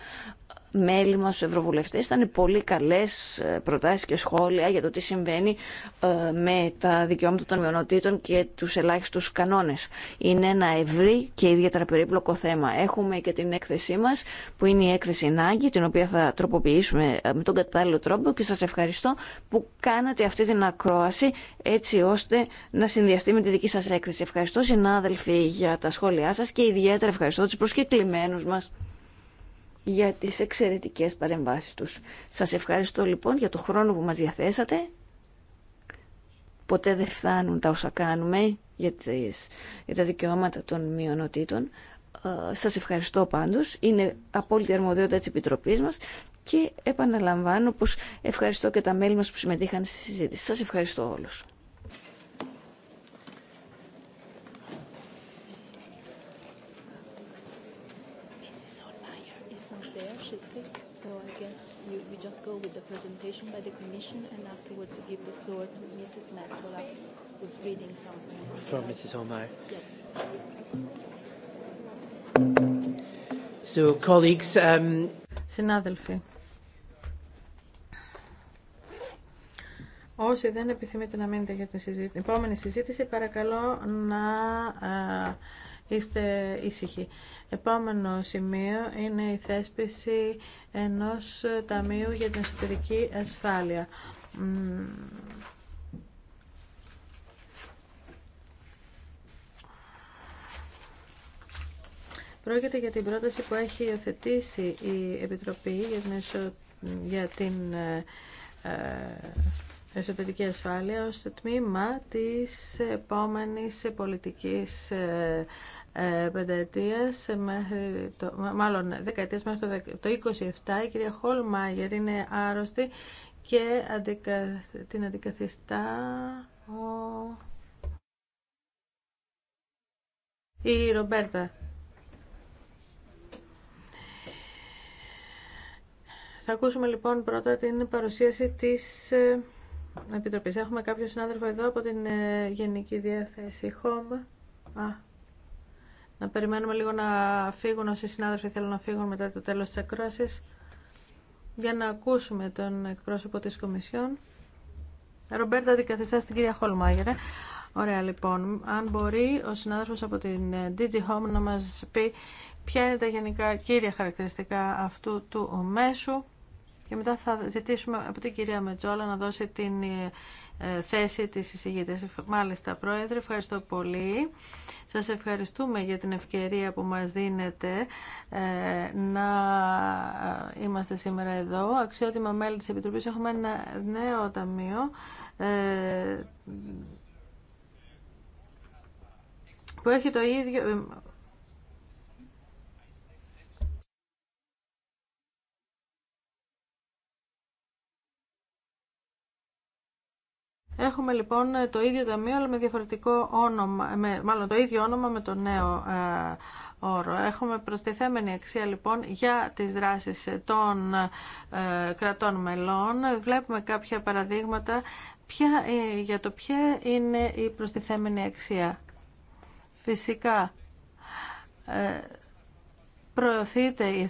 μέλη μας, στους ευρωβουλευτές, ήταν πολύ καλές ε, προτάσεις και σχόλια για το τι συμβαίνει ε, με τα δικαιώματα των μειονοτήτων και τους ελάχιστους κανόνες. Είναι ένα ευρύ και ιδιαίτερα περίπλοκο θέμα. Έχουμε και την έκθεσή μας, που είναι η έκθεση Νάγκη, την οποία θα τροποποιήσουμε ε, με τον κατάλληλο τρόπο και σας ευχαριστώ που κάνατε αυτή την ακρόαση έτσι ώστε να συνδυαστεί με τη δική σας έκθεση. Ευχαριστώ συνάδελφοι για τα σχόλιά σας και ιδιαίτερα ευχαριστώ τους προσκεκλημένους μας για τις εξαιρετικές παρεμβάσεις τους. Σας ευχαριστώ λοιπόν για το χρόνο που μας διαθέσατε. Ποτέ δεν φτάνουν τα όσα κάνουμε για, τις, τα δικαιώματα των μειονοτήτων. Ε, σας ευχαριστώ πάντως. Είναι απόλυτη αρμοδιότητα της Επιτροπής μας και επαναλαμβάνω πως ευχαριστώ και τα μέλη μας που συμμετείχαν στη συζήτηση. Σας ευχαριστώ όλους. go with the presentation by the Commission and afterwards to give the floor to Mrs. Metzola, who's reading something. From Mrs. Omar. Yes. So, colleagues, um... Συνάδελφοι, όσοι δεν επιθυμείτε να μείνετε για την, συζήτηση, επόμενη συζήτηση, παρακαλώ να είστε ήσυχοι. Επόμενο σημείο είναι η θέσπιση ενός ταμείου για την εσωτερική ασφάλεια. Πρόκειται για την πρόταση που έχει υιοθετήσει η Επιτροπή για την, για την ε, εσωτερική ασφάλεια ως τμήμα της επόμενης πολιτικής ε, ε, πενταετίας, μέχρι το, μάλλον δεκαετίας μέχρι το, το 27. Η κυρία Χολμάγερ είναι άρρωστη και την αντικαθιστά ο... η Ρομπέρτα. Θα ακούσουμε λοιπόν πρώτα την παρουσίαση της ε, Επιτροπής. Έχουμε κάποιο συνάδελφο εδώ από την ε, Γενική Διεύθυνση Home. να περιμένουμε λίγο να φύγουν όσοι συνάδελφοι θέλουν να φύγουν μετά το τέλος της ακρόασης για να ακούσουμε τον εκπρόσωπο της Κομισιόν. Ρομπέρτα, αντικαθιστά στην κυρία Χολμάγερ. Ωραία, λοιπόν. Αν μπορεί ο συνάδελφος από την ε, DG Home να μας πει ποια είναι τα γενικά κύρια χαρακτηριστικά αυτού του ομέσου και μετά θα ζητήσουμε από την κυρία Μετζόλα να δώσει την ε, ε, θέση της εισηγήτρια. Μάλιστα, Πρόεδρε, ευχαριστώ πολύ. Σας ευχαριστούμε για την ευκαιρία που μας δίνετε ε, να είμαστε σήμερα εδώ. Αξιότιμα μέλη της Επιτροπής, έχουμε ένα νέο ταμείο που έχει το ίδιο Έχουμε λοιπόν το ίδιο ταμείο αλλά με διαφορετικό όνομα, με, μάλλον το ίδιο όνομα με το νέο ε, όρο. Έχουμε προστιθέμενη αξία λοιπόν για τις δράσεις των ε, κρατών μελών. Βλέπουμε κάποια παραδείγματα ποια, ε, για το ποια είναι η προστιθέμενη αξία. Φυσικά, προωθείται,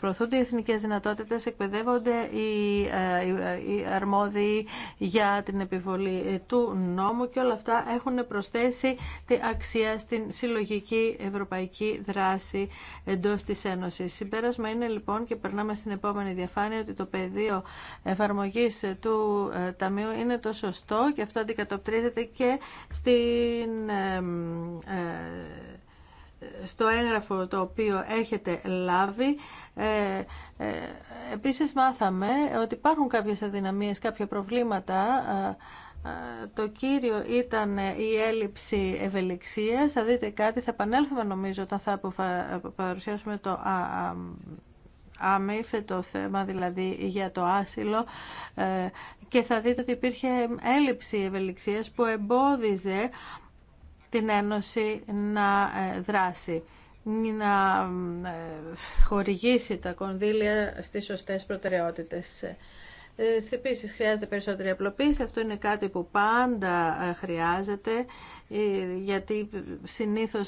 προωθούνται οι εθνικές δυνατότητες, εκπαιδεύονται οι, ε, ε, αρμόδιοι για την επιβολή ε, του νόμου και όλα αυτά έχουν προσθέσει τη αξία στην συλλογική ευρωπαϊκή δράση εντός της Ένωσης. Συμπέρασμα είναι λοιπόν και περνάμε στην επόμενη διαφάνεια ότι το πεδίο εφαρμογής του Ταμείου είναι το σωστό και αυτό αντικατοπτρίζεται και στην στο έγγραφο το οποίο έχετε λάβει. Ε, ε, επίσης μάθαμε ότι υπάρχουν κάποιες αδυναμίες, κάποια προβλήματα το κύριο ήταν η έλλειψη ευελιξίας. Θα δείτε κάτι, θα επανέλθουμε νομίζω όταν θα παρουσιάσουμε το άμυφ, το θέμα δηλαδή για το άσυλο ε, και θα δείτε ότι υπήρχε έλλειψη ευελιξίας που εμπόδιζε την Ένωση να ε, δράσει να ε, χορηγήσει τα κονδύλια στις σωστές προτεραιότητες. Ε, Επίση, χρειάζεται περισσότερη απλοποίηση. Αυτό είναι κάτι που πάντα ε, χρειάζεται, ε, γιατί συνήθω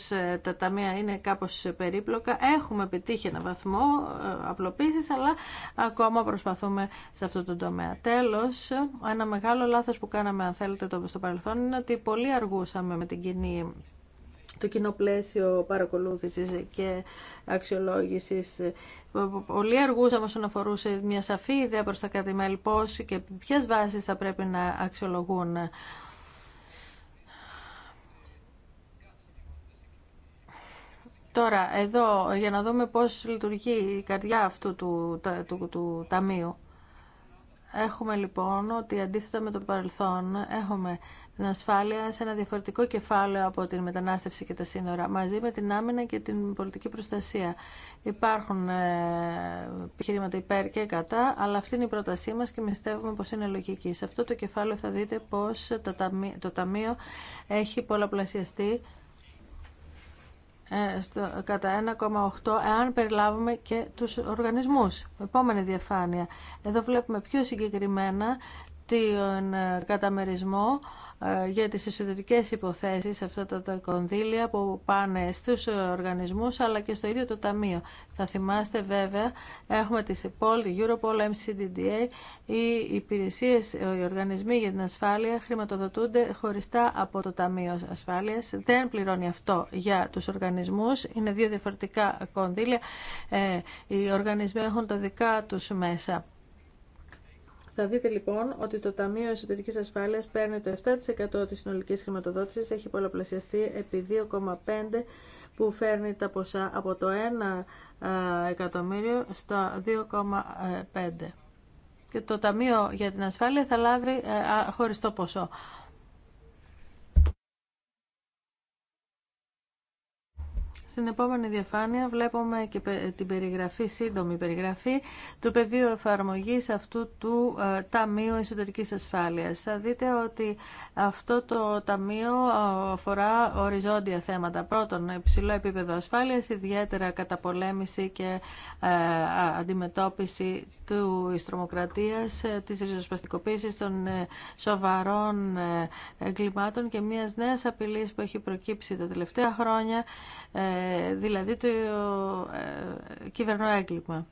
τα ταμεία είναι κάπω περίπλοκα. Έχουμε επιτύχει ένα βαθμό απλοποίηση, αλλά ακόμα προσπαθούμε σε αυτό το τομέα. Τέλο, ένα μεγάλο λάθο που κάναμε, αν θέλετε, στο παρελθόν είναι ότι πολύ αργούσαμε με την κοινή το κοινό πλαίσιο παρακολούθησης και αξιολόγησης. Πολύ αργούσαμε όσον αφορούσε μια σαφή ιδέα προς τα μέλη πώς και ποιε βάσεις θα πρέπει να αξιολογούν. Τώρα, εδώ, για να δούμε πώς λειτουργεί η καρδιά αυτού του, του, του, του ταμείου. Έχουμε λοιπόν ότι αντίθετα με το παρελθόν, έχουμε ασφάλεια σε ένα διαφορετικό κεφάλαιο από την μετανάστευση και τα σύνορα, μαζί με την άμυνα και την πολιτική προστασία. Υπάρχουν ε, επιχειρήματα υπέρ και κατά, αλλά αυτή είναι η πρότασή μας και πιστεύουμε πως είναι λογική. Σε αυτό το κεφάλαιο θα δείτε πως το Ταμείο έχει πολλαπλασιαστεί ε, στο, κατά 1,8 εάν περιλάβουμε και τους οργανισμούς. Επόμενη διαφάνεια. Εδώ βλέπουμε πιο συγκεκριμένα τον ε, καταμερισμό ε, για τις εσωτερικές υποθέσεις αυτά τα, τα κονδύλια που πάνε στους οργανισμούς αλλά και στο ίδιο το Ταμείο. Θα θυμάστε βέβαια έχουμε τις EPOL, Europol, MCDDA οι υπηρεσίες, οι οργανισμοί για την ασφάλεια χρηματοδοτούνται χωριστά από το Ταμείο Ασφάλειας. Δεν πληρώνει αυτό για τους οργανισμούς. Είναι δύο διαφορετικά κονδύλια. Ε, οι οργανισμοί έχουν τα δικά τους μέσα. Θα δείτε λοιπόν ότι το Ταμείο εσωτερική Ασφάλειας παίρνει το 7% τη συνολικής χρηματοδότησης, έχει πολλαπλασιαστεί επί 2,5% που φέρνει τα ποσά από το 1 ε, εκατομμύριο στα 2,5. Και το Ταμείο για την Ασφάλεια θα λάβει ε, χωριστό ποσό. Στην επόμενη διαφάνεια βλέπουμε και την περιγραφή, σύντομη περιγραφή του πεδίου εφαρμογής αυτού του ε, Ταμείου Εσωτερικής Ασφάλειας. Θα δείτε ότι αυτό το Ταμείο ε, αφορά οριζόντια θέματα. Πρώτον, υψηλό επίπεδο ασφάλειας, ιδιαίτερα καταπολέμηση και ε, αντιμετώπιση του τρομοκρατία, ε, τη ριζοσπαστικοποίηση των ε, σοβαρών ε, εγκλημάτων και μιας νέας απειλής που έχει προκύψει τα τελευταία χρόνια, δηλαδή το κυβερνό έγκλημα.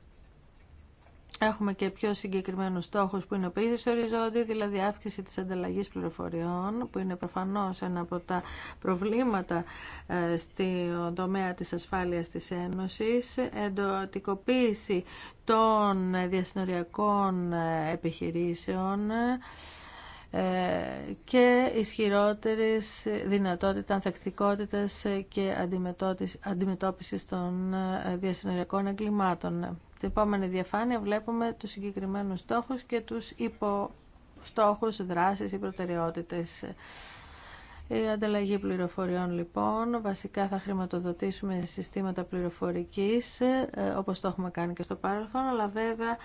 Έχουμε και πιο συγκεκριμένους στόχου που είναι ο πίδη οριζόντι, δηλαδή αύξηση της ανταλλαγή πληροφοριών, που είναι προφανώς ένα από τα προβλήματα ε, στη τομέα της ασφάλειας της Ένωσης, εντοτικοποίηση των διασυνοριακών ε, επιχειρήσεων, ε, και ισχυρότερη δυνατότητα ανθεκτικότητας και αντιμετώπισης των διασυνοριακών εγκλημάτων. Στην επόμενη διαφάνεια βλέπουμε τους συγκεκριμένους στόχους και τους υποστόχους, δράσεις ή προτεραιότητες. Η ανταλλαγή πληροφοριών λοιπόν, βασικά θα χρηματοδοτήσουμε συστήματα πληροφορικής ε, όπως το έχουμε κάνει και στο παρελθόν, αλλά βέβαια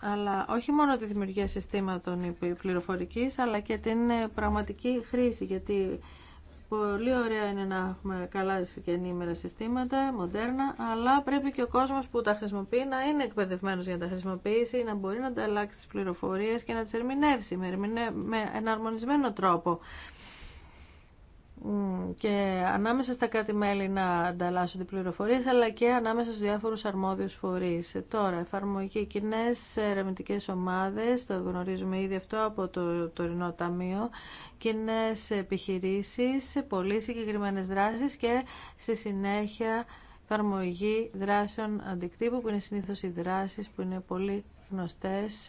αλλά όχι μόνο τη δημιουργία συστήματων πληροφορικής αλλά και την ε, πραγματική χρήση πολύ ωραία είναι να έχουμε καλά και ενήμερα συστήματα, μοντέρνα, αλλά πρέπει και ο κόσμος που τα χρησιμοποιεί να είναι εκπαιδευμένος για τα χρησιμοποιήσει, να μπορεί να ανταλλάξει τις πληροφορίες και να τις ερμηνεύσει με εναρμονισμένο τρόπο και ανάμεσα στα κάτι μελη να ανταλλάσσονται πληροφορίε, αλλά και ανάμεσα στου διάφορους αρμόδιου φορείς. Ε, τώρα, εφαρμογή κοινέ ερευνητικέ ομάδες, το γνωρίζουμε ήδη αυτό από το τωρινό ταμείο, κοινέ επιχειρήσεις, πολύ συγκεκριμένε δράσει και στη συνέχεια εφαρμογή δράσεων αντικτύπου που είναι συνήθω οι δράσει που είναι πολύ γνωστές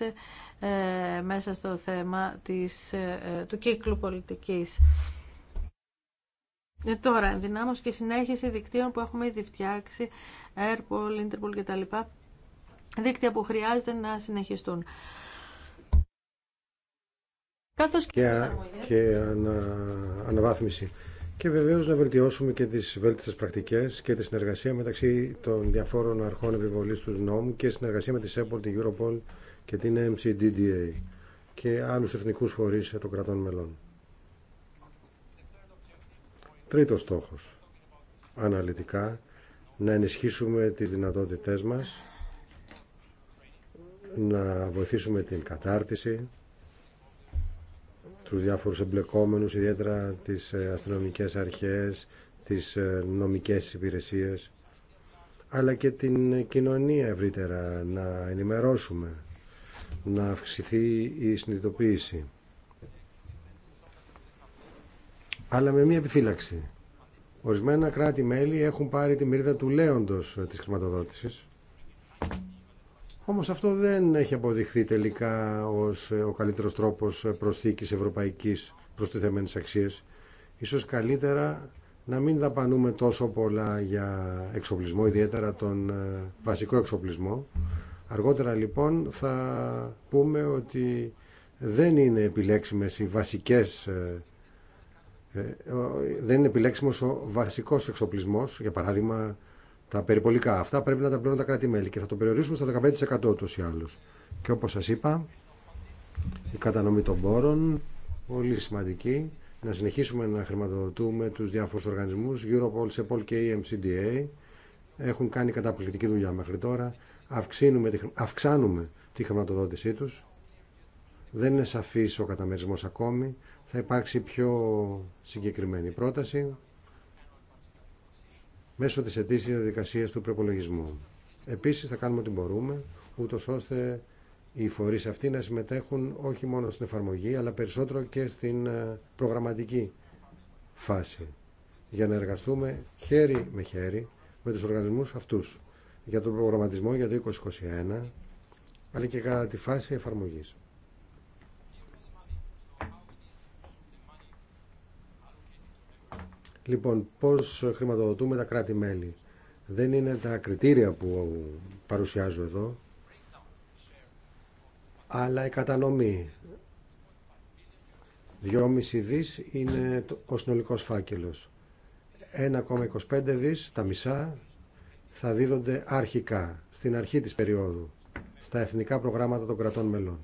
ε, μέσα στο θέμα της, ε, ε, του κύκλου πολιτικής. Ε, τώρα, ενδυνάμωση και συνέχιση δικτύων που έχουμε ήδη φτιάξει, Airpol, Interpol κτλ. Δίκτυα που χρειάζεται να συνεχιστούν. Καθώς και, και ανα, αναβάθμιση. Και βεβαίω να βελτιώσουμε και τι βέλτιστε πρακτικέ και τη συνεργασία μεταξύ των διαφόρων αρχών επιβολή του νόμου και συνεργασία με τη ΣΕΠΟΛ, την Europol και την MCDDA και άλλου εθνικού φορεί των κρατών μελών. Τρίτος στόχος. Αναλυτικά να ενισχύσουμε τις δυνατότητές μας, να βοηθήσουμε την κατάρτιση, τους διάφορους εμπλεκόμενους, ιδιαίτερα τις ε, αστυνομικές αρχές, τις ε, νομικές υπηρεσίες, αλλά και την κοινωνία ευρύτερα, να ενημερώσουμε, να αυξηθεί η συνειδητοποίηση. αλλά με μία επιφύλαξη. Ορισμένα κράτη-μέλη έχουν πάρει τη μύρδα του λέοντος ε, της χρηματοδότησης. Όμως αυτό δεν έχει αποδειχθεί τελικά ως ε, ο καλύτερος τρόπος ε, προσθήκης ευρωπαϊκής προστιθέμενης αξίας. Ίσως καλύτερα να μην δαπανούμε τόσο πολλά για εξοπλισμό, ιδιαίτερα τον βασικό εξοπλισμό. Αργότερα λοιπόν θα πούμε ότι δεν είναι επιλέξιμες οι βασικές ε, δεν είναι επιλέξιμος ο βασικός εξοπλισμός, για παράδειγμα τα περιπολικά. Αυτά πρέπει να τα πληρώνουν τα κράτη-μέλη και θα το περιορίσουμε στα 15% τους ή άλλους. Και όπως σας είπα, η κατανομή των πόρων, πολύ σημαντική, να συνεχίσουμε να χρηματοδοτούμε τους διάφορους οργανισμούς, Europol, Sepol και η e έχουν κάνει καταπληκτική δουλειά μέχρι τώρα, αυξάνουμε τη χρηματοδότησή του. δεν είναι σαφή ο καταμερισμό ακόμη, θα υπάρξει πιο συγκεκριμένη πρόταση μέσω της ετήσιας διαδικασίας του προπολογισμού. Επίσης θα κάνουμε ό,τι μπορούμε, ούτω ώστε οι φορείς αυτοί να συμμετέχουν όχι μόνο στην εφαρμογή, αλλά περισσότερο και στην ε, προγραμματική φάση, για να εργαστούμε χέρι με χέρι με τους οργανισμούς αυτούς για τον προγραμματισμό για το 2021, αλλά και για τη φάση εφαρμογής. Λοιπόν, πώς χρηματοδοτούμε τα κράτη-μέλη. Δεν είναι τα κριτήρια που παρουσιάζω εδώ, αλλά η κατανομή. 2,5 δις είναι ο συνολικός φάκελος. 1,25 δις, τα μισά, θα δίδονται αρχικά, στην αρχή της περίοδου, στα εθνικά προγράμματα των κρατών μελών.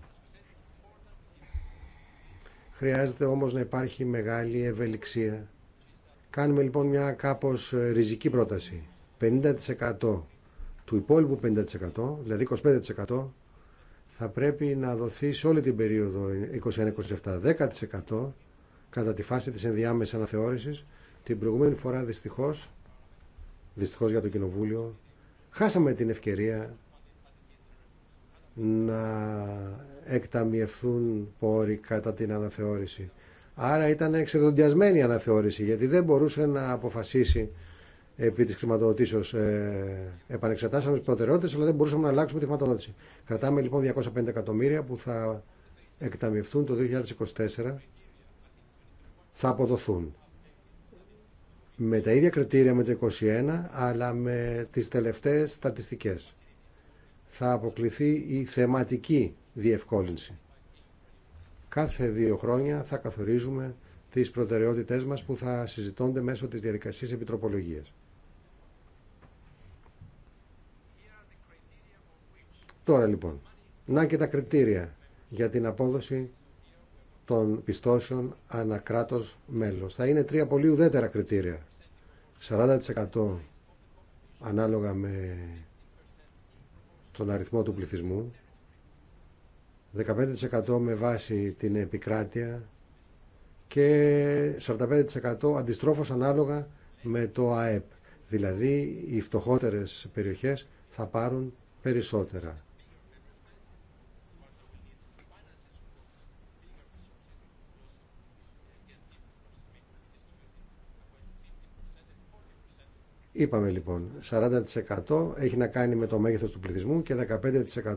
Χρειάζεται όμως να υπάρχει μεγάλη ευελιξία Κάνουμε λοιπόν μια κάπως ε, ριζική πρόταση. 50% του υπόλοιπου 50%, δηλαδή 25%, θα πρέπει να δοθεί σε όλη την περίοδο 21-27, 10% κατά τη φάση της ενδιάμεσης αναθεώρησης. Την προηγούμενη φορά δυστυχώς, δυστυχώς για το Κοινοβούλιο, χάσαμε την ευκαιρία να εκταμιευθούν πόροι κατά την αναθεώρηση. Άρα ήταν εξεδοντιασμένη η αναθεώρηση γιατί δεν μπορούσε να αποφασίσει επί της χρηματοδοτήσεω. Ε, επανεξετάσαμε τι προτεραιότητε, αλλά δεν μπορούσαμε να αλλάξουμε τη χρηματοδότηση. Κρατάμε λοιπόν 250 εκατομμύρια που θα εκταμιευθούν το 2024, θα αποδοθούν. Με τα ίδια κριτήρια με το 2021, αλλά με τις τελευταίες στατιστικές. Θα αποκληθεί η θεματική διευκόλυνση. Κάθε δύο χρόνια θα καθορίζουμε τις προτεραιότητές μας που θα συζητώνται μέσω της διαδικασίας επιτροπολογίας. Τώρα λοιπόν, να και τα κριτήρια για την απόδοση των πιστώσεων ανακράτος μέλος. Θα είναι τρία πολύ ουδέτερα κριτήρια. 40% ανάλογα με τον αριθμό του πληθυσμού, 15% με βάση την επικράτεια και 45% αντιστρόφως ανάλογα με το ΑΕΠ. Δηλαδή οι φτωχότερες περιοχές θα πάρουν περισσότερα. Είπαμε λοιπόν, 40% έχει να κάνει με το μέγεθος του πληθυσμού και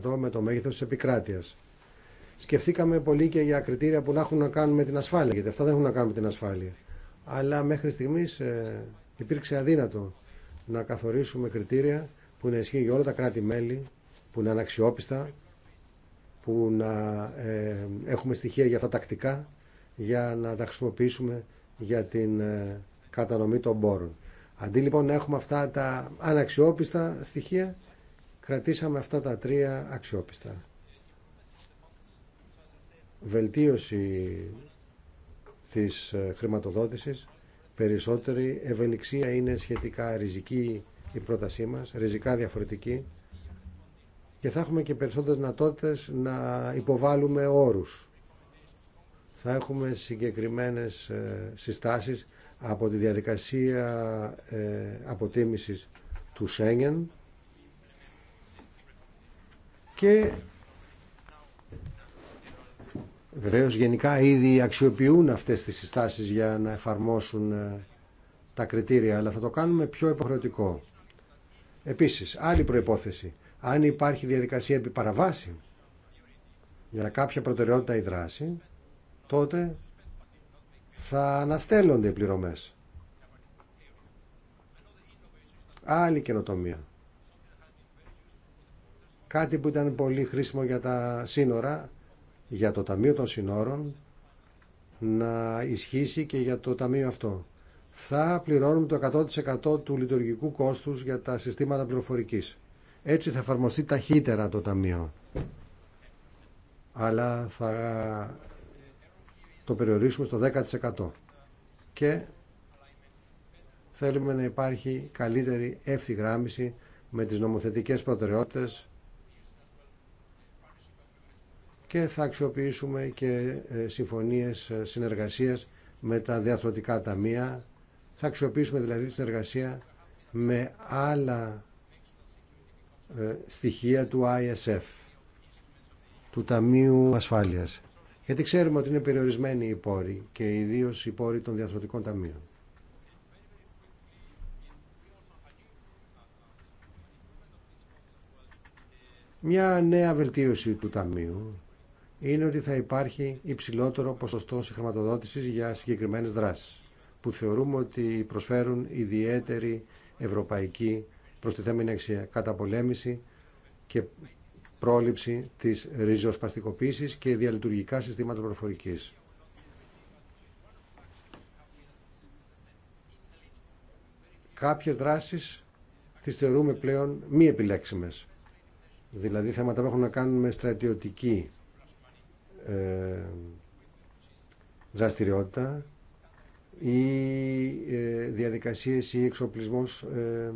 15% με το μέγεθος της επικράτειας. Σκεφτήκαμε πολύ και για κριτήρια που να έχουν να κάνουν με την ασφάλεια, γιατί αυτά δεν έχουν να κάνουν με την ασφάλεια. Αλλά μέχρι στιγμή ε, υπήρξε αδύνατο να καθορίσουμε κριτήρια που να ισχύουν για όλα τα κράτη-μέλη, που να είναι αξιόπιστα, που να ε, έχουμε στοιχεία για αυτά τακτικά, για να τα χρησιμοποιήσουμε για την ε, κατανομή των πόρων. Αντί λοιπόν να έχουμε αυτά τα αναξιόπιστα στοιχεία, κρατήσαμε αυτά τα τρία αξιόπιστα βελτίωση της ε, χρηματοδότησης, περισσότερη ευελιξία είναι σχετικά ριζική η πρότασή μας, ριζικά διαφορετική και θα έχουμε και περισσότερες δυνατότητες να υποβάλουμε όρους. Θα έχουμε συγκεκριμένες ε, συστάσεις από τη διαδικασία ε, αποτίμησης του Σέγγεν και Βεβαίω γενικά ήδη αξιοποιούν αυτές τις συστάσεις για να εφαρμόσουν ε, τα κριτήρια, αλλά θα το κάνουμε πιο υποχρεωτικό. Επίσης, άλλη προπόθεση. αν υπάρχει διαδικασία επιπαραβάση για κάποια προτεραιότητα ή δράση, τότε θα αναστέλλονται οι πληρωμές. Άλλη καινοτομία. Κάτι που ήταν πολύ χρήσιμο για τα σύνορα, για το Ταμείο των Συνόρων να ισχύσει και για το Ταμείο αυτό. Θα πληρώνουμε το 100% του λειτουργικού κόστους για τα συστήματα πληροφορικής. Έτσι θα εφαρμοστεί ταχύτερα το Ταμείο. Αλλά θα το περιορίσουμε στο 10%. Και θέλουμε να υπάρχει καλύτερη ευθυγράμμιση με τις νομοθετικές προτεραιότητες και θα αξιοποιήσουμε και ε, συμφωνίες ε, συνεργασίας με τα διαθροτικά ταμεία. Θα αξιοποιήσουμε δηλαδή τη συνεργασία με άλλα ε, στοιχεία του ISF, του Ταμείου Ασφάλειας. Γιατί ξέρουμε ότι είναι περιορισμένοι οι πόροι και ιδίω οι πόροι των διαθροτικών ταμείων. Μια νέα βελτίωση του ταμείου είναι ότι θα υπάρχει υψηλότερο ποσοστό συγχρηματοδότηση για συγκεκριμένες δράσεις που θεωρούμε ότι προσφέρουν ιδιαίτερη ευρωπαϊκή προστιθέμενη αξία πολέμηση και πρόληψη της ριζοσπαστικοποίησης και διαλειτουργικά συστήματα προφορικής. Κάποιες δράσεις τις θεωρούμε πλέον μη επιλέξιμες. Δηλαδή θέματα που έχουν να κάνουν με στρατιωτική ε, δραστηριότητα ή ε, διαδικασίες ή εξοπλισμός ε,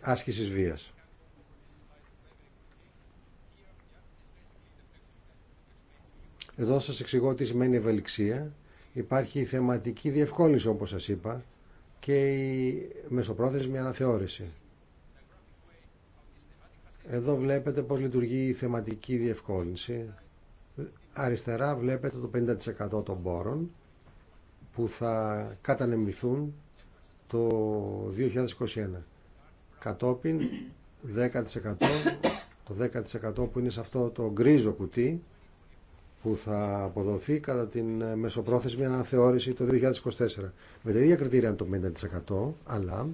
άσκησης βίας. Εδώ σας εξηγώ τι σημαίνει ευελιξία. Υπάρχει η θεματική διευκόλυνση όπως σας είπα και η μεσοπρόθεσμη αναθεώρηση. Εδώ βλέπετε πώς λειτουργεί η θεματική διευκόλυνση. Αριστερά βλέπετε το 50% των πόρων που θα κατανεμηθούν το 2021. Κατόπιν 10% το 10% που είναι σε αυτό το γκρίζο κουτί που θα αποδοθεί κατά την μεσοπρόθεσμη αναθεώρηση το 2024. Με τα ίδια κριτήρια το 50% αλλά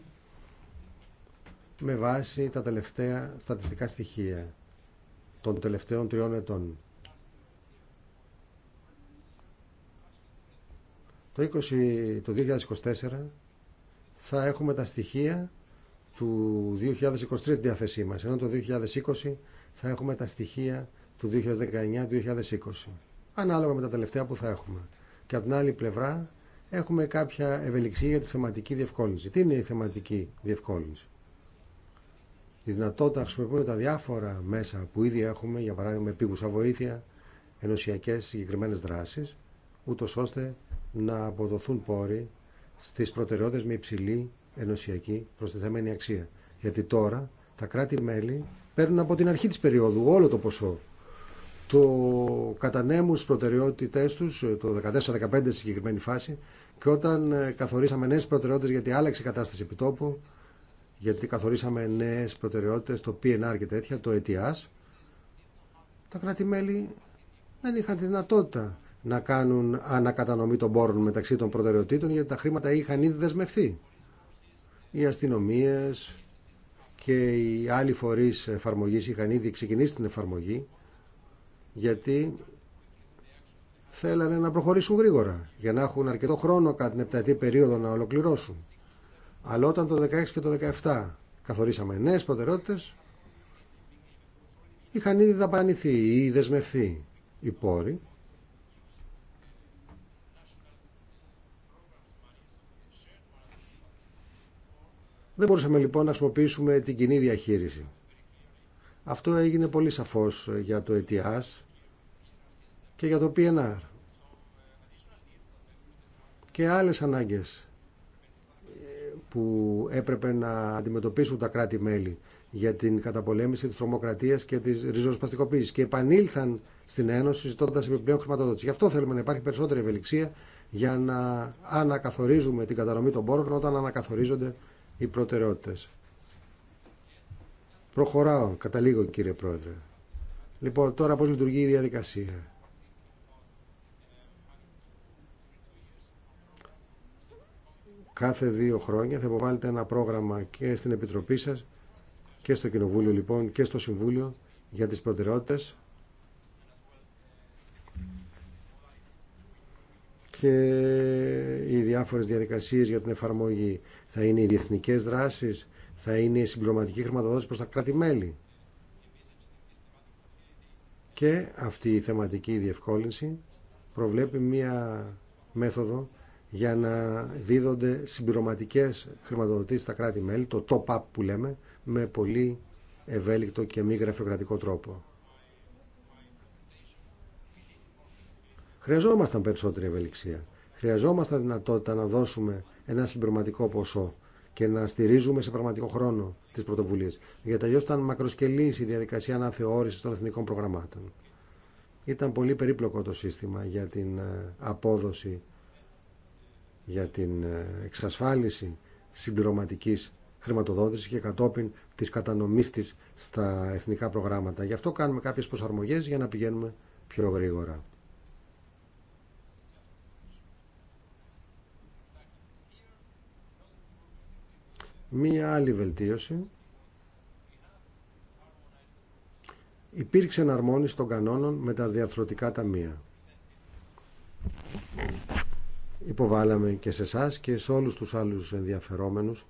με βάση τα τελευταία στατιστικά στοιχεία των τελευταίων τριών ετών. Το, 20, το 2024 θα έχουμε τα στοιχεία του 2023 διάθεσή μας, ενώ το 2020 θα έχουμε τα στοιχεία του 2019-2020, ανάλογα με τα τελευταία που θα έχουμε. Και από την άλλη πλευρά έχουμε κάποια ευελιξία για τη θεματική διευκόλυνση. Τι είναι η θεματική διευκόλυνση τη δυνατότητα να χρησιμοποιούμε τα διάφορα μέσα που ήδη έχουμε, για παράδειγμα επίγουσα βοήθεια, ενωσιακέ συγκεκριμένε δράσει, ούτω ώστε να αποδοθούν πόροι στι προτεραιότητες με υψηλή ενωσιακή προστιθέμενη αξία. Γιατί τώρα τα κράτη-μέλη παίρνουν από την αρχή τη περίοδου όλο το ποσό. Το κατανέμουν στι προτεραιότητές τους, το 14-15 συγκεκριμένη φάση, και όταν ε, καθορίσαμε νέε προτεραιότητε γιατί άλλαξε η κατάσταση επιτόπου, γιατί καθορίσαμε νέε προτεραιότητες, το PNR και τέτοια, το ETIAS, ε τα κράτη-μέλη δεν είχαν τη δυνατότητα να κάνουν ανακατανομή των πόρων μεταξύ των προτεραιοτήτων, γιατί τα χρήματα είχαν ήδη δεσμευθεί. Οι αστυνομίες και οι άλλοι φορείς εφαρμογή είχαν ήδη ξεκινήσει την εφαρμογή, γιατί θέλανε να προχωρήσουν γρήγορα για να έχουν αρκετό χρόνο κατά την επταετή περίοδο να ολοκληρώσουν. Αλλά όταν το 16 και το 17 καθορίσαμε νέες προτεραιότητες, είχαν ήδη δαπανηθεί ή δεσμευθεί οι πόροι Δεν μπορούσαμε λοιπόν να χρησιμοποιήσουμε την κοινή διαχείριση. Αυτό έγινε πολύ σαφώς για το ETIAS ε και για το PNR. Και άλλες ανάγκες που έπρεπε να αντιμετωπίσουν τα κράτη-μέλη για την καταπολέμηση της τρομοκρατίας και της ριζοσπαστικοποίησης και επανήλθαν στην Ένωση ζητώντας επιπλέον χρηματοδότηση. Γι' αυτό θέλουμε να υπάρχει περισσότερη ευελιξία για να ανακαθορίζουμε την κατανομή των πόρων όταν ανακαθορίζονται οι προτεραιότητες. Προχωράω καταλήγω κύριε Πρόεδρε. Λοιπόν, τώρα πώς λειτουργεί η διαδικασία. Κάθε δύο χρόνια θα υποβάλλετε ένα πρόγραμμα και στην Επιτροπή σας και στο Κοινοβούλιο λοιπόν και στο Συμβούλιο για τις προτεραιότητες και οι διάφορες διαδικασίες για την εφαρμογή. Θα είναι οι διεθνικές δράσεις, θα είναι η συγκροματική χρηματοδότηση προς τα κράτη-μέλη. Και αυτή η θεματική διευκόλυνση προβλέπει μία μέθοδο για να δίδονται συμπληρωματικές χρηματοδοτήσεις στα κράτη-μέλη, το top-up που λέμε, με πολύ ευέλικτο και μη γραφειοκρατικό τρόπο. Χρειαζόμασταν περισσότερη ευελιξία. Χρειαζόμασταν δυνατότητα να δώσουμε ένα συμπληρωματικό ποσό και να στηρίζουμε σε πραγματικό χρόνο τις πρωτοβουλίες. Γιατί αλλιώς ήταν μακροσκελής η διαδικασία αναθεώρησης των εθνικών προγραμμάτων. Ήταν πολύ περίπλοκο το σύστημα για την ε, απόδοση για την ε, εξασφάλιση συμπληρωματικής χρηματοδότησης και κατόπιν της κατανομής της στα εθνικά προγράμματα. Γι' αυτό κάνουμε κάποιες προσαρμογές για να πηγαίνουμε πιο γρήγορα. Μία άλλη βελτίωση. Υπήρξε εναρμόνιση των κανόνων με τα διαρθρωτικά ταμεία υποβάλαμε και σε εσά και σε όλους τους άλλους ενδιαφερόμενους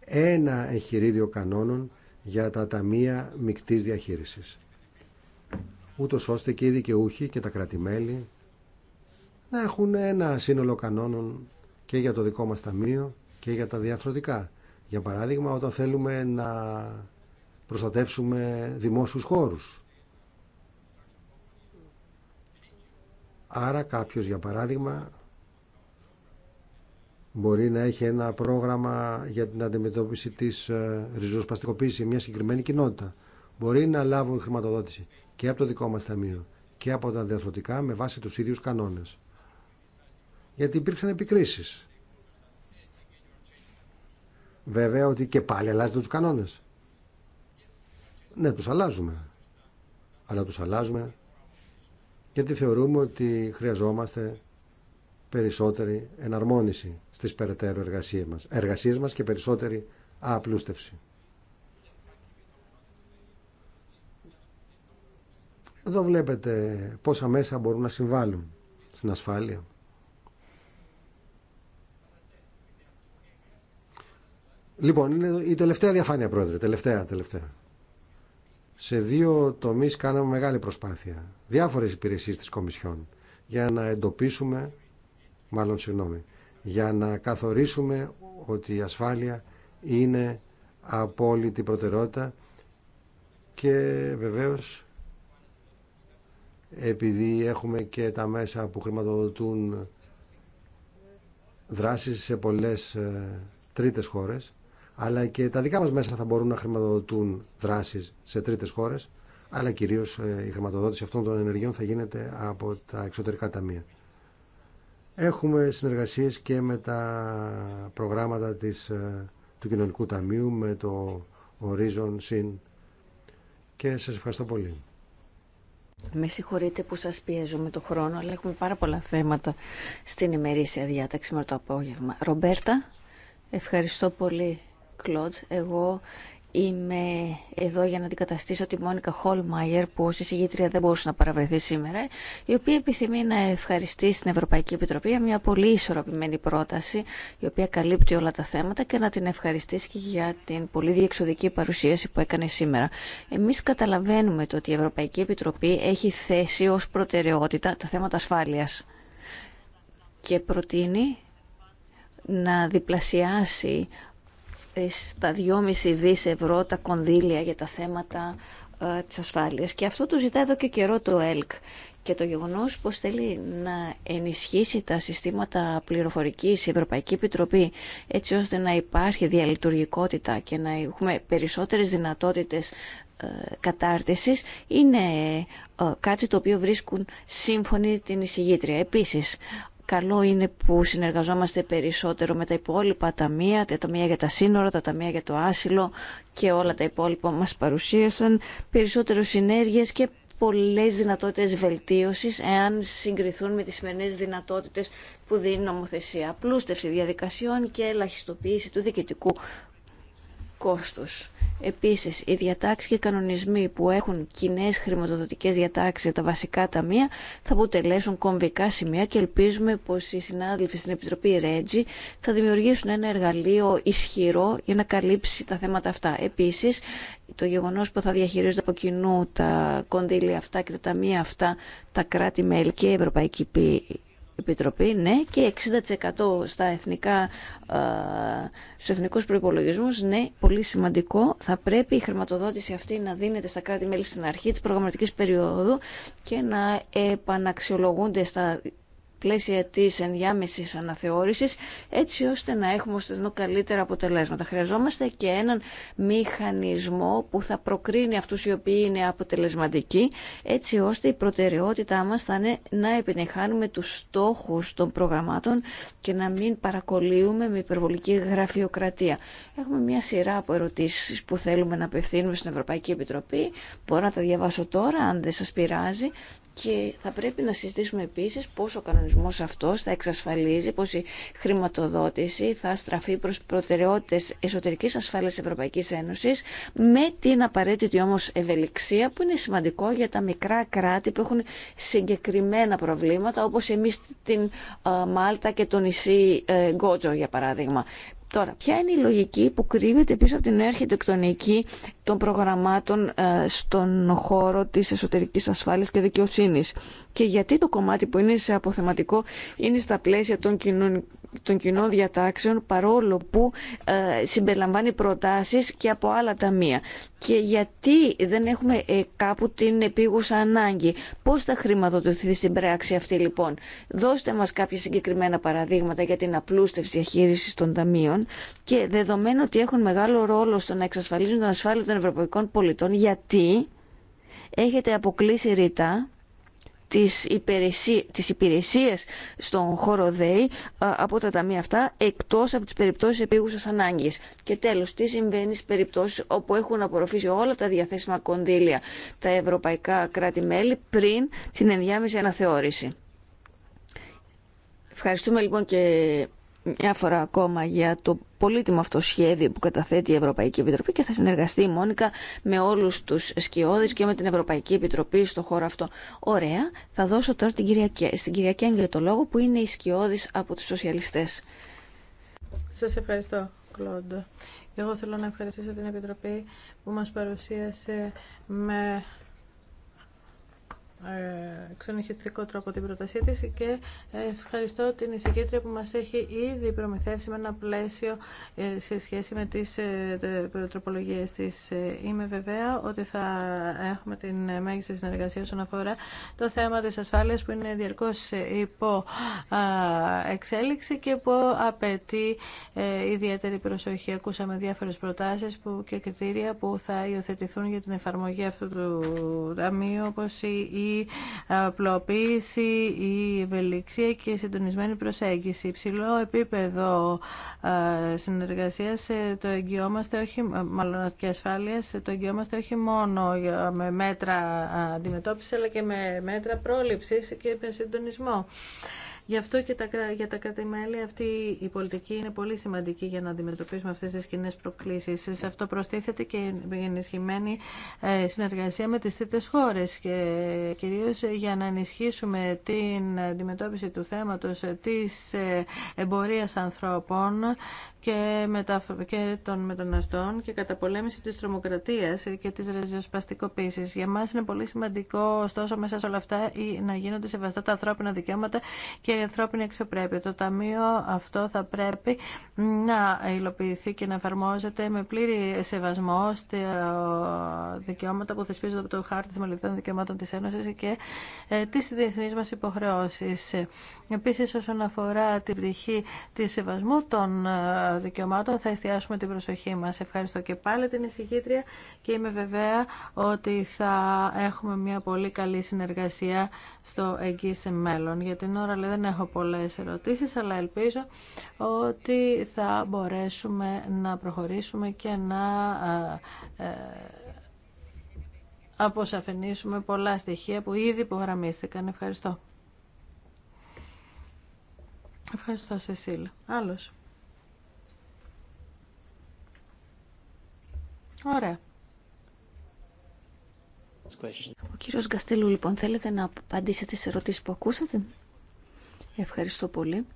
ένα εγχειρίδιο κανόνων για τα ταμεία μικτής διαχείρισης. Ούτω ώστε και οι δικαιούχοι και τα κρατημέλη να έχουν ένα σύνολο κανόνων και για το δικό μας ταμείο και για τα διαθροτικά. Για παράδειγμα, όταν θέλουμε να προστατεύσουμε δημόσιους χώρους. Άρα κάποιος, για παράδειγμα, μπορεί να έχει ένα πρόγραμμα για την αντιμετώπιση της ε, ριζοσπαστικοποίησης μια συγκεκριμένη κοινότητα. Μπορεί να λάβουν χρηματοδότηση και από το δικό μας ταμείο και από τα διαθροτικά με βάση τους ίδιους κανόνες. Γιατί υπήρξαν επικρίσεις. Βέβαια ότι και πάλι αλλάζετε τους κανόνες. Ναι, τους αλλάζουμε. Αλλά τους αλλάζουμε γιατί θεωρούμε ότι χρειαζόμαστε περισσότερη εναρμόνιση στις περαιτέρω εργασίες μας, εργασίες μας και περισσότερη απλούστευση. Εδώ βλέπετε πόσα μέσα μπορούν να συμβάλλουν στην ασφάλεια. Λοιπόν, είναι η τελευταία διαφάνεια, πρόεδρε. Τελευταία, τελευταία. Σε δύο τομείς κάναμε μεγάλη προσπάθεια. Διάφορες υπηρεσίες της Κομισιόν για να εντοπίσουμε μάλλον συγγνώμη, για να καθορίσουμε ότι η ασφάλεια είναι απόλυτη προτεραιότητα και βεβαίως επειδή έχουμε και τα μέσα που χρηματοδοτούν δράσεις σε πολλές ε, τρίτες χώρες αλλά και τα δικά μας μέσα θα μπορούν να χρηματοδοτούν δράσεις σε τρίτες χώρες αλλά κυρίως ε, η χρηματοδότηση αυτών των ενεργειών θα γίνεται από τα εξωτερικά ταμεία. Έχουμε συνεργασίες και με τα προγράμματα της, ε, του Κοινωνικού Ταμείου, με το Horizon Sin και σας ευχαριστώ πολύ. Με συγχωρείτε που σας πιέζω με το χρόνο, αλλά έχουμε πάρα πολλά θέματα στην ημερήσια διάταξη με το απόγευμα. Ρομπέρτα, ευχαριστώ πολύ, Κλοντς. Εγώ Είμαι εδώ για να αντικαταστήσω τη Μόνικα Χολμάιερ που ως εισηγήτρια δεν μπορούσε να παραβρεθεί σήμερα η οποία επιθυμεί να ευχαριστήσει την Ευρωπαϊκή Επιτροπή για μια πολύ ισορροπημένη πρόταση η οποία καλύπτει όλα τα θέματα και να την ευχαριστήσει και για την πολύ διεξοδική παρουσίαση που έκανε σήμερα. Εμείς καταλαβαίνουμε το ότι η Ευρωπαϊκή Επιτροπή έχει θέσει ως προτεραιότητα τα θέματα ασφάλειας και προτείνει να διπλασιάσει στα 2,5 δις ευρώ τα κονδύλια για τα θέματα ε, της ασφάλειας. Και αυτό το ζητά εδώ και καιρό το ΕΛΚ. Και το γεγονός πως θέλει να ενισχύσει τα συστήματα πληροφορικής η Ευρωπαϊκή Επιτροπή έτσι ώστε να υπάρχει διαλειτουργικότητα και να έχουμε περισσότερες δυνατότητες ε, κατάρτισης είναι ε, κάτι το οποίο βρίσκουν σύμφωνοι την εισηγήτρια. Επίσης, Καλό είναι που συνεργαζόμαστε περισσότερο με τα υπόλοιπα ταμεία, τα ταμεία για τα σύνορα, τα ταμεία για το άσυλο και όλα τα υπόλοιπα μας παρουσίασαν, περισσότερο συνέργειες και πολλές δυνατότητες βελτίωσης εάν συγκριθούν με τις σημερινές δυνατότητες που δίνει νομοθεσία. Πλούστευση διαδικασιών και ελαχιστοποίηση του διοικητικού κόστους. Επίσης, οι διατάξεις και οι κανονισμοί που έχουν κοινέ χρηματοδοτικές διατάξεις για τα βασικά ταμεία θα αποτελέσουν κομβικά σημεία και ελπίζουμε πως οι συνάδελφοι στην Επιτροπή Ρέτζι θα δημιουργήσουν ένα εργαλείο ισχυρό για να καλύψει τα θέματα αυτά. Επίσης, το γεγονός που θα διαχειρίζονται από κοινού τα κονδύλια αυτά και τα ταμεία αυτά τα κράτη-μέλη και η Ευρωπαϊκή Επιτροπή, ναι, και 60% στα εθνικά, στους εθνικούς προϋπολογισμούς, ναι, πολύ σημαντικό. Θα πρέπει η χρηματοδότηση αυτή να δίνεται στα κράτη-μέλη στην αρχή της προγραμματικής περίοδου και να επαναξιολογούνται στα πλαίσια τη ενδιάμεση αναθεώρησης έτσι ώστε να έχουμε ως καλύτερα αποτελέσματα. Χρειαζόμαστε και έναν μηχανισμό που θα προκρίνει αυτού οι οποίοι είναι αποτελεσματικοί έτσι ώστε η προτεραιότητά μα θα είναι να επιτυχάνουμε του στόχου των προγραμμάτων και να μην παρακολύουμε με υπερβολική γραφειοκρατία. Έχουμε μια σειρά από ερωτήσει που θέλουμε να απευθύνουμε στην Ευρωπαϊκή Επιτροπή. Μπορώ να τα διαβάσω τώρα αν δεν σα πειράζει και θα πρέπει να συζητήσουμε επίση πω ο κανονισμός αυτός θα εξασφαλίζει πως η χρηματοδότηση θα στραφεί προς προτεραιότητες εσωτερικής ασφάλειας της Ευρωπαϊκής Ένωσης με την απαραίτητη όμως ευελιξία που είναι σημαντικό για τα μικρά κράτη που έχουν συγκεκριμένα προβλήματα όπως εμείς την ε, Μάλτα και το νησί ε, Γκότζο για παράδειγμα. Τώρα, ποια είναι η λογική που κρύβεται πίσω από την αρχιτεκτονική των προγραμμάτων ε, στον χώρο της εσωτερικής ασφάλειας και δικαιοσύνης. Και γιατί το κομμάτι που είναι σε αποθεματικό είναι στα πλαίσια των κοινων των διατάξεων παρόλο που ε, συμπεριλαμβάνει προτάσεις και από άλλα ταμεία. Και γιατί δεν έχουμε ε, κάπου την επίγουσα ανάγκη. Πώς θα χρηματοδοτηθεί στην πράξη αυτή λοιπόν. Δώστε μας κάποια συγκεκριμένα παραδείγματα για την απλούστευση διαχείριση των ταμείων και δεδομένου ότι έχουν μεγάλο ρόλο στο να εξασφαλίζουν την ασφάλεια των Ευρωπαϊκών Πολιτών γιατί έχετε αποκλείσει ρητά τις, υπηρεσί, τις υπηρεσίες στον χώρο ΔΕΗ από τα ταμεία αυτά εκτός από τις περιπτώσεις επίγουσας ανάγκης. Και τέλος, τι συμβαίνει στις περιπτώσεις όπου έχουν απορροφήσει όλα τα διαθέσιμα κονδύλια τα ευρωπαϊκά κράτη-μέλη πριν την ενδιάμεση αναθεώρηση. Ευχαριστούμε λοιπόν και μια φορά ακόμα για το πολύτιμο αυτό σχέδιο που καταθέτει η Ευρωπαϊκή Επιτροπή και θα συνεργαστεί η Μόνικα με όλους τους σκιώδεις και με την Ευρωπαϊκή Επιτροπή στο χώρο αυτό. Ωραία, θα δώσω τώρα την Κυριακή, στην Κυριακή Έγγελ το λόγο που είναι οι σκιώδης από τους σοσιαλιστές. Σας ευχαριστώ, Κλόντο. Εγώ θέλω να ευχαριστήσω την Επιτροπή που μας παρουσίασε με ε, ξενοχιστικό τρόπο την πρότασή της και ευχαριστώ την εισηγήτρια που μας έχει ήδη προμηθεύσει με ένα πλαίσιο ε, σε σχέση με τις ε, τροπολογίες της. Είμαι βεβαία ότι θα έχουμε την μέγιστη συνεργασία όσον αφορά το θέμα της ασφάλειας που είναι διαρκώς υπό εξέλιξη και που απαιτεί ιδιαίτερη προσοχή. Ακούσαμε διάφορες προτάσεις που και κριτήρια που θα υιοθετηθούν για την εφαρμογή αυτού του ταμείου όπως η η απλοποίηση, η ευελιξία και η συντονισμένη προσέγγιση. Υψηλό επίπεδο ε, συνεργασίας ε, το εγγυόμαστε όχι, ε, μάλλον και το εγγυόμαστε όχι μόνο με μέτρα αντιμετώπισης αλλά και με μέτρα πρόληψης και με συντονισμό. Γι' αυτό και τα, για τα κρατη αυτή η πολιτική είναι πολύ σημαντική για να αντιμετωπίσουμε αυτές τι κοινέ προκλήσεις. Σε ναι. αυτό προστίθεται και η ενισχυμένη ε, συνεργασία με τις τρίτες χώρες και ε, κυρίως για να ενισχύσουμε την αντιμετώπιση του θέματο ε, τη εμπορίας ανθρώπων και, μετα... και των μεταναστών και καταπολέμηση της τρομοκρατίας και της ρεζοσπαστικοποίησης. Για μας είναι πολύ σημαντικό, ωστόσο, μέσα σε όλα αυτά να γίνονται σεβαστά τα ανθρώπινα δικαιώματα και η ανθρώπινη εξωπρέπεια. Το Ταμείο αυτό θα πρέπει να υλοποιηθεί και να εφαρμόζεται με πλήρη σεβασμό στα δικαιώματα που θεσπίζονται από το Χάρτη Θεμελιωδών Δικαιωμάτων τη Ένωση και ε, τι διεθνεί μα υποχρεώσει. Επίση, όσον αφορά την πτυχή τη σεβασμού των ε, δικαιωμάτων, θα εστιάσουμε την προσοχή μα. Ευχαριστώ και πάλι την εισηγήτρια και είμαι βεβαία ότι θα έχουμε μια πολύ καλή συνεργασία στο εγγύηση μέλλον. Για την ώρα, λέει, δεν δεν έχω πολλές ερωτήσεις, αλλά ελπίζω ότι θα μπορέσουμε να προχωρήσουμε και να ε, ε, αποσαφηνίσουμε πολλά στοιχεία που ήδη υπογραμμίστηκαν. Ευχαριστώ. Ευχαριστώ, Σεσίλ. Άλλος. Ωραία. Ο κύριος Γκαστέλου, λοιπόν, θέλετε να απαντήσετε σε ερωτήσεις που ακούσατε. Ευχαριστώ πολύ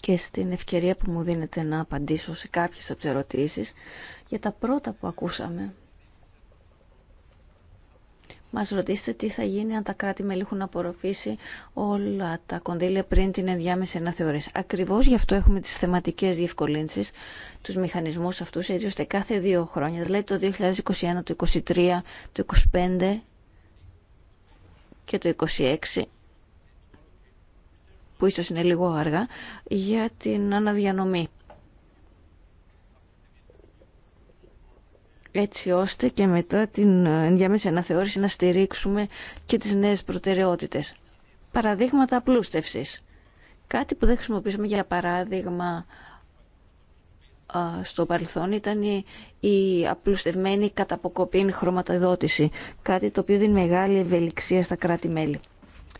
και στην ευκαιρία που μου δίνετε να απαντήσω σε κάποιες από τις ερωτήσεις για τα πρώτα που ακούσαμε. Μας ρωτήσετε τι θα γίνει αν τα κράτη-μέλη έχουν απορροφήσει όλα τα κονδύλια πριν την ενδιάμεση αναθεώρηση. Ακριβώς γι' αυτό έχουμε τις θεματικές διευκολύνσεις, τους μηχανισμούς αυτούς, έτσι ώστε κάθε δύο χρόνια, δηλαδή το 2021, το 2023, το 2025 και το 2026, που ίσως είναι λίγο αργά, για την αναδιανομή. έτσι ώστε και μετά την ενδιάμεση αναθεώρηση να στηρίξουμε και τις νέες προτεραιότητες. Παραδείγματα απλούστευσης. Κάτι που δεν χρησιμοποιήσαμε για παράδειγμα στο παρελθόν ήταν η, η απλουστευμένη καταποκοπήν χρωματοδότηση, κάτι το οποίο δίνει μεγάλη ευελιξία στα κράτη-μέλη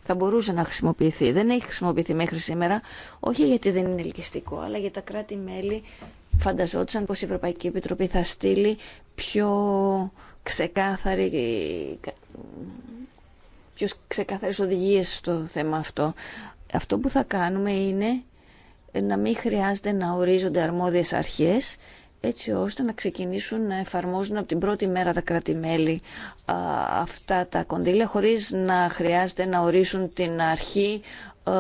θα μπορούσε να χρησιμοποιηθεί. Δεν έχει χρησιμοποιηθεί μέχρι σήμερα, όχι γιατί δεν είναι ελκυστικό, αλλά γιατί τα κράτη-μέλη φανταζόντουσαν πως η Ευρωπαϊκή Επιτροπή θα στείλει πιο ξεκάθαρη πιο ξεκάθαρες οδηγίες στο θέμα αυτό. Αυτό που θα κάνουμε είναι να μην χρειάζεται να ορίζονται αρμόδιες αρχές έτσι ώστε να ξεκινήσουν να εφαρμόζουν από την πρώτη μέρα τα κρατημέλη αυτά τα κονδύλια χωρίς να χρειάζεται να ορίσουν την αρχή ε,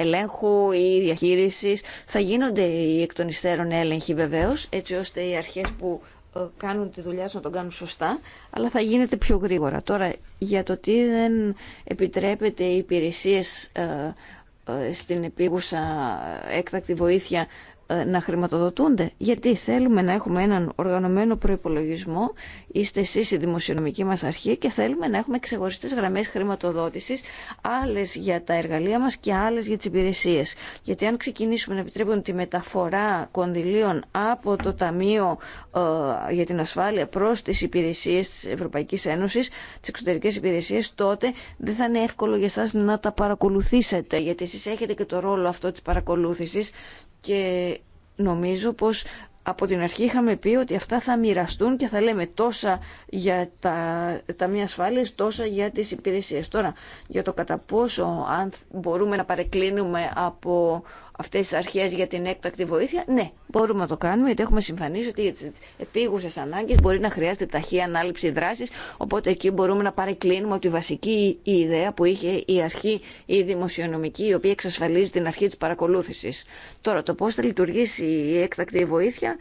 ελέγχου ή διαχείρισης. Θα γίνονται οι εκ των υστέρων έλεγχοι βεβαίως, έτσι ώστε οι αρχές που ε, κάνουν τη δουλειά σου να τον κάνουν σωστά, αλλά θα γίνεται πιο γρήγορα. Τώρα, για το τι δεν επιτρέπεται οι υπηρεσίες ε, στην επίγουσα έκτακτη βοήθεια ε, να χρηματοδοτούνται. Γιατί θέλουμε να έχουμε έναν οργανωμένο προπολογισμό, είστε εσεί η δημοσιονομική μα αρχή και θέλουμε να έχουμε ξεχωριστέ γραμμέ χρηματοδότηση, άλλε για τα εργαλεία μα και άλλε για τι υπηρεσίε. Γιατί αν ξεκινήσουμε να επιτρέπουν τη μεταφορά κονδυλίων από το Ταμείο ε, για την Ασφάλεια προ τι υπηρεσίε τη Ευρωπαϊκή Ένωση, τι εξωτερικέ υπηρεσίε, τότε δεν θα είναι εύκολο για εσά να τα παρακολουθήσετε. Γιατί εσεί έχετε και το ρόλο αυτό τη παρακολούθηση και νομίζω πως από την αρχή είχαμε πει ότι αυτά θα μοιραστούν και θα λέμε τόσα για τα ταμεία ασφάλειας, τόσα για τις υπηρεσίες. Τώρα, για το κατά πόσο αν μπορούμε να παρεκκλίνουμε από Αυτέ τι αρχέ για την έκτακτη βοήθεια, ναι, μπορούμε να το κάνουμε, γιατί έχουμε συμφανίσει ότι για τι επίγουσε ανάγκες μπορεί να χρειάζεται ταχύ ανάληψη δράση, οπότε εκεί μπορούμε να παρεκκλίνουμε από τη βασική ιδέα που είχε η αρχή, η δημοσιονομική, η οποία εξασφαλίζει την αρχή τη παρακολούθηση. Τώρα, το πώ θα λειτουργήσει η έκτακτη βοήθεια,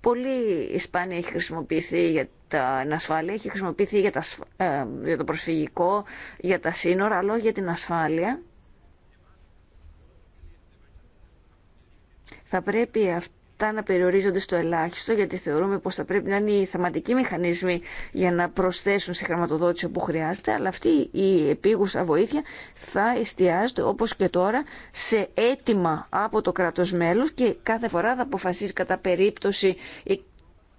πολύ σπάνια έχει χρησιμοποιηθεί για την ασφάλεια, έχει χρησιμοποιηθεί για, ε, για το προσφυγικό, για τα σύνορα, αλλά όχι για την ασφάλεια. Θα πρέπει αυτά να περιορίζονται στο ελάχιστο γιατί θεωρούμε πως θα πρέπει να είναι οι θεματικοί μηχανισμοί για να προσθέσουν στη χρηματοδότηση όπου χρειάζεται αλλά αυτή η επίγουσα βοήθεια θα εστιάζεται όπως και τώρα σε αίτημα από το κράτος μέλος και κάθε φορά θα αποφασίζει κατά περίπτωση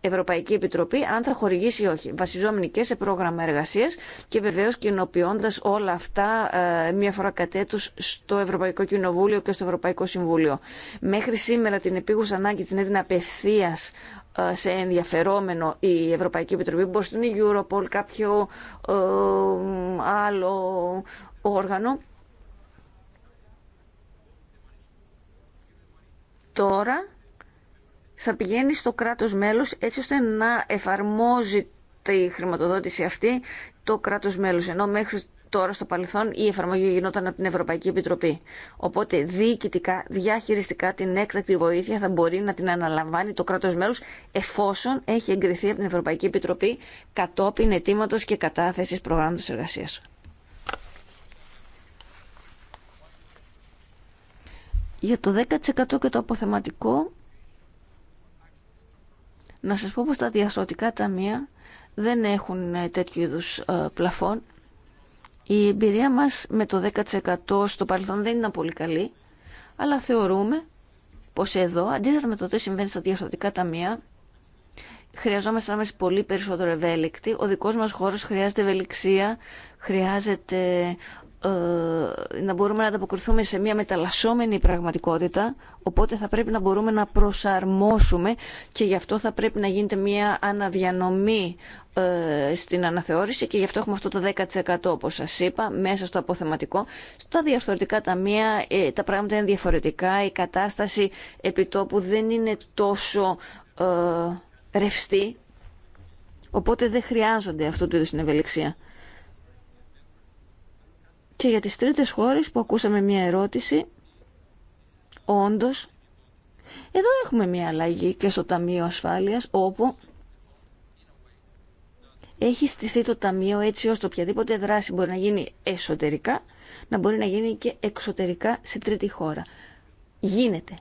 Ευρωπαϊκή Επιτροπή αν θα χορηγήσει ή όχι, βασιζόμενοι και σε πρόγραμμα εργασία και βεβαίω κοινοποιώντα όλα αυτά ε, μία φορά κατ' στο Ευρωπαϊκό Κοινοβούλιο και στο Ευρωπαϊκό Συμβούλιο. Μέχρι σήμερα την επίγουσα ανάγκη την έδινε απευθεία ε, σε ενδιαφερόμενο η Ευρωπαϊκή Επιτροπή, μπορεί να είναι η Europol, κάποιο ε, άλλο όργανο. Τώρα θα πηγαίνει στο κράτος μέλος έτσι ώστε να εφαρμόζει τη χρηματοδότηση αυτή το κράτος μέλος. Ενώ μέχρι τώρα στο παρελθόν η εφαρμογή γινόταν από την Ευρωπαϊκή Επιτροπή. Οπότε διοικητικά, διαχειριστικά την έκτακτη βοήθεια θα μπορεί να την αναλαμβάνει το κράτος μέλος εφόσον έχει εγκριθεί από την Ευρωπαϊκή Επιτροπή κατόπιν αιτήματος και κατάθεσης προγράμματος εργασίας. Για το 10% και το αποθεματικό να σας πω πως τα διαστροτικά ταμεία δεν έχουν ε, τέτοιου είδους ε, πλαφόν. Η εμπειρία μας με το 10% στο παρελθόν δεν ήταν πολύ καλή, αλλά θεωρούμε πως εδώ, αντίθετα με το τι συμβαίνει στα διαστροτικά ταμεία, χρειαζόμαστε να είμαστε πολύ περισσότερο ευέλικτοι. Ο δικός μας χώρος χρειάζεται ευελιξία, χρειάζεται ε, να μπορούμε να ανταποκριθούμε σε μια μεταλλασσόμενη πραγματικότητα, οπότε θα πρέπει να μπορούμε να προσαρμόσουμε και γι' αυτό θα πρέπει να γίνεται μια αναδιανομή ε, στην αναθεώρηση και γι' αυτό έχουμε αυτό το 10% όπως σας είπα μέσα στο αποθεματικό. Στα διαφορετικά ταμεία ε, τα πράγματα είναι διαφορετικά, η κατάσταση επιτόπου δεν είναι τόσο ρευστή, οπότε δεν χρειάζονται αυτού του είδους την ευελιξία. Και για τις τρίτες χώρες που ακούσαμε μια ερώτηση, όντως, εδώ έχουμε μια αλλαγή και στο Ταμείο Ασφάλειας, όπου έχει στηθεί το Ταμείο έτσι ώστε οποιαδήποτε δράση μπορεί να γίνει εσωτερικά, να μπορεί να γίνει και εξωτερικά σε τρίτη χώρα. Γίνεται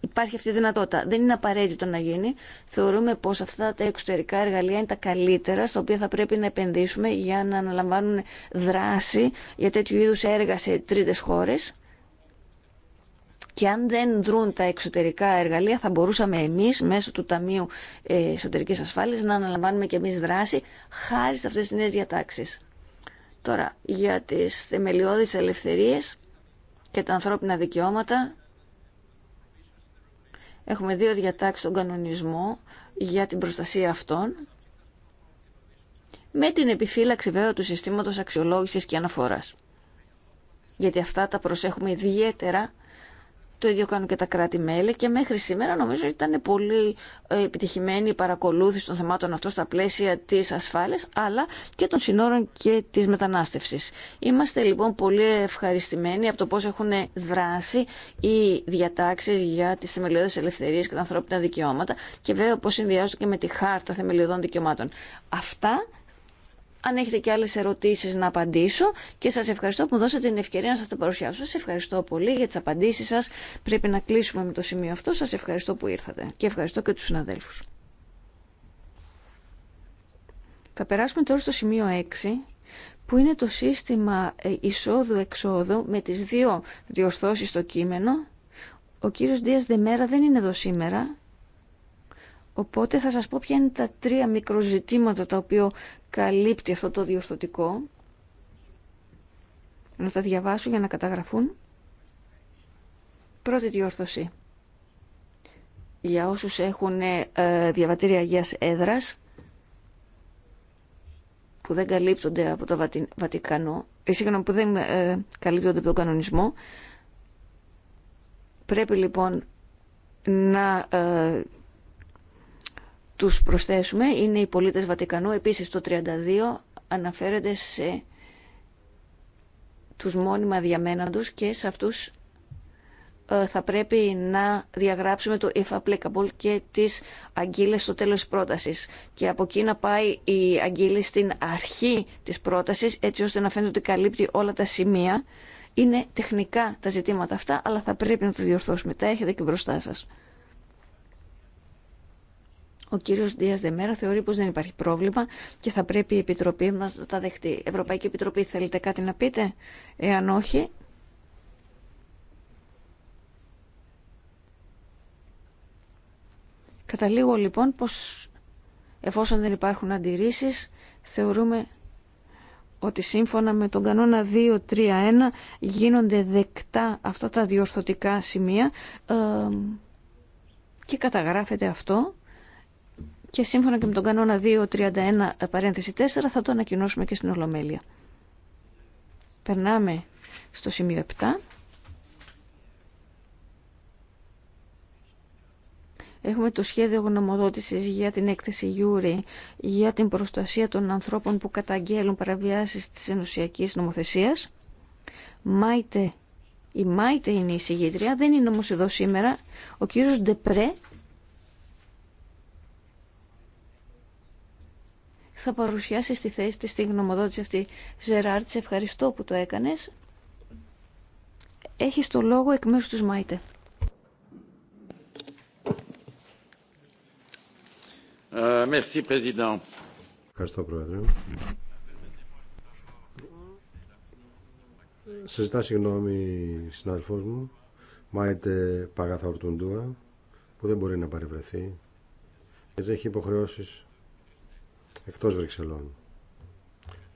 υπάρχει αυτή η δυνατότητα. Δεν είναι απαραίτητο να γίνει. Θεωρούμε πω αυτά τα εξωτερικά εργαλεία είναι τα καλύτερα στα οποία θα πρέπει να επενδύσουμε για να αναλαμβάνουν δράση για τέτοιου είδου έργα σε τρίτε χώρε. Και αν δεν δρούν τα εξωτερικά εργαλεία θα μπορούσαμε εμεί μέσω του Ταμείου ε, εσωτερική ασφάλεια, να αναλαμβάνουμε και εμεί δράση χάρη σε αυτές τις νέε διατάξει. Τώρα, για τι θεμελιώδει ελευθερίε και τα ανθρώπινα δικαιώματα Έχουμε δύο διατάξεις στον κανονισμό για την προστασία αυτών, με την επιφύλαξη βέβαια του συστήματος αξιολόγησης και αναφοράς. Γιατί αυτά τα προσέχουμε ιδιαίτερα το ίδιο κάνουν και τα κράτη-μέλη και μέχρι σήμερα νομίζω ότι ήταν πολύ ε, επιτυχημένη η παρακολούθηση των θεμάτων αυτών στα πλαίσια τη ασφάλεια αλλά και των συνόρων και τη μετανάστευση. Είμαστε λοιπόν πολύ ευχαριστημένοι από το πώ έχουν δράσει οι διατάξει για τι θεμελιώδει ελευθερίε και τα ανθρώπινα δικαιώματα και βέβαια πώ συνδυάζονται και με τη χάρτα θεμελιωδών δικαιωμάτων. Αυτά αν έχετε και άλλες ερωτήσεις να απαντήσω και σας ευχαριστώ που μου δώσατε την ευκαιρία να σας τα παρουσιάσω. Σας ευχαριστώ πολύ για τις απαντήσεις σας. Πρέπει να κλείσουμε με το σημείο αυτό. Σας ευχαριστώ που ήρθατε και ευχαριστώ και τους συναδέλφους. Θα περάσουμε τώρα στο σημείο 6 που είναι το σύστημα ε, εισόδου-εξόδου με τις δύο διορθώσεις στο κείμενο. Ο κύριος Δίας Δεμέρα δεν είναι εδώ σήμερα Οπότε θα σας πω ποια είναι τα τρία μικροζητήματα τα οποία καλύπτει αυτό το διορθωτικό. Να τα διαβάσω για να καταγραφούν. Πρώτη διόρθωση. Για όσους έχουν ε, διαβατήρια Αγίας Έδρας, που δεν καλύπτονται από το Βατικανό, ε, που δεν ε, καλύπτονται από τον κανονισμό, πρέπει λοιπόν να ε, τους προσθέσουμε είναι οι πολίτες Βατικανού. Επίσης το 32 αναφέρεται σε τους μόνιμα διαμέναντους και σε αυτούς ε, θα πρέπει να διαγράψουμε το if applicable και τις αγγίλες στο τέλος της πρότασης. Και από εκεί να πάει η αγγείλη στην αρχή της πρότασης, έτσι ώστε να φαίνεται ότι καλύπτει όλα τα σημεία. Είναι τεχνικά τα ζητήματα αυτά, αλλά θα πρέπει να το διορθώσουμε. Τα έχετε και μπροστά σας. Ο κύριος Δίας Δεμέρα θεωρεί πως δεν υπάρχει πρόβλημα και θα πρέπει η Επιτροπή μα να τα δεχτεί. Ευρωπαϊκή Επιτροπή, θέλετε κάτι να πείτε? Εάν όχι... Καταλήγω λοιπόν πως εφόσον δεν υπάρχουν αντιρρήσεις θεωρούμε ότι σύμφωνα με τον κανόνα 2.3.1 γίνονται δεκτά αυτά τα διορθωτικά σημεία ε, και καταγράφεται αυτό και σύμφωνα και με τον κανόνα 2.31 παρένθεση 4 θα το ανακοινώσουμε και στην Ολομέλεια. Περνάμε στο σημείο 7. Έχουμε το σχέδιο γνωμοδότησης για την έκθεση Γιούρι για την προστασία των ανθρώπων που καταγγέλουν παραβιάσεις της ενωσιακής νομοθεσίας. Μάιτε, η Μάιτε είναι η συγγήτρια, δεν είναι όμως εδώ σήμερα. Ο κύριος Ντεπρέ θα παρουσιάσει στη θέση της τη γνωμοδότηση αυτή. Ζεράρτ. σε ευχαριστώ που το έκανες. Έχει το λόγο εκ μέρους του Μάιτε. Ε, ευχαριστώ, Πρόεδρε. Σε ζητά συγγνώμη, συνάδελφός μου, Μάιτε Παγαθαουρτούντουα, που δεν μπορεί να παρευρεθεί, γιατί έχει υποχρεώσεις εκτός Βρυξελών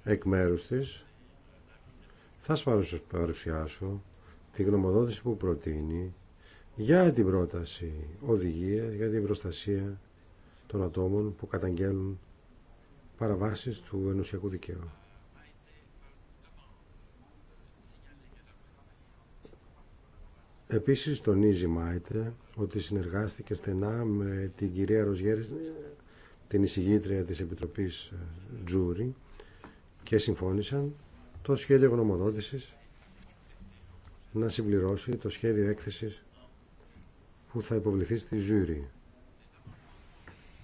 εκ μέρους της θα σας παρουσιάσω τη γνωμοδότηση που προτείνει για την πρόταση οδηγίας για την προστασία των ατόμων που καταγγέλουν παραβάσεις του ενωσιακού δικαίου. Επίσης τονίζει Μάιτε ότι συνεργάστηκε στενά με την κυρία Ροζιέρη την εισηγήτρια της Επιτροπής ε, Τζούρι και συμφώνησαν το σχέδιο γνωμοδότησης να συμπληρώσει το σχέδιο έκθεσης που θα υποβληθεί στη Τζούρι.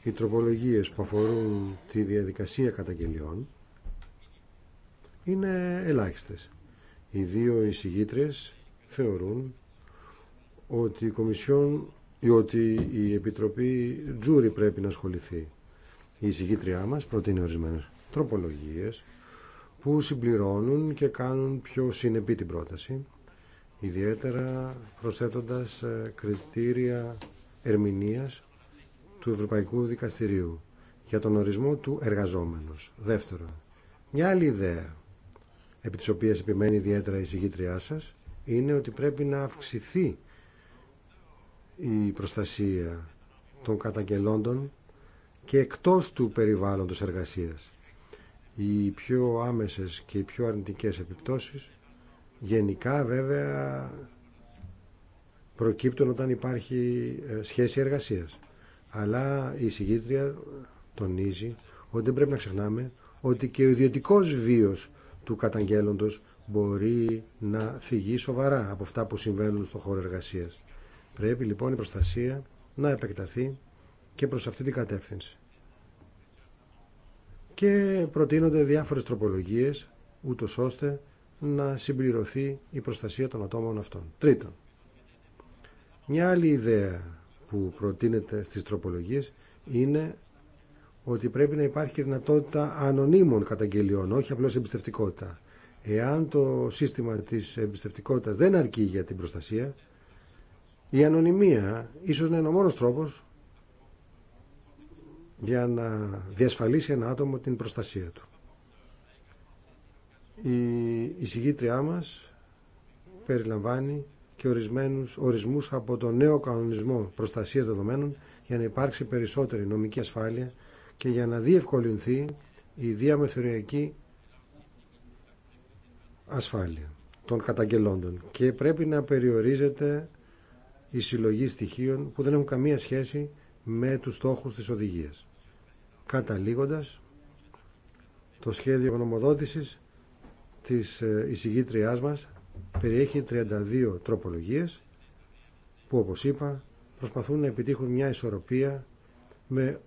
Οι τροπολογίες που αφορούν τη διαδικασία καταγγελιών είναι ελάχιστες. Οι δύο εισηγήτρες θεωρούν ότι η Κομισιόν ή ότι Επιτροπή Τζούρι πρέπει να ασχοληθεί η εισηγήτριά μας προτείνει ορισμένες τροπολογίες που συμπληρώνουν και κάνουν πιο συνεπή την πρόταση, ιδιαίτερα προσθέτοντας ε, κριτήρια ερμηνείας του Ευρωπαϊκού Δικαστηρίου για τον ορισμό του εργαζόμενος. Δεύτερον, μια άλλη ιδέα επί της οποίας επιμένει ιδιαίτερα η εισηγήτριά σας είναι ότι πρέπει να αυξηθεί η προστασία των καταγγελόντων και εκτός του περιβάλλοντος εργασίας. Οι πιο άμεσες και οι πιο αρνητικές επιπτώσεις γενικά βέβαια προκύπτουν όταν υπάρχει ε, σχέση εργασίας. Αλλά η συγκίτρια τονίζει ότι δεν πρέπει να ξεχνάμε ότι και ο ιδιωτικό βίος του καταγγέλλοντος μπορεί να θυγεί σοβαρά από αυτά που συμβαίνουν στον χώρο εργασίας. Πρέπει λοιπόν η προστασία να επεκταθεί και προς αυτή την κατεύθυνση και προτείνονται διάφορες τροπολογίες ούτω ώστε να συμπληρωθεί η προστασία των ατόμων αυτών. Τρίτον, μια άλλη ιδέα που προτείνεται στις τροπολογίες είναι ότι πρέπει να υπάρχει δυνατότητα ανωνύμων καταγγελιών, όχι απλώς εμπιστευτικότητα. Εάν το σύστημα της εμπιστευτικότητας δεν αρκεί για την προστασία, η ανωνυμία ίσως να είναι ο μόνος τρόπος για να διασφαλίσει ένα άτομο την προστασία του. Η εισηγήτριά μας περιλαμβάνει και ορισμένους ορισμούς από τον νέο κανονισμό προστασίας δεδομένων για να υπάρξει περισσότερη νομική ασφάλεια και για να διευκολυνθεί η διαμεθοριακή ασφάλεια των καταγγελόντων και πρέπει να περιορίζεται η συλλογή στοιχείων που δεν έχουν καμία σχέση με τους στόχους της οδηγίας. Καταλήγοντας, το σχέδιο γνωμοδότησης της ε, εισηγήτριάς μας περιέχει 32 τροπολογίες που όπως είπα προσπαθούν να επιτύχουν μια ισορροπία με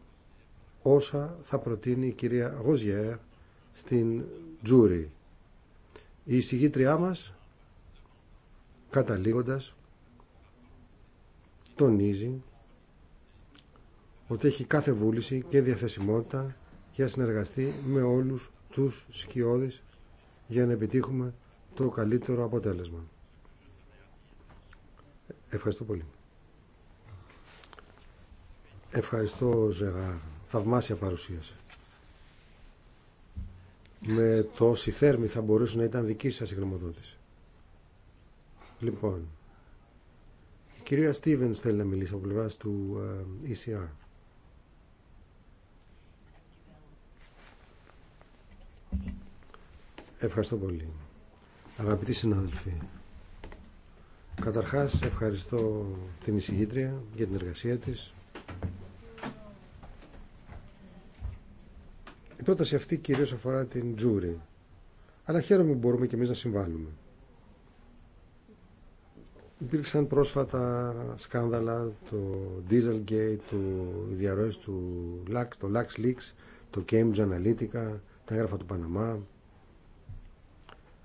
όσα θα προτείνει η κυρία Γοζιέρ στην Τζούρι. Η εισηγήτριά μας καταλήγοντας τονίζει ότι έχει κάθε βούληση και διαθεσιμότητα για συνεργαστεί με όλους τους σκιώδεις για να επιτύχουμε το καλύτερο αποτέλεσμα. Ευχαριστώ πολύ. Ευχαριστώ Ζεγά. Θαυμάσια παρουσίαση. Με τόση θέρμη θα μπορούσε να ήταν δική σας η γνωμοδότηση. Λοιπόν, η κυρία Στίβενς θέλει να μιλήσει από πλευράς του ECR. Ε, ε Ευχαριστώ πολύ. Αγαπητοί συνάδελφοι, καταρχάς ευχαριστώ την εισηγήτρια για την εργασία της. Η πρόταση αυτή κυρίως αφορά την τζούρι, αλλά χαίρομαι που μπορούμε και εμείς να συμβάλλουμε. Υπήρξαν πρόσφατα σκάνδαλα, το Dieselgate, το, οι διαρροές του Lux, το Leaks, το Cambridge Analytica, τα έγγραφα του Παναμά,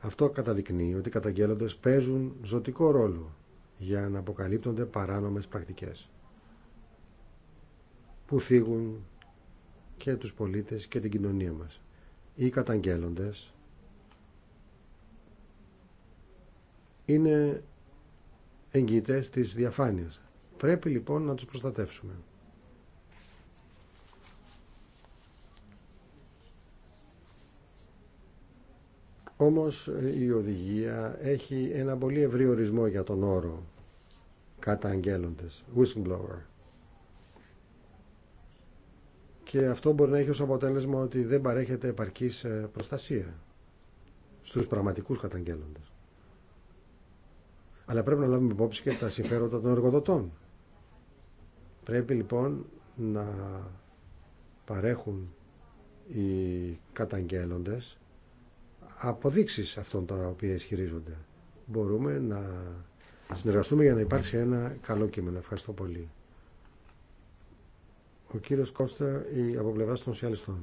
αυτό καταδεικνύει ότι οι καταγγέλλοντες παίζουν ζωτικό ρόλο για να αποκαλύπτονται παράνομες πρακτικές που θίγουν και τους πολίτες και την κοινωνία μας. Οι καταγγέλλοντες είναι εγγυητές της διαφάνειας. Πρέπει λοιπόν να τους προστατεύσουμε. Όμως ε, η οδηγία έχει ένα πολύ ευρύ ορισμό για τον όρο καταγγέλλοντες, whistleblower. Και αυτό μπορεί να έχει ως αποτέλεσμα ότι δεν παρέχεται επαρκής ε, προστασία στους πραγματικούς καταγγέλλοντες. Αλλά πρέπει να λάβουμε υπόψη και τα συμφέροντα των εργοδοτών. Πρέπει λοιπόν να παρέχουν οι καταγγέλλοντες αποδείξεις αυτών τα οποία ισχυρίζονται. Μπορούμε να συνεργαστούμε για να υπάρξει ένα καλό κείμενο. Ευχαριστώ πολύ. Ο κύριος Κώστα από πλευρά των σοσιαλιστών.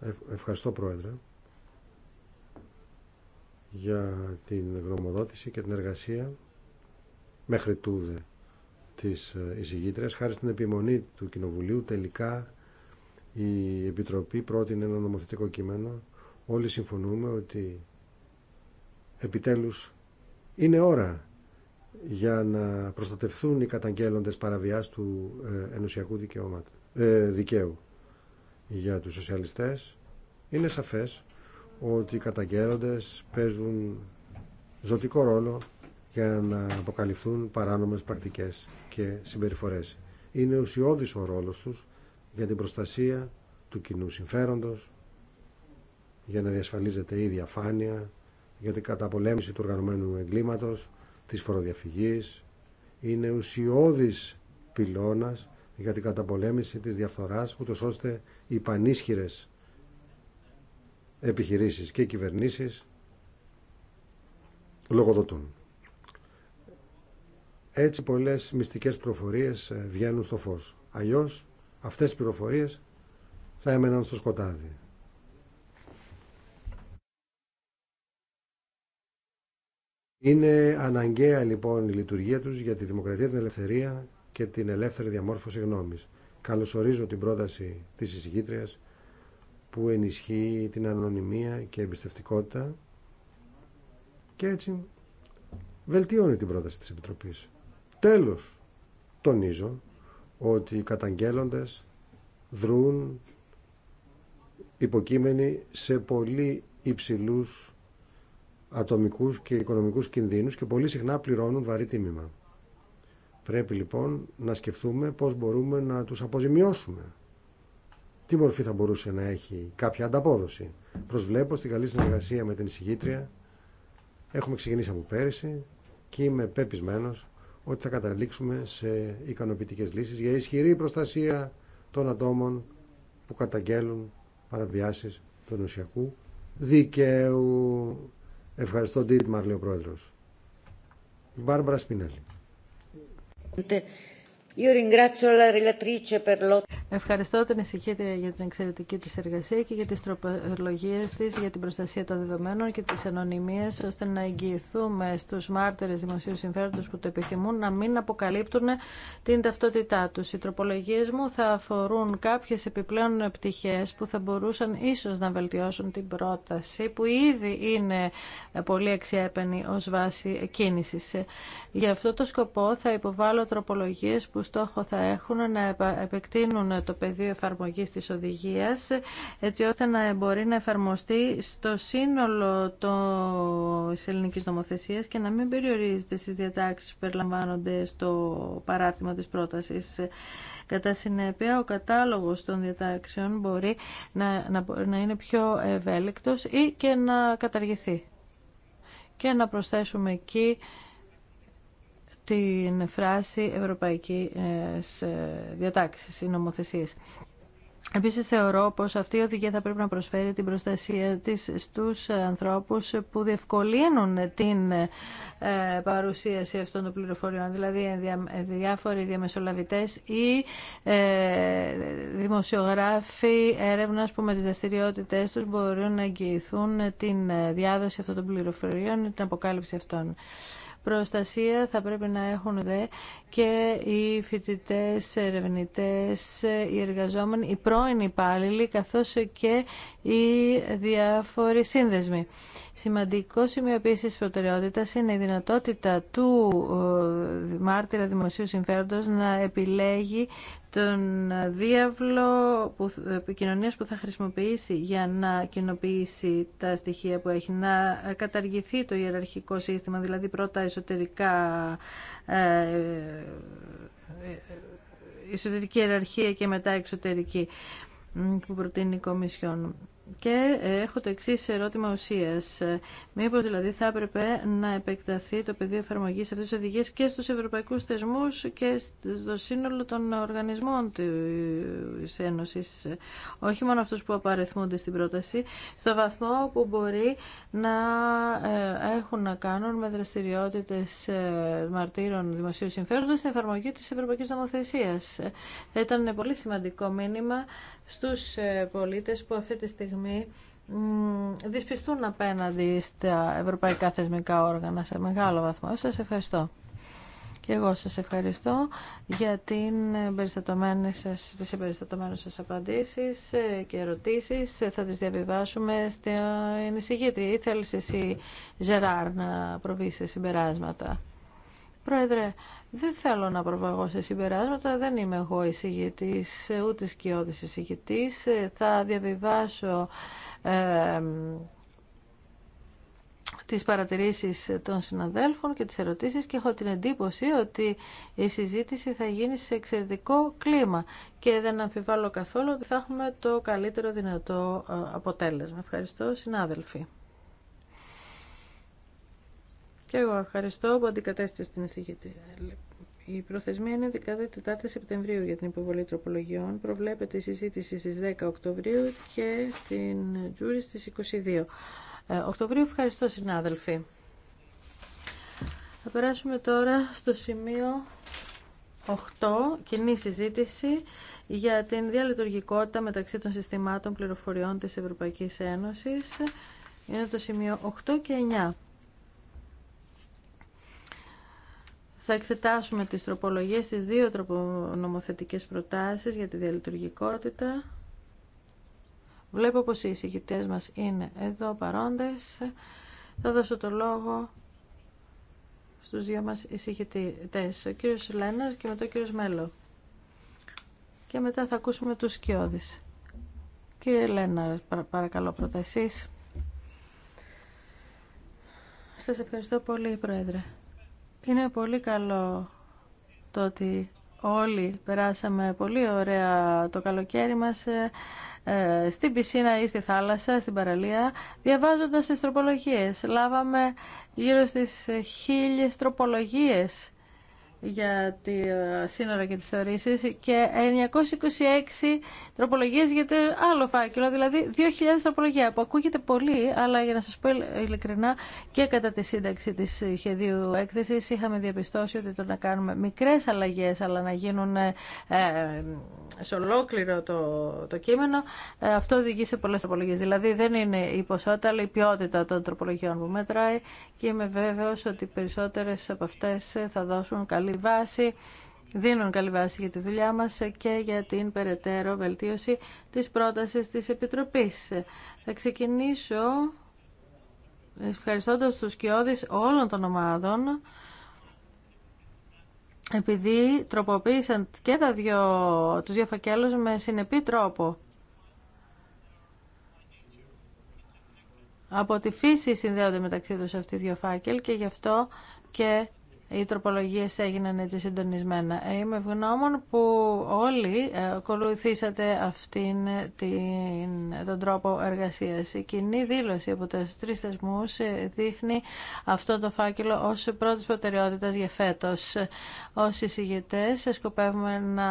Ε, ευχαριστώ Πρόεδρε για την γνωμοδότηση και την εργασία μέχρι τούδε της ε, εισηγήτριας. Χάρη στην επιμονή του Κοινοβουλίου τελικά η Επιτροπή πρότεινε ένα νομοθετικό κείμενο. Όλοι συμφωνούμε ότι επιτέλους είναι ώρα για να προστατευθούν οι καταγγέλλοντες παραβιάς του ε, ενωσιακού ε, δικαίου. Για τους σοσιαλιστές είναι σαφές ότι οι καταγγέλλοντες παίζουν ζωτικό ρόλο για να αποκαλυφθούν παράνομες πρακτικές και συμπεριφορές. Είναι ουσιώδης ο ρόλος τους για την προστασία του κοινού συμφέροντος, για να διασφαλίζεται η διαφάνεια, για την καταπολέμηση του οργανωμένου εγκλήματος, της φοροδιαφυγής, είναι ουσιώδης πυλώνας για την καταπολέμηση της διαφθοράς, ούτως ώστε οι πανίσχυρες επιχειρήσεις και κυβερνήσεις λογοδοτούν. Έτσι πολλές μυστικές προφορίες ε, βγαίνουν στο φως. Αλλιώς αυτές οι πληροφορίες θα έμεναν στο σκοτάδι. Είναι αναγκαία λοιπόν η λειτουργία τους για τη δημοκρατία, την ελευθερία και την ελεύθερη διαμόρφωση γνώμης. Καλωσορίζω την πρόταση της εισηγήτριας που ενισχύει την ανωνυμία και εμπιστευτικότητα και έτσι βελτιώνει την πρόταση της Επιτροπής. Τέλος, τονίζω ότι οι καταγγέλλοντες δρούν υποκείμενοι σε πολύ υψηλούς ατομικούς και οικονομικούς κινδύνους και πολύ συχνά πληρώνουν βαρύ τίμημα. Πρέπει λοιπόν να σκεφτούμε πώς μπορούμε να τους αποζημιώσουμε. Τι μορφή θα μπορούσε να έχει κάποια ανταπόδοση. Προσβλέπω στην καλή συνεργασία με την εισηγήτρια. Έχουμε ξεκινήσει από πέρυσι και είμαι πεπισμένος ότι θα καταλήξουμε σε ικανοποιητικές λύσεις για ισχυρή προστασία των ατόμων που καταγγέλουν παραβιάσεις του ενωσιακού δικαίου. Ευχαριστώ, Ντίτμαρ, λέει ο Πρόεδρος. Μπάρμπαρα Σπινέλη. Ε, Ευχαριστώ την εισηγήτρια για την εξαιρετική τη εργασία και για τι τροπολογίε τη για την προστασία των δεδομένων και τι ανωνυμίε, ώστε να εγγυηθούμε στου μάρτυρε δημοσίου συμφέροντο που το επιθυμούν να μην αποκαλύπτουν την ταυτότητά του. Οι τροπολογίε μου θα αφορούν κάποιε επιπλέον πτυχέ που θα μπορούσαν ίσω να βελτιώσουν την πρόταση που ήδη είναι πολύ αξιέπαινη ω βάση κίνηση. Γι' αυτό το σκοπό θα υποβάλω τροπολογίε που στόχο θα έχουν να επεκτείνουν το πεδίο εφαρμογής της οδηγίας έτσι ώστε να μπορεί να εφαρμοστεί στο σύνολο της ελληνικής νομοθεσίας και να μην περιορίζεται στις διατάξεις που περιλαμβάνονται στο παράρτημα της πρότασης. Κατά συνέπεια, ο κατάλογος των διατάξεων μπορεί να, να, είναι πιο ευέλικτος ή και να καταργηθεί. Και να προσθέσουμε εκεί την φράση ευρωπαϊκή ε, διατάξεις ή νομοθεσίες. Επίση, θεωρώ πω αυτή η οδηγία θα πρέπει να προσφέρει την προστασία τη στου ανθρώπου που διευκολύνουν την ε, παρουσίαση αυτών των πληροφοριών, δηλαδή διάφοροι διαμεσολαβητέ ή ε, δημοσιογράφοι έρευνα που με τι δραστηριότητέ του μπορούν να εγγυηθούν την διάδοση αυτών των πληροφοριών ή την αποκάλυψη αυτών. Προστασία θα πρέπει να έχουν δε και οι φοιτητέ, ερευνητέ, οι εργαζόμενοι, οι πρώην υπάλληλοι, καθώς και οι διάφοροι σύνδεσμοι. Σημαντικό σημείο επίση προτεραιότητα είναι η δυνατότητα του ε, μάρτυρα δημοσίου συμφέροντο να επιλέγει τον διάβλο που, ε, που θα χρησιμοποιήσει για να κοινοποιήσει τα στοιχεία που έχει, να καταργηθεί το ιεραρχικό σύστημα, δηλαδή πρώτα εσωτερικά ε, εσωτερική ιεραρχία και μετά εξωτερική που προτείνει η Κομισιόν. Και ε, έχω το εξή ερώτημα ουσία. Μήπω δηλαδή θα έπρεπε να επεκταθεί το πεδίο εφαρμογή αυτή τη οδηγία και στου ευρωπαϊκού θεσμού και στο σύνολο των οργανισμών τη Ένωση, όχι μόνο αυτού που απαριθμούνται στην πρόταση, στο βαθμό που μπορεί να ε, έχουν να κάνουν με δραστηριότητε ε, μαρτύρων δημοσίου συμφέροντος στην εφαρμογή τη ευρωπαϊκή νομοθεσία. Θα ήταν πολύ σημαντικό μήνυμα στους ε, πολίτες που αυτή τη στιγμή δυσπιστούν απέναντι στα ευρωπαϊκά θεσμικά όργανα σε μεγάλο βαθμό. Σας ευχαριστώ. Και εγώ σας ευχαριστώ για την σας, τις εμπεριστατωμένες σας απαντήσεις ε, και ερωτήσεις. Ε, θα τις διαβιβάσουμε στην εισηγήτρια. Ήθελες εσύ, Ζεράρ, να προβείς σε συμπεράσματα. Πρόεδρε, δεν θέλω να προβαγώ σε συμπεράσματα, δεν είμαι εγώ εισηγητής, ε, ούτε σκιώδης εισηγητής. Ε, θα διαβιβάσω ε, τις παρατηρήσεις των συναδέλφων και τις ερωτήσεις και έχω την εντύπωση ότι η συζήτηση θα γίνει σε εξαιρετικό κλίμα και δεν αμφιβάλλω καθόλου ότι θα έχουμε το καλύτερο δυνατό ε, αποτέλεσμα. Ευχαριστώ συνάδελφοι. Και εγώ ευχαριστώ που αντικατέστησε την εισηγητή. Η προθεσμία είναι 14 Σεπτεμβρίου για την υποβολή τροπολογιών. Προβλέπεται η συζήτηση στις 10 Οκτωβρίου και την Τζούρι στις 22 ε, Οκτωβρίου. Ευχαριστώ συνάδελφοι. Θα περάσουμε τώρα στο σημείο 8, κοινή συζήτηση για την διαλειτουργικότητα μεταξύ των συστημάτων πληροφοριών της Ευρωπαϊκής Ένωσης. Είναι το σημείο 8 και 9. θα εξετάσουμε τις τροπολογίες, τις δύο τροπονομοθετικές προτάσεις για τη διαλειτουργικότητα. Βλέπω πως οι εισηγητές μας είναι εδώ παρόντες. Θα δώσω το λόγο στους δύο μας εισηγητές, ο κύριος Λένας και μετά ο κύριος Μέλο. Και μετά θα ακούσουμε τους Σκιώδης. Κύριε Λένα, παρακαλώ πρώτα εσείς. Σας ευχαριστώ πολύ, Πρόεδρε. Είναι πολύ καλό το ότι όλοι περάσαμε πολύ ωραία το καλοκαίρι μας ε, ε, στην πισίνα ή στη θάλασσα, στην παραλία, διαβάζοντας τις τροπολογίες. Λάβαμε γύρω στις χίλιες τροπολογίες για τη ε, σύνορα και τις θεωρήσεις και 926 ε, τροπολογίες για το άλλο φάκελο, δηλαδή 2.000 τροπολογία που ακούγεται πολύ, αλλά για να σας πω ε, ειλικρινά και κατά τη σύνταξη της σχεδίου έκθεσης είχαμε διαπιστώσει ότι το να κάνουμε μικρές αλλαγές αλλά να γίνουν σε ολόκληρο το, το κείμενο αυτό οδηγεί σε πολλές τροπολογίες. Δηλαδή δεν είναι η ποσότητα αλλά η ποιότητα των τροπολογιών που μετράει και είμαι βέβαιος ότι περισσότερες από αυτές θα δώσουν καλή καλή βάση δίνουν καλή βάση για τη δουλειά μας και για την περαιτέρω βελτίωση της πρότασης της Επιτροπής. Θα ξεκινήσω ευχαριστώντας τους κοιόδης όλων των ομάδων επειδή τροποποίησαν και τα δύο, τους δύο φακέλους με συνεπή τρόπο. Από τη φύση συνδέονται μεταξύ τους αυτοί οι δύο φάκελ και γι' αυτό και οι τροπολογίε έγιναν έτσι συντονισμένα. Ε, είμαι ευγνώμων που όλοι ε, ακολουθήσατε αυτήν την, τον τρόπο εργασίας. Η κοινή δήλωση από του τρει θεσμού ε, δείχνει αυτό το φάκελο ω πρώτης προτεραιότητα για φέτο. Ως εισηγητέ, σκοπεύουμε να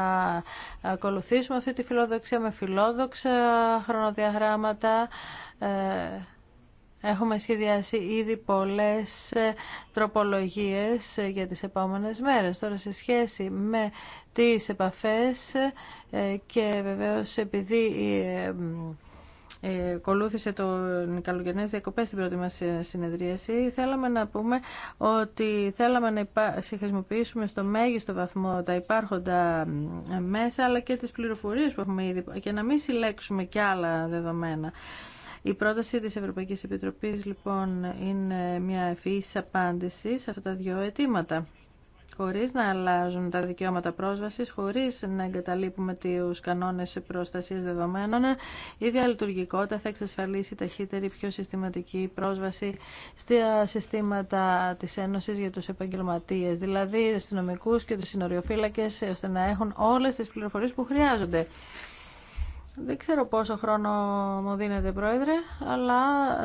ακολουθήσουμε αυτή τη φιλοδοξία με φιλόδοξα χρονοδιαγράμματα Έχουμε σχεδιάσει ήδη πολλές ε, τροπολογίες ε, για τις επόμενες μέρες. Τώρα σε σχέση με τις επαφές ε, και βεβαίως επειδή ε, κολούθησε τον καλοκαιρινές διακοπές στην πρώτη μας συνεδρίαση, θέλαμε να πούμε ότι θέλαμε να υπά... χρησιμοποιήσουμε στο μέγιστο βαθμό τα υπάρχοντα μέσα, αλλά και τις πληροφορίες που έχουμε ήδη και να μην συλλέξουμε και άλλα δεδομένα. Η πρόταση της Ευρωπαϊκής Επιτροπής λοιπόν είναι μια ευφυής απάντηση σε αυτά τα δύο αιτήματα χωρίς να αλλάζουν τα δικαιώματα πρόσβασης, χωρίς να εγκαταλείπουμε τους κανόνες προστασίας δεδομένων, η διαλειτουργικότητα θα εξασφαλίσει ταχύτερη, πιο συστηματική πρόσβαση στα συστήματα της Ένωσης για τους επαγγελματίες, δηλαδή αστυνομικού και τους συνοριοφύλακες, ώστε να έχουν όλες τις πληροφορίες που χρειάζονται. Δεν ξέρω πόσο χρόνο μου δίνετε, Πρόεδρε, αλλά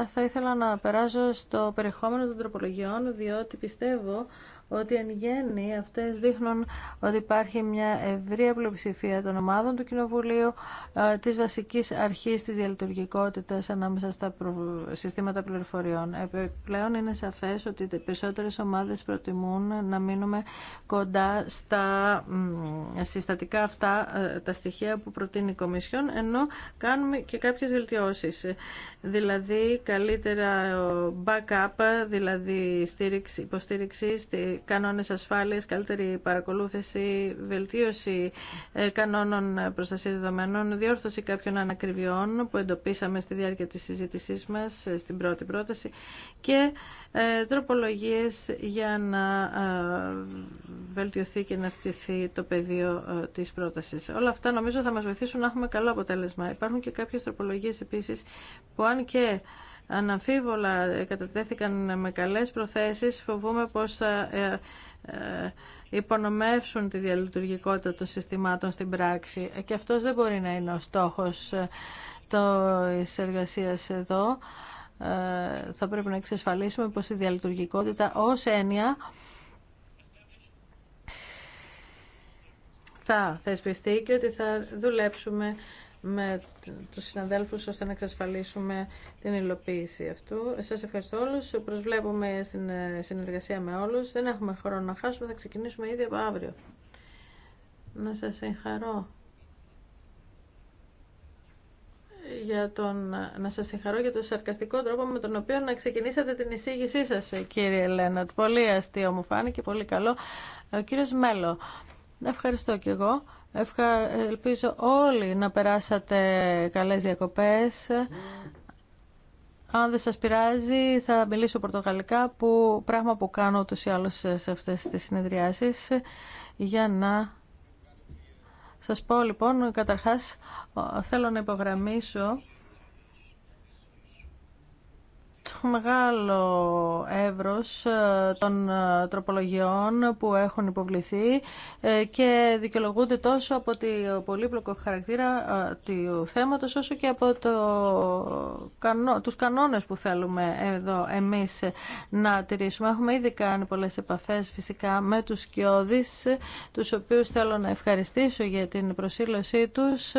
θα ήθελα να περάσω στο περιεχόμενο των τροπολογιών, διότι πιστεύω ότι εν γέννη αυτές δείχνουν ότι υπάρχει μια ευρία πλειοψηφία των ομάδων του Κοινοβουλίου ε, της βασικής αρχής της διαλειτουργικότητας ανάμεσα στα συστήματα πληροφοριών. Επιπλέον είναι σαφές ότι οι περισσότερες ομάδες προτιμούν να μείνουμε κοντά στα συστατικά αυτά ε, τα στοιχεία που προτείνει η Κομισιόν, ενώ κάνουμε και κάποιες βελτιώσεις δηλαδή καλύτερα backup, δηλαδή στήριξη, υποστήριξη, κανόνες ασφάλειας, καλύτερη παρακολούθηση, βελτίωση ε, κανόνων προστασίας δεδομένων, διόρθωση κάποιων ανακριβιών που εντοπίσαμε στη διάρκεια της συζήτησής μας ε, στην πρώτη πρόταση και ε, τροπολογίες για να βελτιωθεί και να χτιθεί το πεδίο της πρότασης. Όλα αυτά νομίζω θα μας βοηθήσουν να έχουμε καλό αποτέλεσμα. Υπάρχουν και κάποιες τροπολογίες επίσης αν και αναμφίβολα κατατέθηκαν με καλές προθέσεις, φοβούμε πως θα ε, ε, υπονομεύσουν τη διαλειτουργικότητα των συστημάτων στην πράξη. Και αυτός δεν μπορεί να είναι ο στόχος ε, της εργασίας εδώ. Θα πρέπει να εξασφαλίσουμε πως η διαλειτουργικότητα ως έννοια θα θεσπιστεί και ότι θα δουλέψουμε με τους συναδέλφους ώστε να εξασφαλίσουμε την υλοποίηση αυτού. Σας ευχαριστώ όλους. Προσβλέπουμε στην ε, συνεργασία με όλους. Δεν έχουμε χρόνο να χάσουμε. Θα ξεκινήσουμε ήδη από αύριο. Να σας συγχαρώ. Για τον, να σας συγχαρώ για τον σαρκαστικό τρόπο με τον οποίο να ξεκινήσατε την εισήγησή σας, κύριε Ελένα. Πολύ αστείο μου φάνηκε, πολύ καλό. Ο κύριος Μέλο. Ευχαριστώ και εγώ. Ευχα... Ελπίζω όλοι να περάσατε καλές διακοπές. Αν δεν σας πειράζει θα μιλήσω πορτογαλικά, που, πράγμα που κάνω ούτως ή άλλως σε αυτές τις συνεδριάσεις, για να σας πω λοιπόν, καταρχάς θέλω να υπογραμμίσω το μεγάλο εύρος ε, των ε, τροπολογιών που έχουν υποβληθεί ε, και δικαιολογούνται τόσο από το πολύπλοκο χαρακτήρα του θέματος όσο και από το, τους κανόνες που θέλουμε εδώ εμείς να τηρήσουμε. Έχουμε ήδη κάνει πολλές επαφές φυσικά με τους σκιώδεις, τους οποίους θέλω να ευχαριστήσω για την προσήλωσή τους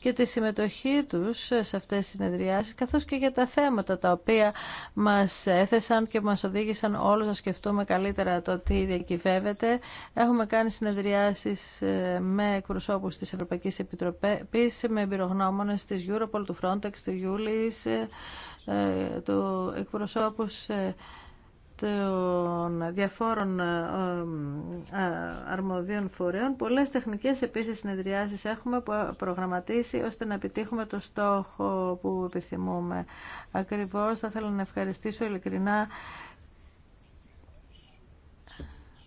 και τη συμμετοχή τους σε αυτές τις συνεδριάσεις, καθώς και για τα θέματα τα οποία μας έθεσαν και μας οδήγησαν όλους να σκεφτούμε καλύτερα το τι διακυβεύεται. Έχουμε κάνει συνεδριάσεις ε, με εκπροσώπους της Ευρωπαϊκής Επιτροπής, με εμπειρογνώμονες της Europol, του Frontex, του Ιούλης, ε, ε, του εκπροσώπους των διαφόρων ε, ε, αρμοδίων φορέων. Πολλές τεχνικές επίσης συνεδριάσεις έχουμε προγραμματίσει ώστε να επιτύχουμε το στόχο που επιθυμούμε. Ακριβώς θα ήθελα να ευχαριστήσω ειλικρινά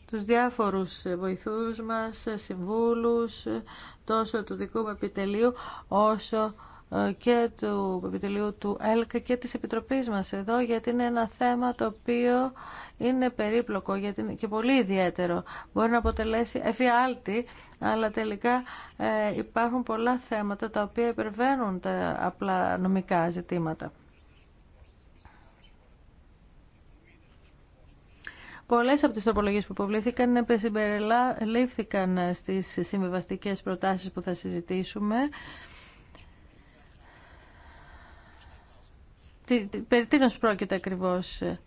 τους διάφορους βοηθούς μας, συμβούλους, τόσο του δικού μου επιτελείου, όσο ε, και του επιτελείου του ΕΛΚ και της Επιτροπής μας εδώ γιατί είναι ένα θέμα το οποίο είναι περίπλοκο και πολύ ιδιαίτερο. Μπορεί να αποτελέσει εφιάλτη αλλά τελικά ε, υπάρχουν πολλά θέματα τα οποία υπερβαίνουν τα απλά νομικά ζητήματα. Πολλέ από τι τροπολογίε που υποβλήθηκαν συμπεριλήφθηκαν στι συμβιβαστικέ προτάσει που θα συζητήσουμε. περί τίνος πρόκειται ακριβώς. Ε,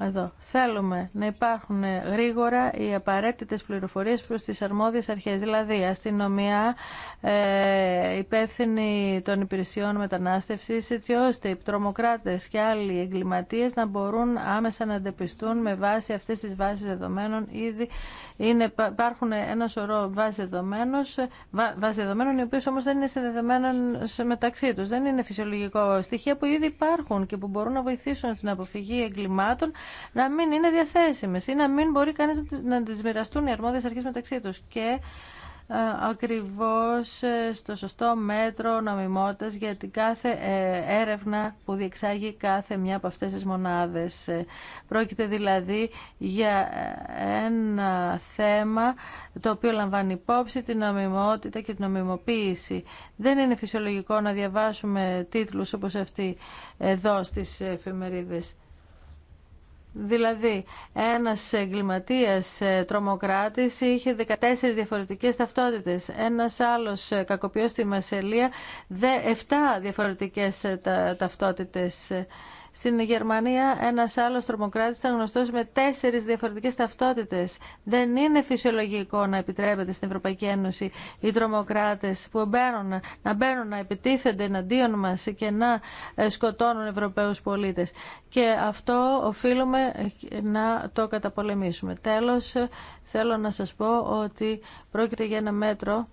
εδώ. Θέλουμε να υπάρχουν γρήγορα οι απαραίτητε πληροφορίε προ τι αρμόδιε αρχέ, δηλαδή αστυνομία, ε, υπεύθυνοι των υπηρεσιών μετανάστευση έτσι ώστε οι τρομοκράτε και άλλοι εγκληματίε να μπορούν άμεσα να αντεπιστούν με βάση αυτές τις βάσεις δεδομένων. Ήδη είναι, υπάρχουν ένα σωρό βάσει δεδομένων, βά, δεδομένων οι οποίε όμω δεν είναι συνδεδεμένε μεταξύ του. Δεν είναι φυσιολογικό στοιχεία που ήδη υπάρχουν και που μπορούν να βοηθήσουν στην αποφυγή εγκλημάτων να μην είναι διαθέσιμες ή να μην μπορεί κανείς να τις μοιραστούν οι αρμόδιες αρχές μεταξύ τους. Και ε, ακριβώς ε, στο σωστό μέτρο νομιμότητας για την κάθε ε, έρευνα που διεξάγει κάθε μια από αυτές τις μονάδες. Πρόκειται δηλαδή για ένα θέμα το οποίο λαμβάνει υπόψη την νομιμότητα και την νομιμοποίηση. Δεν είναι φυσιολογικό να διαβάσουμε τίτλους όπως αυτοί εδώ στις εφημερίδες. Δηλαδή, ένας εγκληματίας ε, τρομοκράτης είχε 14 διαφορετικές ταυτότητες. Ένας άλλος ε, κακοποιός στη Μασελία, 7 διαφορετικές ε, ταυτότητες. Στην Γερμανία ένας άλλος τρομοκράτης ήταν γνωστός με τέσσερις διαφορετικές ταυτότητες. Δεν είναι φυσιολογικό να επιτρέπεται στην Ευρωπαϊκή Ένωση οι τρομοκράτες που μπαίνουν, να μπαίνουν να επιτίθενται εναντίον μας και να ε, σκοτώνουν Ευρωπαίους πολίτες. Και αυτό οφείλουμε να το καταπολεμήσουμε. Τέλος, θέλω να σας πω ότι πρόκειται για ένα μέτρο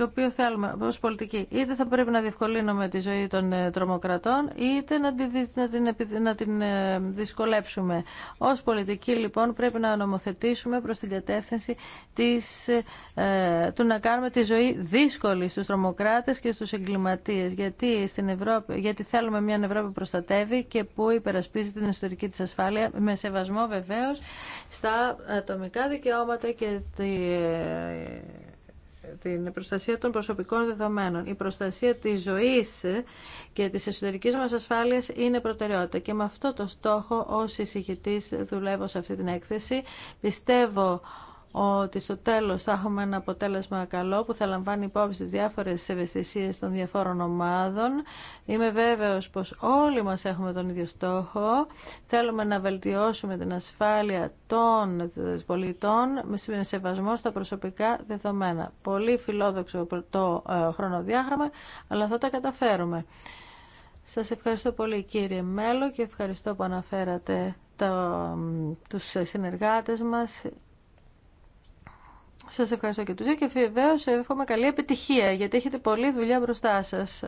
το οποίο θέλουμε ως πολιτική. Είτε θα πρέπει να διευκολύνουμε τη ζωή των ε, τρομοκρατών, είτε να την, να την ε, δυσκολέψουμε. Ως πολιτική, λοιπόν, πρέπει να νομοθετήσουμε προς την κατεύθυνση της, ε, του να κάνουμε τη ζωή δύσκολη στους τρομοκράτες και στους εγκληματίες. Γιατί, στην Ευρώπη, γιατί θέλουμε μια Ευρώπη που προστατεύει και που υπερασπίζει την ιστορική της ασφάλεια, με σεβασμό βεβαίως στα ατομικά δικαιώματα και τη την προστασία των προσωπικών δεδομένων. Η προστασία της ζωής και της εσωτερικής μας ασφάλειας είναι προτεραιότητα και με αυτό το στόχο ως εισηγητής δουλεύω σε αυτή την έκθεση. Πιστεύω ότι στο τέλος θα έχουμε ένα αποτέλεσμα καλό που θα λαμβάνει υπόψη τι διάφορες ευαισθησίες των διαφόρων ομάδων. Είμαι βέβαιος πως όλοι μας έχουμε τον ίδιο στόχο. Θέλουμε να βελτιώσουμε την ασφάλεια των πολιτών με σεβασμό στα προσωπικά δεδομένα. Πολύ φιλόδοξο το ε, χρονοδιάγραμμα, αλλά θα τα καταφέρουμε. Σας ευχαριστώ πολύ κύριε Μέλο και ευχαριστώ που αναφέρατε το, τους συνεργάτες μας Σα ευχαριστώ και του δύο και βεβαίω εύχομαι καλή επιτυχία γιατί έχετε πολλή δουλειά μπροστά σας.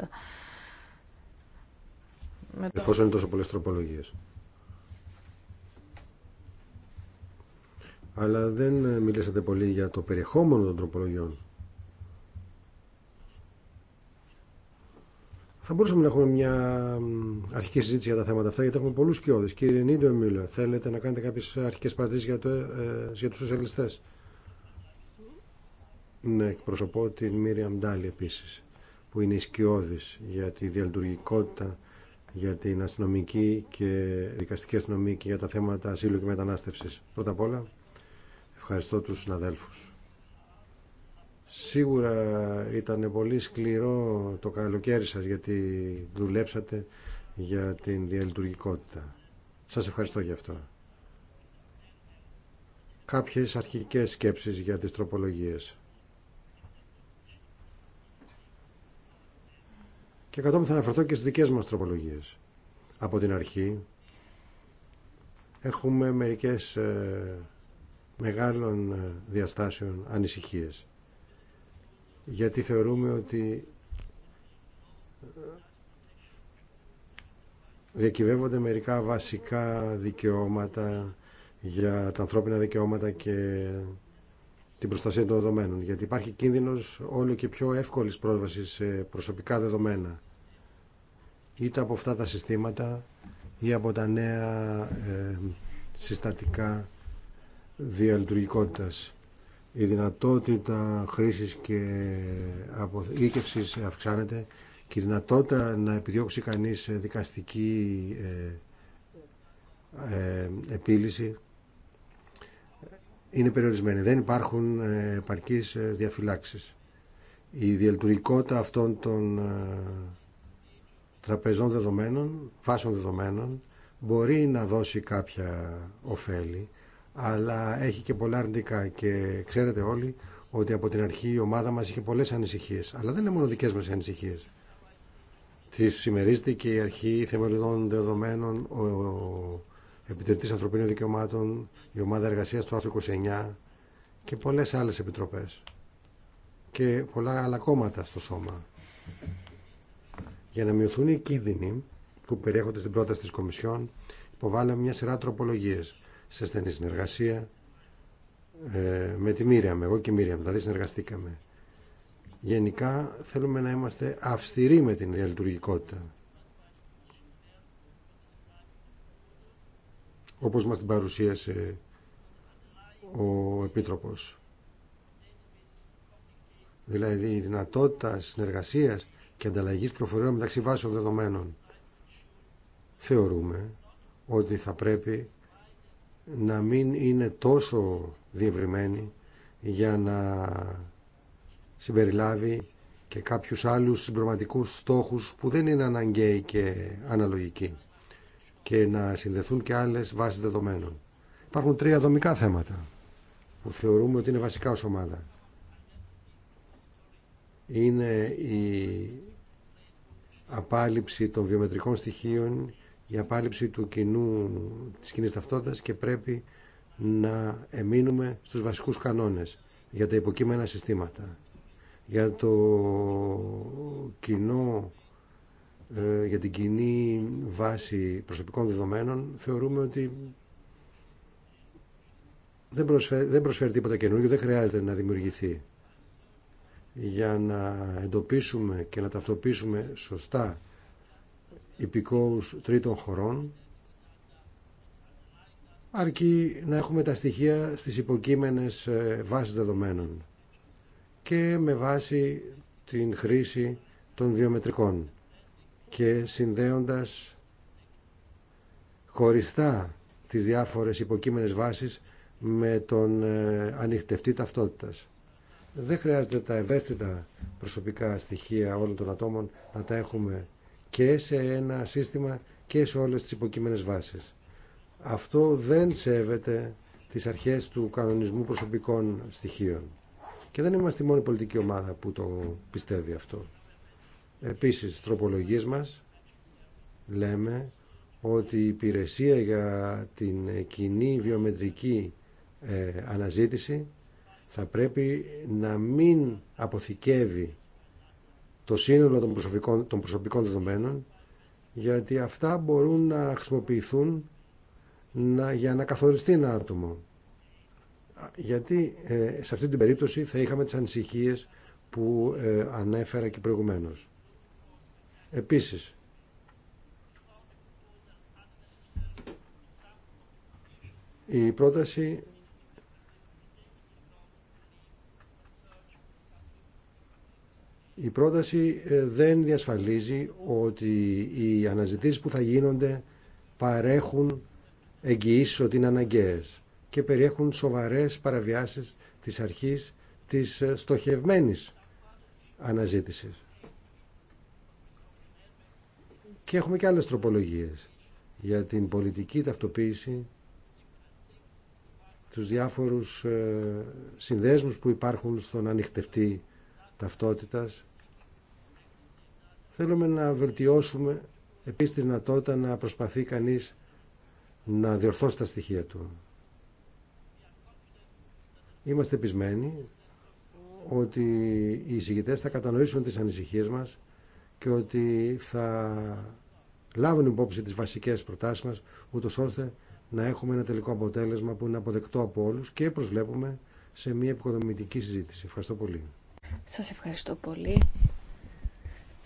Εφόσον είναι τόσο πολλέ τροπολογίε. Αλλά δεν μιλήσατε πολύ για το περιεχόμενο των τροπολογιών. Θα μπορούσαμε να έχουμε μια αρχική συζήτηση για τα θέματα αυτά, γιατί έχουμε πολλού κοιόδε. Κύριε Νίντο Μίλλερ, θέλετε να κάνετε κάποιε αρχικέ παρατηρήσει για, το, ε, ε, για του σοσιαλιστέ να εκπροσωπώ την Μίρια Μντάλη επίσης, που είναι ισκιώδης για τη διαλειτουργικότητα, για την αστυνομική και δικαστική αστυνομική για τα θέματα ασύλου και μετανάστευσης. Πρώτα απ' όλα, ευχαριστώ τους συναδέλφου. Σίγουρα ήταν πολύ σκληρό το καλοκαίρι σας γιατί δουλέψατε για την διαλειτουργικότητα. Σας ευχαριστώ για αυτό. Κάποιες αρχικές σκέψεις για τις τροπολογίες. και κατόπιν θα αναφερθώ και στις δικές μας τροπολογίες. Από την αρχή έχουμε μερικές ε, μεγάλων ε, διαστάσεων ανησυχίες γιατί θεωρούμε ότι ε, διακυβεύονται μερικά βασικά δικαιώματα για τα ανθρώπινα δικαιώματα και την προστασία των δεδομένων, γιατί υπάρχει κίνδυνος όλο και πιο εύκολης πρόσβασης σε προσωπικά δεδομένα, είτε από αυτά τα συστήματα ή από τα νέα ε, συστατικά διαλειτουργικότητας. Η απο τα νεα συστατικα χρήσης και αποθήκευσης αυξάνεται και η δυνατότητα να επιδιώξει κανείς δικαστική ε, ε επίλυση είναι περιορισμένη. Δεν υπάρχουν ε, επαρκείς ε, διαφυλάξεις. Η διελτουργικότητα αυτών των ε, τραπεζών δεδομένων, φάσεων δεδομένων, μπορεί να δώσει κάποια ωφέλη, αλλά έχει και πολλά αρνητικά και ξέρετε όλοι ότι από την αρχή η ομάδα μας είχε πολλές ανησυχίες, αλλά δεν είναι μόνο δικές μας ανησυχίες. Τη συμμερίζεται και η αρχή θεμελιδών δεδομένων, ο Επιτρεπτής Ανθρωπίνων Δικαιωμάτων, η Ομάδα Εργασίας του Άρθρου 29 και πολλέ άλλες επιτροπές και πολλά άλλα κόμματα στο σώμα. Για να μειωθούν οι κίνδυνοι που περιέχονται στην πρόταση τη Κομισιόν, υποβάλλαμε μια σειρά τροπολογίες σε στενή συνεργασία ε, με τη Μύριαμ, εγώ και η Μύριαμ, δηλαδή συνεργαστήκαμε. Γενικά θέλουμε να είμαστε αυστηροί με την διαλειτουργικότητα όπως μας την παρουσίασε ο Επίτροπος. Δηλαδή η δυνατότητα συνεργασίας και ανταλλαγής προφοριών μεταξύ βάσεων δεδομένων. Θεωρούμε ότι θα πρέπει να μην είναι τόσο διευρυμένη για να συμπεριλάβει και κάποιους άλλους συμπληρωματικούς στόχους που δεν είναι αναγκαίοι και αναλογικοί και να συνδεθούν και άλλες βάσεις δεδομένων. Υπάρχουν τρία δομικά θέματα που θεωρούμε ότι είναι βασικά ως ομάδα. Είναι η απάλληψη των βιομετρικών στοιχείων, η απάλληψη του κοινού, της κοινής ταυτότητας και πρέπει να εμείνουμε στους βασικούς κανόνες για τα υποκείμενα συστήματα, για το κοινό ε, για την κοινή βάση προσωπικών δεδομένων θεωρούμε ότι δεν προσφέρει, δεν προσφέρει τίποτα καινούργιο, δεν χρειάζεται να δημιουργηθεί. Για να εντοπίσουμε και να ταυτοποιήσουμε σωστά υπηκόους τρίτων χωρών αρκεί να έχουμε τα στοιχεία στις υποκείμενες ε, βάσεις δεδομένων και με βάση την χρήση των βιομετρικών και συνδέοντας χωριστά τις διάφορες υποκείμενες βάσεις με τον ε, ανοιχτευτή ταυτότητας. Δεν χρειάζεται τα ευαίσθητα προσωπικά στοιχεία όλων των ατόμων να τα έχουμε και σε ένα σύστημα και σε όλες τις υποκείμενες βάσεις. Αυτό δεν σέβεται τις αρχές του κανονισμού προσωπικών στοιχείων. Και δεν είμαστε η μόνη πολιτική ομάδα που το πιστεύει αυτό. Επίσης, στις τροπολογίες μας λέμε ότι η υπηρεσία για την κοινή βιομετρική ε, αναζήτηση θα πρέπει να μην αποθηκεύει το σύνολο των προσωπικών, των προσωπικών δεδομένων γιατί αυτά μπορούν να χρησιμοποιηθούν να, για να καθοριστεί ένα άτομο. Γιατί ε, σε αυτή την περίπτωση θα είχαμε τις ανησυχίες που ε, ανέφερα και προηγουμένως. Επίσης, η πρόταση Η πρόταση ε, δεν διασφαλίζει ότι οι αναζητήσεις που θα γίνονται παρέχουν εγγυήσεις ότι είναι αναγκαίες και περιέχουν σοβαρές παραβιάσεις της αρχής της ε, στοχευμένης αναζήτησης. Και έχουμε και άλλες τροπολογίες για την πολιτική ταυτοποίηση, τους διάφορους ε, συνδέσμους που υπάρχουν στον ανοιχτευτή ταυτότητας. Θέλουμε να βελτιώσουμε επίσης τη δυνατότητα να προσπαθεί κανείς να διορθώσει τα στοιχεία του. Είμαστε πεισμένοι ότι οι εισηγητές θα κατανοήσουν τις ανησυχίες μας και ότι θα λάβουν υπόψη τις βασικές προτάσεις μας, ούτως ώστε να έχουμε ένα τελικό αποτέλεσμα που είναι αποδεκτό από όλους και προσβλέπουμε σε μια επικοδομητική συζήτηση. Ευχαριστώ πολύ. Σας ευχαριστώ πολύ.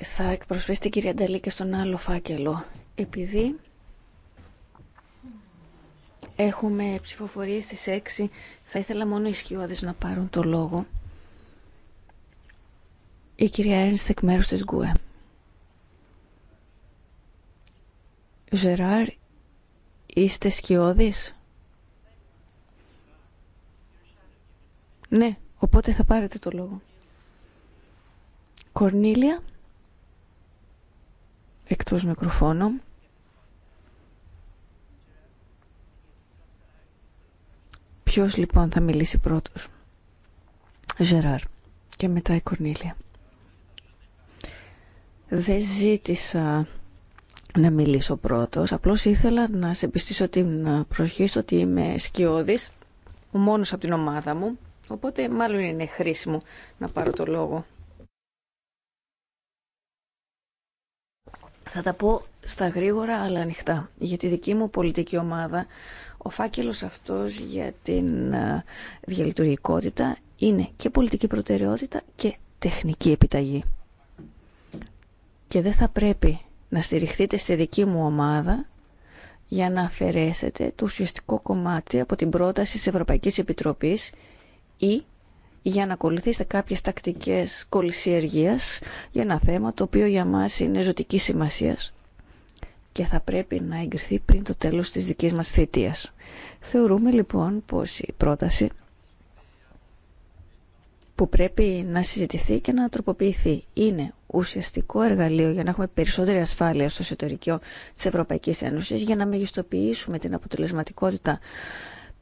Θα την κυρία Νταλή και στον άλλο φάκελο. Επειδή έχουμε ψηφοφορίες στις 6, θα ήθελα μόνο οι σκιώδες να πάρουν το λόγο. Η κυρία Έρνστ εκ της Ζεράρ, είστε σκιώδης. Ναι, οπότε θα πάρετε το λόγο. Κορνίλια, εκτός μικροφώνου. Ποιος λοιπόν θα μιλήσει πρώτος. Ζεράρ και μετά η Κορνίλια. Δεν ζήτησα να μιλήσω πρώτος. Απλώς ήθελα να σε πιστήσω την προσοχή στο ότι είμαι σκιώδης, ο μόνος από την ομάδα μου, οπότε μάλλον είναι χρήσιμο να πάρω το λόγο. Θα τα πω στα γρήγορα αλλά ανοιχτά. Για τη δική μου πολιτική ομάδα, ο φάκελος αυτός για την ε, διαλειτουργικότητα είναι και πολιτική προτεραιότητα και τεχνική επιταγή. Και δεν θα πρέπει να στηριχθείτε στη δική μου ομάδα για να αφαιρέσετε το ουσιαστικό κομμάτι από την πρόταση της Ευρωπαϊκής Επιτροπής ή για να ακολουθήσετε κάποιες τακτικές κολυσιεργίας για ένα θέμα το οποίο για μας είναι ζωτική σημασίας και θα πρέπει να εγκριθεί πριν το τέλος της δικής μας θητείας. Θεωρούμε λοιπόν πως η πρόταση που πρέπει να συζητηθεί και να τροποποιηθεί είναι ουσιαστικό εργαλείο για να έχουμε περισσότερη ασφάλεια στο εσωτερικό τη Ευρωπαϊκής Ένωση για να μεγιστοποιήσουμε την αποτελεσματικότητα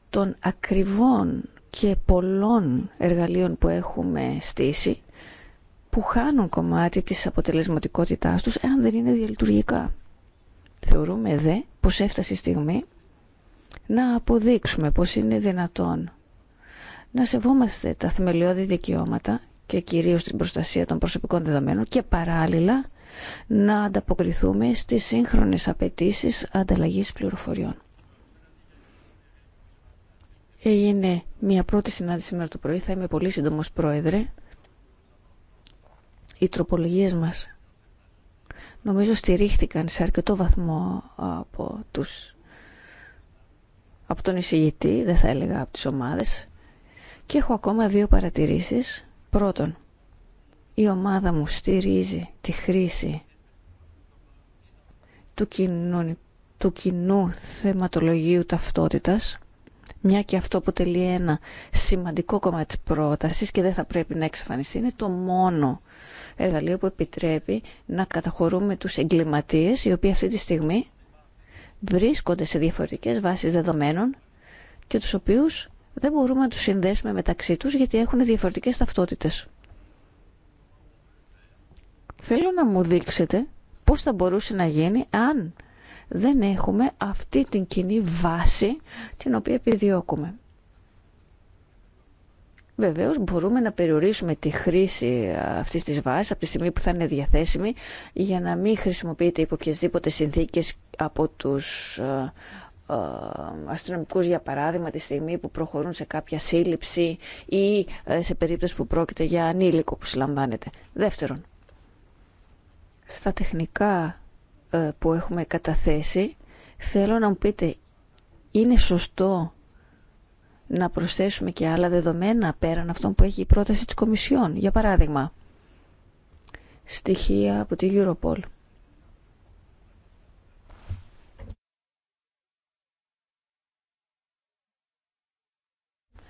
των ακριβών και πολλών εργαλείων που έχουμε στήσει που χάνουν κομμάτι της αποτελεσματικότητάς τους εάν δεν είναι διαλειτουργικά. Θεωρούμε δε πως έφτασε η στιγμή να αποδείξουμε πως είναι δυνατόν να σεβόμαστε τα θεμελιώδη δικαιώματα και κυρίως την προστασία των προσωπικών δεδομένων και παράλληλα να ανταποκριθούμε στις σύγχρονες απαιτήσει ανταλλαγής πληροφοριών. Έγινε μια πρώτη συνάντηση σήμερα το πρωί, θα είμαι πολύ σύντομος πρόεδρε. Οι τροπολογίες μας νομίζω στηρίχτηκαν σε αρκετό βαθμό από, τους, από τον εισηγητή, δεν θα έλεγα από τις ομάδες. Και έχω ακόμα δύο παρατηρήσεις Πρώτον, η ομάδα μου στηρίζει τη χρήση του, κοινού, του κοινού θεματολογίου ταυτότητας μια και αυτό αποτελεί ένα σημαντικό κομμάτι της πρότασης και δεν θα πρέπει να εξαφανιστεί. Είναι το μόνο εργαλείο που επιτρέπει να καταχωρούμε τους εγκληματίες οι οποίοι αυτή τη στιγμή βρίσκονται σε διαφορετικές βάσεις δεδομένων και τους οποίους δεν μπορούμε να τους συνδέσουμε μεταξύ τους γιατί έχουν διαφορετικές ταυτότητες. Θέλω να μου δείξετε πώς θα μπορούσε να γίνει αν δεν έχουμε αυτή την κοινή βάση την οποία επιδιώκουμε. Βεβαίως μπορούμε να περιορίσουμε τη χρήση ε, αυτής της βάσης από τη στιγμή που θα είναι διαθέσιμη για να μην χρησιμοποιείται υπό οποιασδήποτε συνθήκες από τους ε, ε, αστυνομικού, για παράδειγμα τη στιγμή που προχωρούν σε κάποια σύλληψη ή ε, σε περίπτωση που πρόκειται για ανήλικο που συλλαμβάνεται. Δεύτερον, στα τεχνικά ε, που έχουμε καταθέσει θέλω να μου πείτε είναι σωστό να προσθέσουμε και άλλα δεδομένα πέραν αυτών που έχει η πρόταση της Κομισιόν. Για παράδειγμα, στοιχεία από τη Europol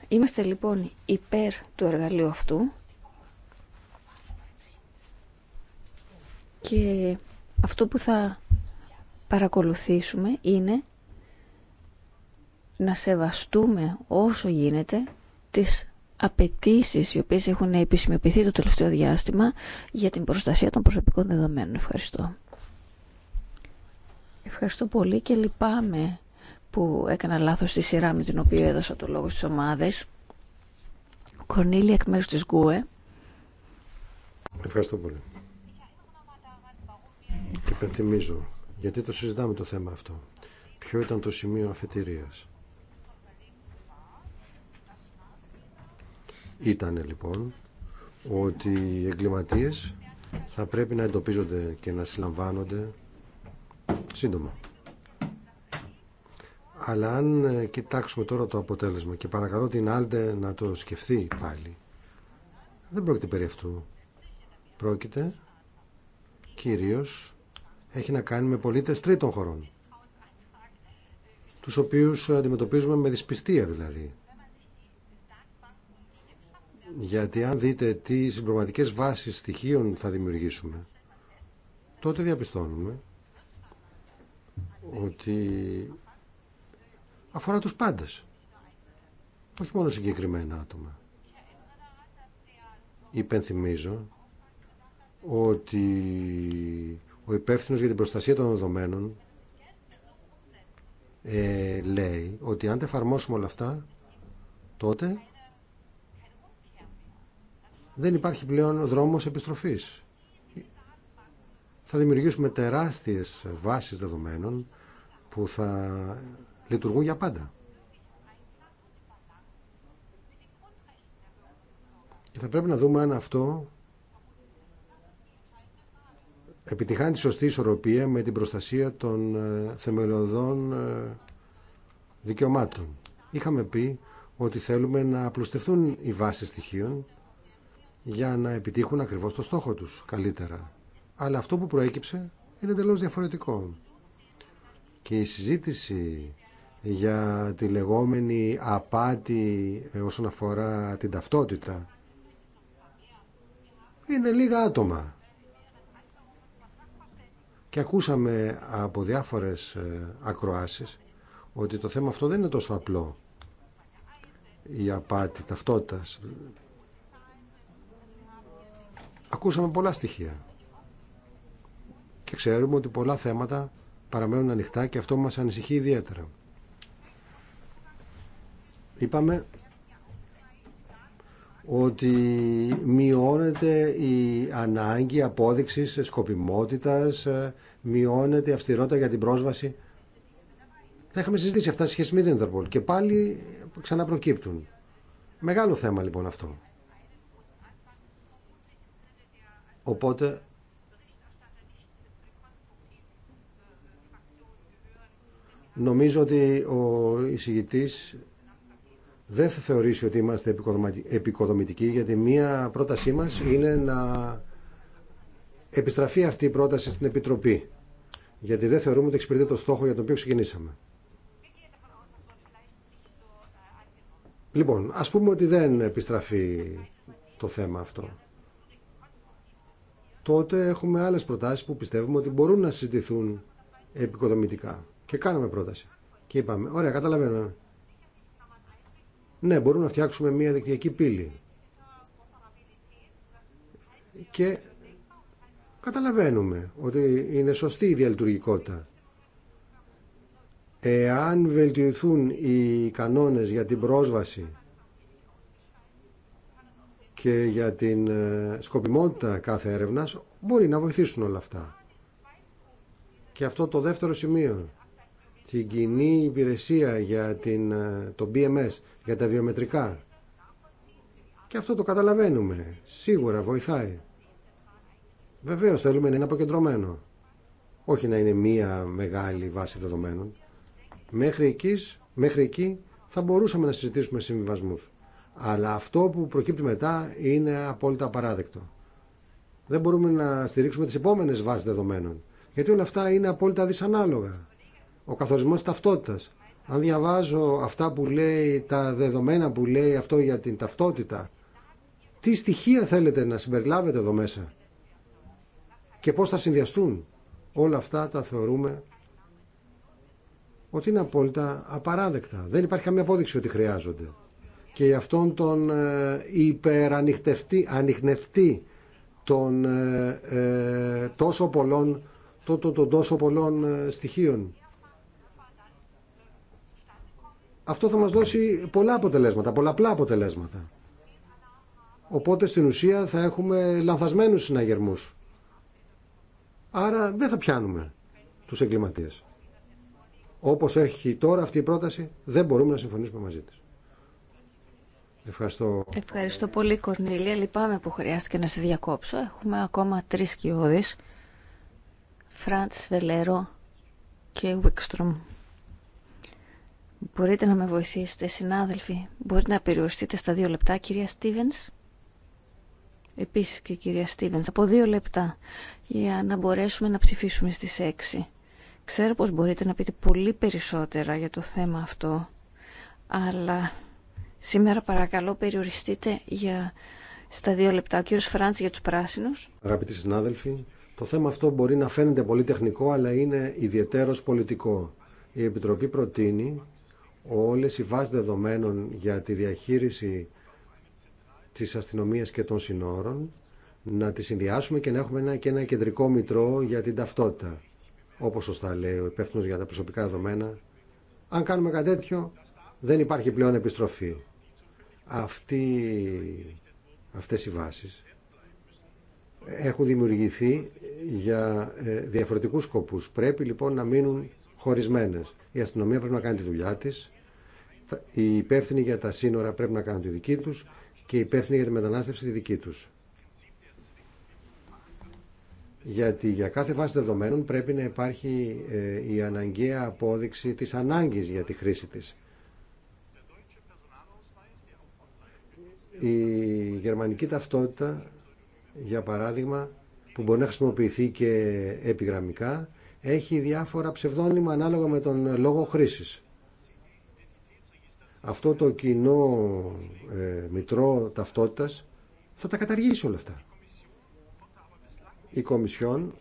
Είμαστε λοιπόν υπέρ του εργαλείου αυτού και αυτό που θα παρακολουθήσουμε είναι να σεβαστούμε όσο γίνεται τις απαιτήσει οι οποίες έχουν επισημοποιηθεί το τελευταίο διάστημα για την προστασία των προσωπικών δεδομένων. Ευχαριστώ. Ευχαριστώ πολύ και λυπάμαι που έκανα λάθος στη σειρά με την οποία έδωσα το λόγο στις ομάδες. Κορνίλη εκ μέρους της ΓΚΟΕ. Ευχαριστώ πολύ. Και υπενθυμίζω, γιατί το συζητάμε το θέμα αυτό. Ποιο ήταν το σημείο αφετηρίας. Ήτανε λοιπόν ότι οι εγκληματίες θα πρέπει να εντοπίζονται και να συλλαμβάνονται σύντομα. Αλλά αν ε, κοιτάξουμε τώρα το αποτέλεσμα και παρακαλώ την Άλντε να το σκεφτεί πάλι. Δεν πρόκειται περί αυτού. Πρόκειται κυρίως έχει να κάνει με πολίτες τρίτων χωρών. Τους οποίους αντιμετωπίζουμε με δυσπιστία δηλαδή. Γιατί αν δείτε τι συμπροματικές βάσεις στοιχείων θα δημιουργήσουμε, τότε διαπιστώνουμε ότι αφορά τους πάντες. Όχι μόνο συγκεκριμένα άτομα. Υπενθυμίζω ότι ο υπεύθυνος για την προστασία των δεδομένων ε, λέει ότι αν τα εφαρμόσουμε όλα αυτά, τότε δεν υπάρχει πλέον δρόμος επιστροφής. Θα δημιουργήσουμε τεράστιες βάσεις δεδομένων που θα λειτουργούν για πάντα. Και θα πρέπει να δούμε αν αυτό επιτυχάνει τη σωστή ισορροπία με την προστασία των ε, θεμελιωδών ε, δικαιωμάτων. Είχαμε πει ότι θέλουμε να απλουστευτούν οι βάσεις στοιχείων για να επιτύχουν ακριβώς το στόχο τους καλύτερα. Αλλά αυτό που προέκυψε είναι εντελώ διαφορετικό. Και η συζήτηση για τη λεγόμενη απάτη ε, όσον αφορά την ταυτότητα. Είναι λίγα άτομα. Και ακούσαμε από διάφορες ε, ακροάσεις ότι το θέμα αυτό δεν είναι τόσο απλό. Η απάτη ταυτότητας. Ακούσαμε πολλά στοιχεία. Και ξέρουμε ότι πολλά θέματα παραμένουν ανοιχτά και αυτό μας ανησυχεί ιδιαίτερα είπαμε ότι μειώνεται η ανάγκη απόδειξης σκοπιμότητας, μειώνεται η αυστηρότητα για την πρόσβαση. Θα είχαμε συζητήσει αυτά σχέση με την Interpol και πάλι ξαναπροκύπτουν. Μεγάλο θέμα λοιπόν αυτό. Οπότε νομίζω ότι ο εισηγητής δεν θα θεωρήσει ότι είμαστε επικοδομητικοί γιατί μία πρότασή μας είναι να επιστραφεί αυτή η πρόταση στην Επιτροπή γιατί δεν θεωρούμε ότι εξυπηρετεί το στόχο για τον οποίο ξεκινήσαμε. Λοιπόν, ας πούμε ότι δεν επιστραφεί το θέμα αυτό. Τότε έχουμε άλλες προτάσεις που πιστεύουμε ότι μπορούν να συζητηθούν επικοδομητικά. Και κάναμε πρόταση. Και είπαμε, ωραία, καταλαβαίνω ναι, μπορούμε να φτιάξουμε μια δικτυακή πύλη. Και καταλαβαίνουμε ότι είναι σωστή η διαλειτουργικότητα. Εάν βελτιωθούν οι κανόνες για την πρόσβαση και για την ε, σκοπιμότητα κάθε έρευνας, μπορεί να βοηθήσουν όλα αυτά. Και αυτό το δεύτερο σημείο, την κοινή υπηρεσία για την, ε, το BMS, για τα βιομετρικά. Και αυτό το καταλαβαίνουμε. Σίγουρα βοηθάει. Βεβαίως θέλουμε να είναι αποκεντρωμένο. Όχι να είναι μία μεγάλη βάση δεδομένων. Μέχρι, εκείς, μέχρι εκεί θα μπορούσαμε να συζητήσουμε συμβιβασμούς. Αλλά αυτό που προκύπτει μετά είναι απόλυτα απαράδεκτο. Δεν μπορούμε να στηρίξουμε τις επόμενες βάσεις δεδομένων. Γιατί όλα αυτά είναι απόλυτα δυσανάλογα ο καθορισμός ταυτότητας. Αν διαβάζω αυτά που λέει, τα δεδομένα που λέει αυτό για την ταυτότητα, τι στοιχεία θέλετε να συμπεριλάβετε εδώ μέσα και πώς θα συνδυαστούν. Όλα αυτά τα θεωρούμε ότι είναι απόλυτα απαράδεκτα. Δεν υπάρχει καμία απόδειξη ότι χρειάζονται. Και για αυτόν τον ε, υπερανιχνευτή των ε, ε, τόσο το, το, τόσο πολλών στοιχείων αυτό θα μας δώσει πολλά αποτελέσματα, πολλαπλά αποτελέσματα. Οπότε στην ουσία θα έχουμε λανθασμένους συναγερμούς. Άρα δεν θα πιάνουμε τους εγκληματίες. Όπως έχει τώρα αυτή η πρόταση, δεν μπορούμε να συμφωνήσουμε μαζί της. Ευχαριστώ. Ευχαριστώ πολύ Κορνήλια. Λυπάμαι που χρειάστηκε να σε διακόψω. Έχουμε ακόμα τρεις κοιόδεις. Φραντς Βελέρο και Βίκστρομ. Μπορείτε να με βοηθήσετε, συνάδελφοι. Μπορείτε να περιοριστείτε στα δύο λεπτά, κυρία Στίβεν? Επίσης και κυρία Στίβεν, από δύο λεπτά, για να μπορέσουμε να ψηφίσουμε στις 6. Ξέρω πως μπορείτε να πείτε πολύ περισσότερα για το θέμα αυτό, αλλά σήμερα παρακαλώ περιοριστείτε για... Στα δύο λεπτά, ο κύριος Φράντ για τους πράσινους. Αγαπητοί συνάδελφοι, το θέμα αυτό μπορεί να φαίνεται πολύ τεχνικό, αλλά είναι ιδιαίτερος πολιτικό. Η Επιτροπή προτείνει όλες οι βάσεις δεδομένων για τη διαχείριση της αστυνομίας και των συνόρων, να τις συνδυάσουμε και να έχουμε ένα, και ένα κεντρικό μητρό για την ταυτότητα. Όπως σωστά λέει ο υπεύθυνο για τα προσωπικά δεδομένα. Αν κάνουμε κάτι τέτοιο, δεν υπάρχει πλέον επιστροφή. Αυτή, αυτές οι βάσεις έχουν δημιουργηθεί για ε, διαφορετικούς σκοπούς. Πρέπει λοιπόν να μείνουν χωρισμένες. Η αστυνομία πρέπει να κάνει τη δουλειά της οι υπεύθυνοι για τα σύνορα πρέπει να κάνουν τη δική τους και οι υπεύθυνοι για τη μετανάστευση τη δική τους. Γιατί για κάθε βάση δεδομένων πρέπει να υπάρχει ε, η αναγκαία απόδειξη της ανάγκης για τη χρήση της. Η γερμανική ταυτότητα, για παράδειγμα, που μπορεί να χρησιμοποιηθεί και επιγραμμικά, έχει διάφορα ψευδόνυμα ανάλογα με τον λόγο χρήσης αυτό το κοινό ε, μητρό ταυτότητας θα τα καταργήσει όλα αυτά. Η Κομισιόν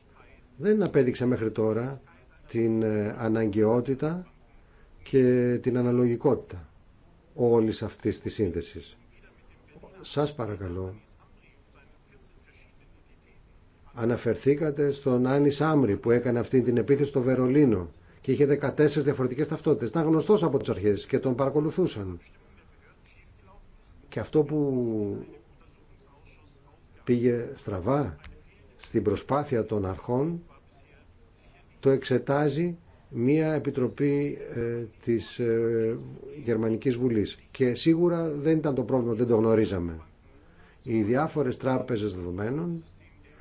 δεν απέδειξε μέχρι τώρα την ε, αναγκαιότητα και την αναλογικότητα όλης αυτής της σύνδεσης. Σας παρακαλώ, αναφερθήκατε στον Άννη Σάμρη που έκανε αυτή την επίθεση στο Βερολίνο και είχε 14 διαφορετικές ταυτότητες. Ήταν γνωστός από τις αρχές και τον παρακολουθούσαν. Και αυτό που πήγε στραβά στην προσπάθεια των αρχών το εξετάζει μία επιτροπή ε, της ε, Γερμανικής Βουλής. Και σίγουρα δεν ήταν το πρόβλημα, δεν το γνωρίζαμε. Οι διάφορες τράπεζες δεδομένων,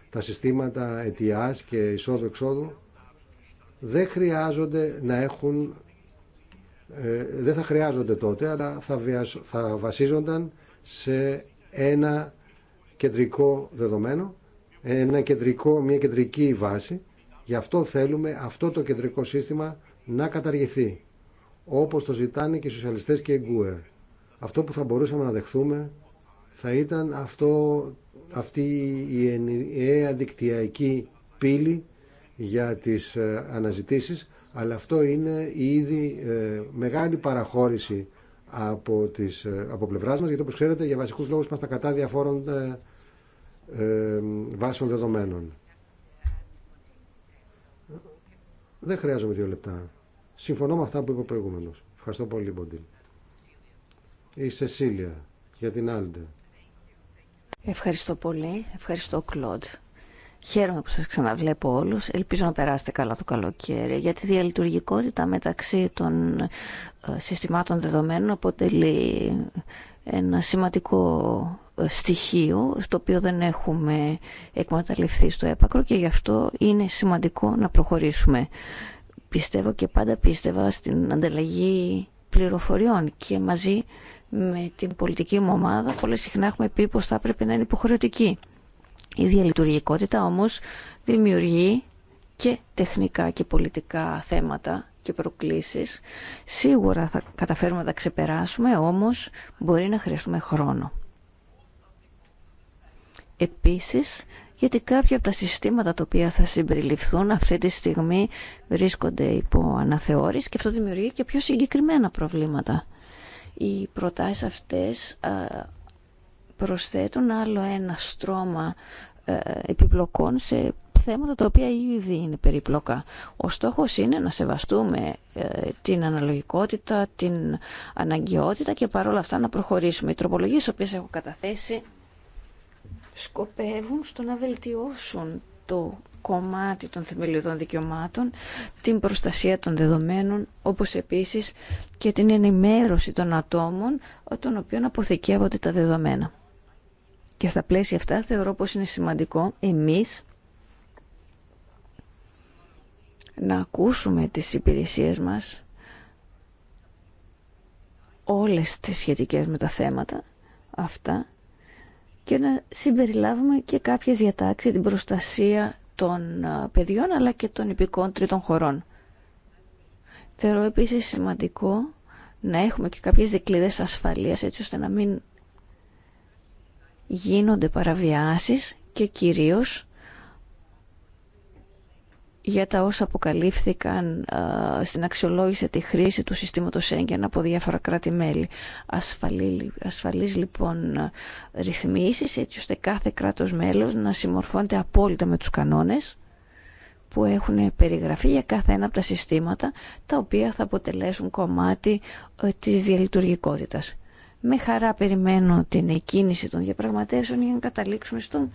τα συστήματα αιτιάς και εισόδου-εξόδου δεν χρειάζονται να έχουν ε, δεν θα χρειάζονται τότε αλλά θα βασίζονταν σε ένα κεντρικό δεδομένο ένα κεντρικό, μια κεντρική βάση γι' αυτό θέλουμε αυτό το κεντρικό σύστημα να καταργηθεί όπως το ζητάνε και οι σοσιαλιστές και οι γκουε αυτό που θα μπορούσαμε να δεχθούμε θα ήταν αυτό, αυτή η ενιαία δικτυακή πύλη για τις ε, αναζητήσεις, αλλά αυτό είναι ήδη ε, μεγάλη παραχώρηση από, τις, ε, από πλευράς μας, γιατί όπως ξέρετε για βασικούς λόγους μας τα κατά διαφόρων βάσεων δεδομένων. Δεν χρειάζομαι δύο λεπτά. Συμφωνώ με αυτά που είπα προηγούμενο. Ευχαριστώ πολύ, Μποντίν. Η Σεσίλια για την Άλντε. Ευχαριστώ πολύ. Ευχαριστώ, Κλοντ. Χαίρομαι που σας ξαναβλέπω όλους. Ελπίζω να περάσετε καλά το καλοκαίρι, γιατί η διαλειτουργικότητα μεταξύ των ε, συστημάτων δεδομένων αποτελεί ένα σημαντικό ε, στοιχείο στο οποίο δεν έχουμε εκμεταλλευτεί στο έπακρο και γι' αυτό είναι σημαντικό να προχωρήσουμε. Πιστεύω και πάντα πίστευα στην ανταλλαγή πληροφοριών και μαζί με την πολιτική μου ομάδα πολύ συχνά έχουμε πει πως θα έπρεπε να είναι υποχρεωτική. Η διαλειτουργικότητα όμως δημιουργεί και τεχνικά και πολιτικά θέματα και προκλήσεις. Σίγουρα θα καταφέρουμε να τα ξεπεράσουμε, όμως μπορεί να χρειαστούμε χρόνο. Επίσης, γιατί κάποια από τα συστήματα τα οποία θα συμπεριληφθούν αυτή τη στιγμή βρίσκονται υπό αναθεώρηση και αυτό δημιουργεί και πιο συγκεκριμένα προβλήματα. Οι προτάσεις αυτές προσθέτουν άλλο ένα στρώμα ε, επιπλοκών σε θέματα τα οποία ήδη είναι περίπλοκα. Ο στόχος είναι να σεβαστούμε ε, την αναλογικότητα, την αναγκαιότητα και παρόλα αυτά να προχωρήσουμε. Οι τροπολογίες οποίες έχω καταθέσει σκοπεύουν στο να βελτιώσουν το κομμάτι των θεμελιωδών δικαιωμάτων, την προστασία των δεδομένων, όπως επίσης και την ενημέρωση των ατόμων των οποίων αποθηκεύονται τα δεδομένα. Και στα πλαίσια αυτά θεωρώ πως είναι σημαντικό εμείς να ακούσουμε τις υπηρεσίες μας όλες τις σχετικές με τα θέματα αυτά και να συμπεριλάβουμε και κάποιες διατάξεις την προστασία των παιδιών αλλά και των υπηκών τρίτων χωρών. Θεωρώ επίσης σημαντικό να έχουμε και κάποιες δικλείδες ασφαλείας έτσι ώστε να μην γίνονται παραβιάσεις και κυρίως για τα όσα αποκαλύφθηκαν στην αξιολόγηση τη χρήση του συστήματος έγκαινα από διάφορα κράτη-μέλη. Ασφαλείς λοιπόν ρυθμίσεις έτσι ώστε κάθε κράτος μέλος να συμμορφώνεται απόλυτα με τους κανόνες που έχουν περιγραφεί για κάθε ένα από τα συστήματα τα οποία θα αποτελέσουν κομμάτι ε, της διαλειτουργικότητας. Με χαρά περιμένω την εκκίνηση των διαπραγματεύσεων για να καταλήξουμε στον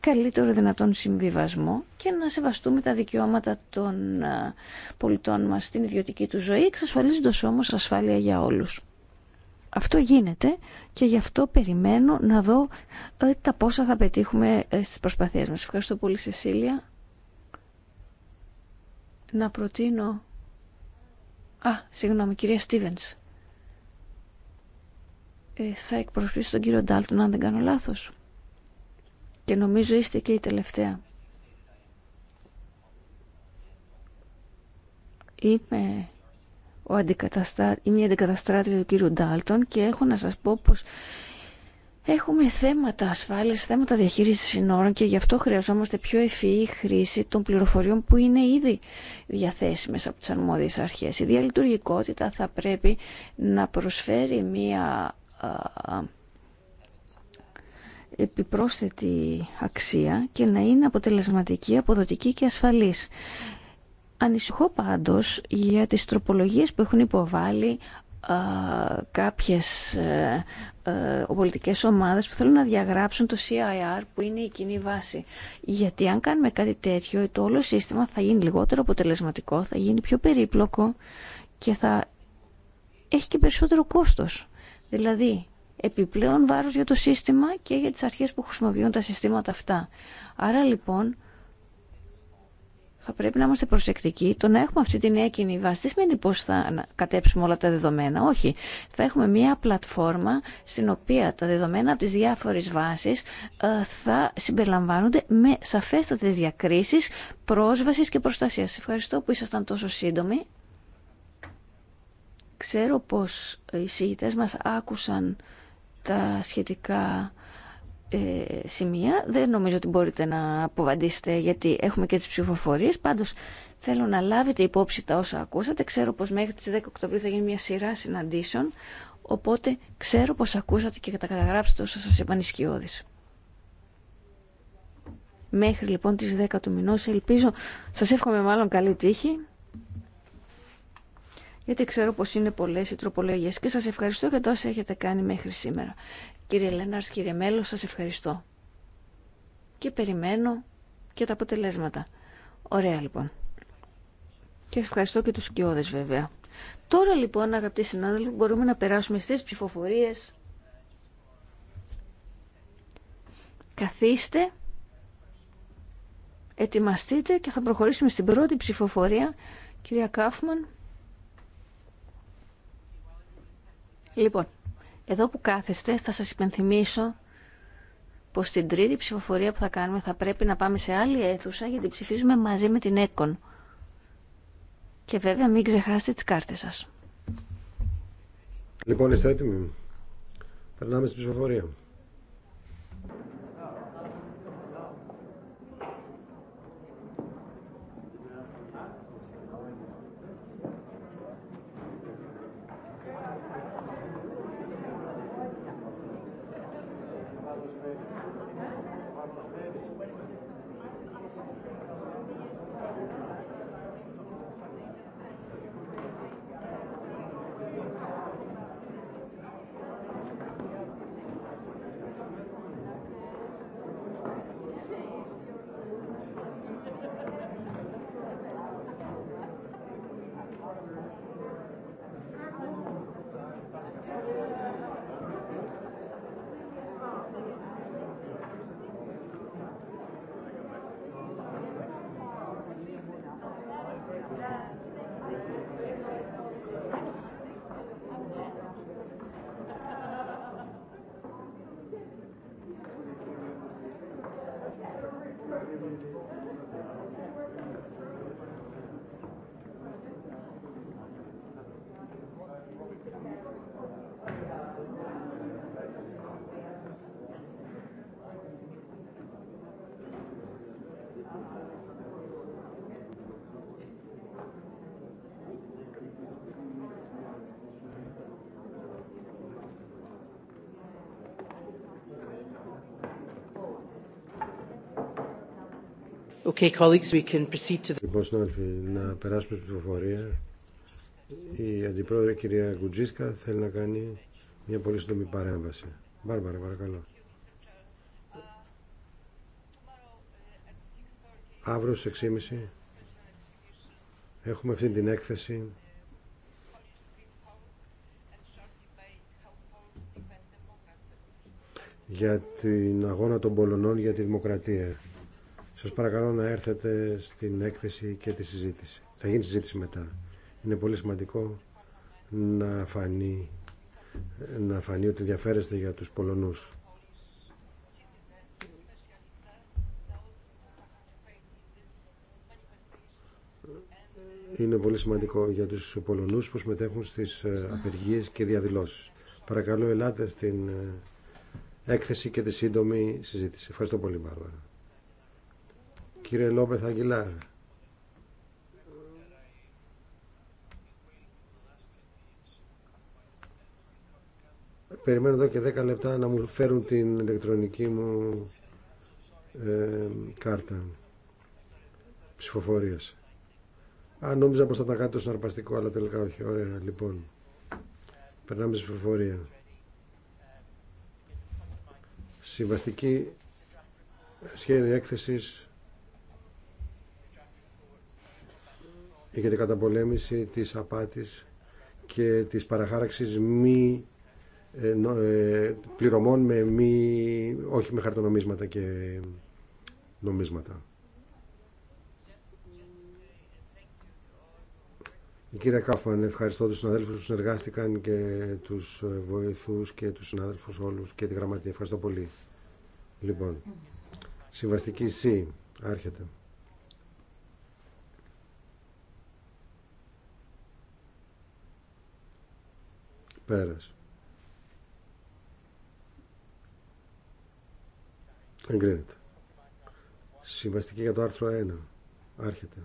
καλύτερο δυνατόν συμβιβασμό και να σεβαστούμε τα δικαιώματα των πολιτών μας στην ιδιωτική του ζωή, εξασφαλίζοντας όμως ασφάλεια για όλους. Αυτό γίνεται και γι' αυτό περιμένω να δω ε, τα πόσα θα πετύχουμε ε, στις προσπαθίες μας. Ευχαριστώ πολύ Σεσίλια. Να προτείνω... Α, συγγνώμη, κυρία Στίβενς. Ε, θα εκπροσπίσω τον κύριο Ντάλτον αν δεν κάνω λάθος. Και νομίζω είστε και η τελευταία. Είμαι, ο αντικαταστά... Είμαι η αντικαταστράτρια του κύριου Ντάλτον και έχω να σας πω πως Έχουμε θέματα ασφάλειας, θέματα διαχείρισης συνόρων και γι' αυτό χρειαζόμαστε πιο ευφυή χρήση των πληροφοριών που είναι ήδη διαθέσιμες από τις αρμόδιες αρχές. Η διαλειτουργικότητα θα πρέπει να προσφέρει μία ε, επιπρόσθετη αξία και να είναι αποτελεσματική, αποδοτική και ασφαλής. Ανησυχώ πάντως για τις τροπολογίες που έχουν υποβάλει ε, κάποιες ε, πολιτικές ομάδες που θέλουν να διαγράψουν το CIR που είναι η κοινή βάση. Γιατί αν κάνουμε κάτι τέτοιο το όλο σύστημα θα γίνει λιγότερο αποτελεσματικό, θα γίνει πιο περίπλοκο και θα έχει και περισσότερο κόστος. Δηλαδή, επιπλέον βάρος για το σύστημα και για τις αρχές που χρησιμοποιούν τα συστήματα αυτά. Άρα λοιπόν, θα πρέπει να είμαστε προσεκτικοί. Το να έχουμε αυτή τη νέα κοινή βάση, δεν σημαίνει πώ θα κατέψουμε όλα τα δεδομένα. Όχι. Θα έχουμε μία πλατφόρμα στην οποία τα δεδομένα από τι διάφορε βάσει ε, θα συμπεριλαμβάνονται με σαφέστατε διακρίσει πρόσβαση και προστασία. Ευχαριστώ που ήσασταν τόσο σύντομοι. Ξέρω πως οι συγητές μας άκουσαν τα σχετικά ε, σημεία. Δεν νομίζω ότι μπορείτε να αποβαντήσετε γιατί έχουμε και τις ψηφοφορίες. Πάντως θέλω να λάβετε υπόψη τα όσα ακούσατε. Ξέρω πως μέχρι τις 10 Οκτωβρίου θα γίνει μια σειρά συναντήσεων. Οπότε ξέρω πως ακούσατε και τα όσα σας είπαν οι Μέχρι λοιπόν τις 10 του μηνός ελπίζω, σας εύχομαι μάλλον καλή τύχη γιατί ξέρω πως είναι πολλές οι τροπολογίες και σας ευχαριστώ για το έχετε κάνει μέχρι σήμερα. Κύριε Λέναρς, κύριε Μέλος, σας ευχαριστώ. Και περιμένω και τα αποτελέσματα. Ωραία λοιπόν. Και ευχαριστώ και τους σκιώδες βέβαια. Τώρα λοιπόν αγαπητοί συνάδελφοι μπορούμε να περάσουμε στις ψηφοφορίες. Καθίστε, ετοιμαστείτε και θα προχωρήσουμε στην πρώτη ψηφοφορία. Κυρία Κάφμαν. Λοιπόν, εδώ που κάθεστε θα σας υπενθυμίσω πως στην τρίτη ψηφοφορία που θα κάνουμε θα πρέπει να πάμε σε άλλη αίθουσα γιατί ψηφίζουμε μαζί με την ΕΚΟΝ. Και βέβαια μην ξεχάσετε τις κάρτες σας. Λοιπόν, είστε έτοιμοι. Περνάμε στην ψηφοφορία. Λοιπόν, συνάδελφοι, να περάσουμε στην πληροφορία, Η Αντιπρόεδρε, κυρία Γκουτζίσκα, θέλει να κάνει μια πολύ σύντομη παρέμβαση. Μπάρμπαρα, παρακαλώ. Αύριο στις 6.30 έχουμε αυτή την έκθεση για την αγώνα των Πολωνών για τη δημοκρατία. Σας παρακαλώ να έρθετε στην έκθεση και τη συζήτηση. Θα γίνει συζήτηση μετά. Είναι πολύ σημαντικό να φανεί, να φανεί ότι ενδιαφέρεστε για τους Πολωνούς. Είναι πολύ σημαντικό για τους Πολωνούς που συμμετέχουν στις ε, απεργίες και διαδηλώσεις. Παρακαλώ ελάτε στην ε, έκθεση και τη σύντομη συζήτηση. Ευχαριστώ πολύ Μπάρβαρα κύριε Λόπεθ Αγγιλάρ. Περιμένω εδώ και 10 λεπτά να μου φέρουν την ηλεκτρονική μου ε, κάρτα ψηφοφορίας. Α, νόμιζα πως θα τα κάτι το συναρπαστικό, αλλά τελικά όχι. Ωραία, λοιπόν. Περνάμε στη ψηφοφορία. Συμβαστική σχέδιο έκθεσης για την καταπολέμηση της απάτης και της παραχάραξης μη ε, ε, πληρωμών με μη, όχι με χαρτονομίσματα και νομίσματα. Η κυρία Κάφμαν, ευχαριστώ τους συναδέλφους που συνεργάστηκαν και τους βοηθούς και τους συναδέλφους όλους και τη γραμματεία. Ευχαριστώ πολύ. Λοιπόν, συμβαστική C, άρχεται. Πέρας. Εγκρίνεται. Συμβαστική για το άρθρο 1. Άρχεται.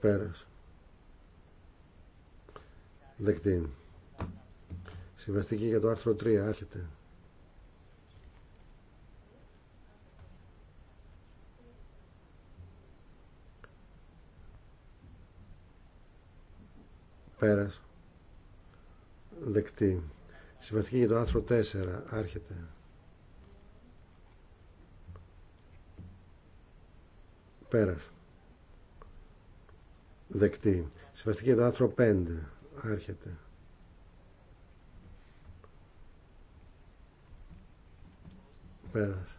Πέρας. Δεκτή. Συμβαστική για το άρθρο 3. Άρχεται. Πέρα. Δεκτή. Συμβαστική για το άρθρο 4. Άρχεται. Πέρας. Δεκτή. Συμβαστική για το άρθρο 5. Άρχεται. Πέρας.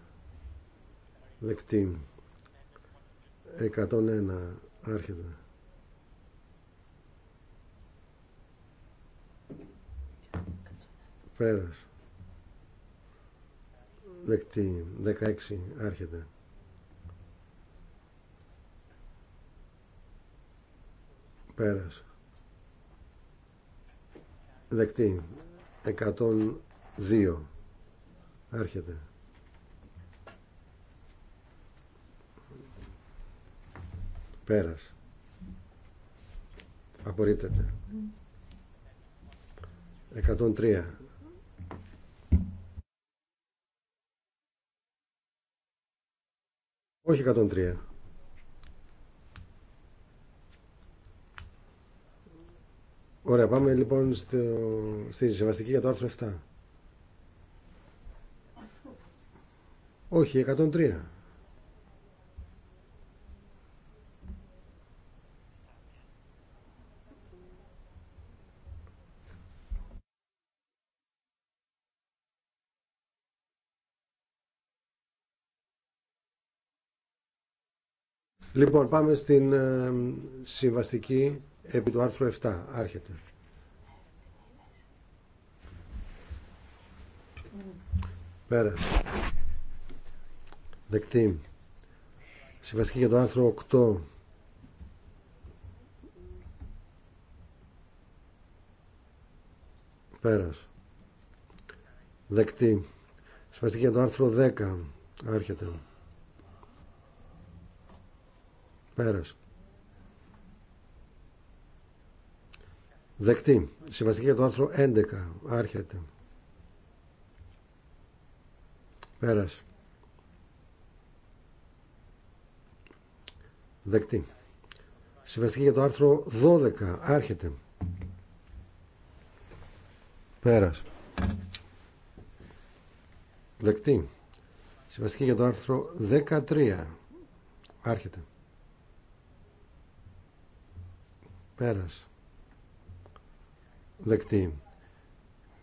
Δεκτή. 101. Άρχεται. Πέρας. Δεκτή. 16. Άρχεται. Πέρας. Δεκτή. 102. Άρχεται. Πέρας. Απορρίπτεται. 103 Όχι 103. Ωραία, πάμε λοιπόν στο, στη συμβαστική για το άρθρο 7. Όχι, 103. Λοιπόν, πάμε στην ε, συμβαστική επί του άρθρου 7. Άρχεται. Πέρα. Δεκτή. Συμβαστική για το άρθρο 8. Πέρας. Δεκτή. Συμβαστική για το άρθρο 10. Άρχεται. Πέρας. Δεκτή. Συμβαστική για το άρθρο 11. Άρχεται. Πέρας. Δεκτή. Συμβαστική για το άρθρο 12. Άρχεται. Πέρας. Δεκτή. Συμβαστική για το άρθρο 13. Άρχεται. Πέρας. Δεκτή.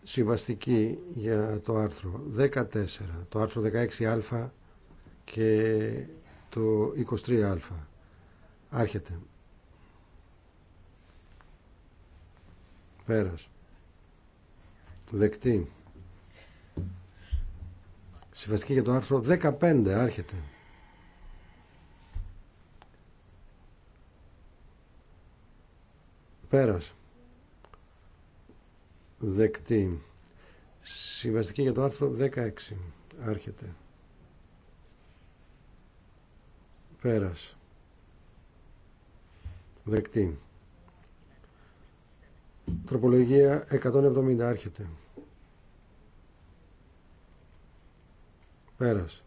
Συμβαστική για το άρθρο 14, το άρθρο 16α και το 23α. Άρχεται. Πέρας. Δεκτή. Συμβαστική για το άρθρο 15 άρχεται. Πέρας. Δεκτή. Συμβαστική για το άρθρο 16. Άρχεται. Πέρας. Δεκτή. Τροπολογία 170. Άρχεται. Πέρας.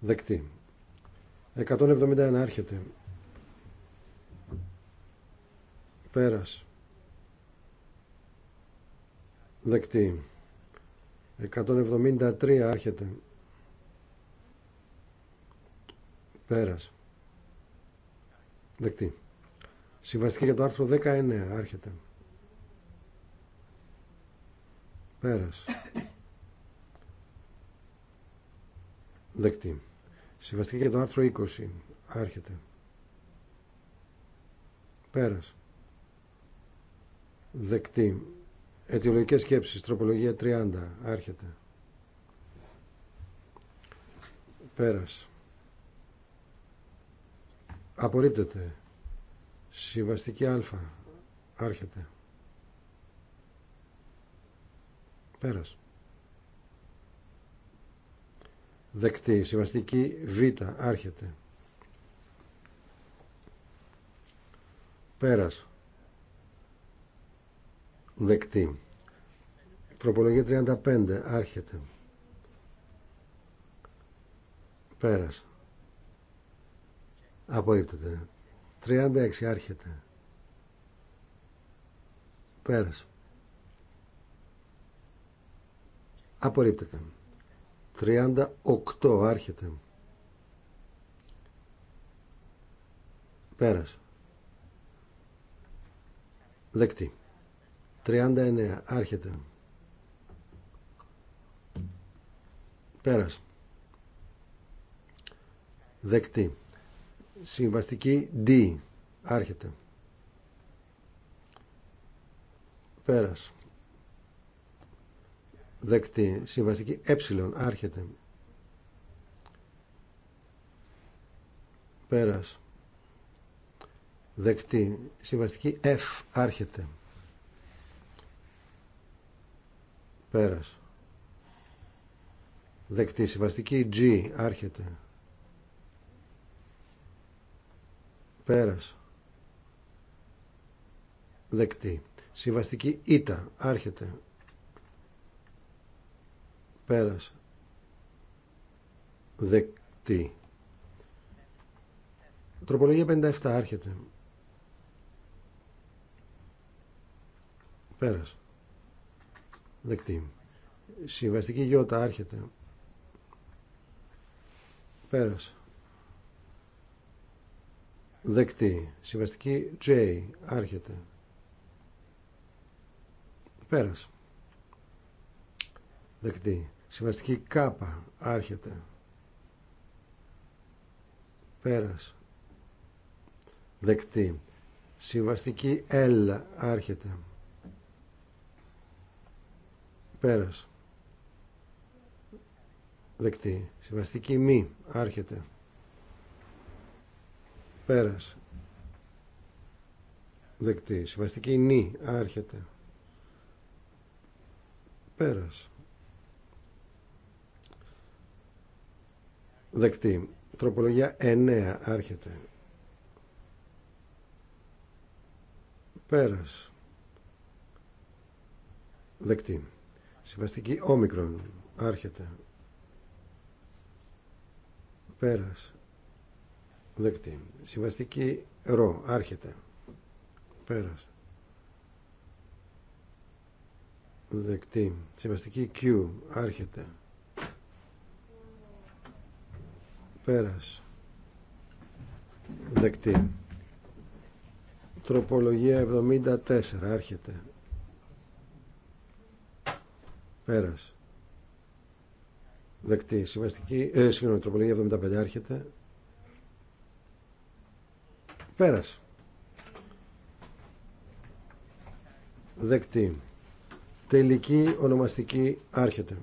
Δεκτή. 171. Άρχεται. πέρας δεκτή 173 άρχεται πέρας δεκτή συμβαστική για το άρθρο 19 άρχεται πέρας δεκτή συμβαστική για το άρθρο 20 άρχεται πέρας δεκτή. Αιτιολογικές σκέψεις, τροπολογία 30, άρχεται. Πέρας. Απορρίπτεται. Συμβαστική α, άρχεται. Πέρας. Δεκτή. Συμβαστική β, άρχεται. Πέρας δεκτή. Τροπολογία 35 άρχεται. Πέρας. Απορρίπτεται. 36 άρχεται. Πέρας. Απορρίπτεται. 38 άρχεται. Πέρας. Δεκτή. 39. Άρχεται. Πέρας. Δεκτή. Συμβαστική D. Άρχεται. Πέρας. Δεκτή. Συμβαστική ε. Άρχεται. Πέρας. Δεκτή. Συμβαστική F. Άρχεται. Πέρας. Δεκτή. Συμβαστική G. Άρχεται. Πέρας. Δεκτή. Συμβαστική Ήτα. Άρχεται. Πέρας. Δεκτή. Τροπολογία 57. Άρχεται. Πέρας. Δεκτή. Συμβαστική γιώτα άρχεται. Πέρας. Δεκτή. Συμβαστική J άρχεται. Πέρας. Δεκτή. Συμβαστική K άρχεται. Πέρας. Δεκτή. Συμβαστική L άρχεται. Πέρας. Δεκτή. Συμβαστική μη. Άρχεται. Πέρας. Δεκτή. Συμβαστική νη. Άρχεται. Πέρας. Δεκτή. Τροπολογία εννέα, Άρχεται. Πέρας. Δεκτή. Συμβαστική όμικρον. Άρχεται. Πέρας. Δεκτή. Συμβαστική ρο. Άρχεται. Πέρας. Δεκτή. Συμβαστική Q. Άρχεται. Πέρας. Δεκτή. Τροπολογία 74. Άρχεται. Πέρας. Δεκτή. Συμβαστική, ε, συγγνώμη, τροπολογία 75 άρχεται. Πέρας. Δεκτή. Τελική ονομαστική άρχεται.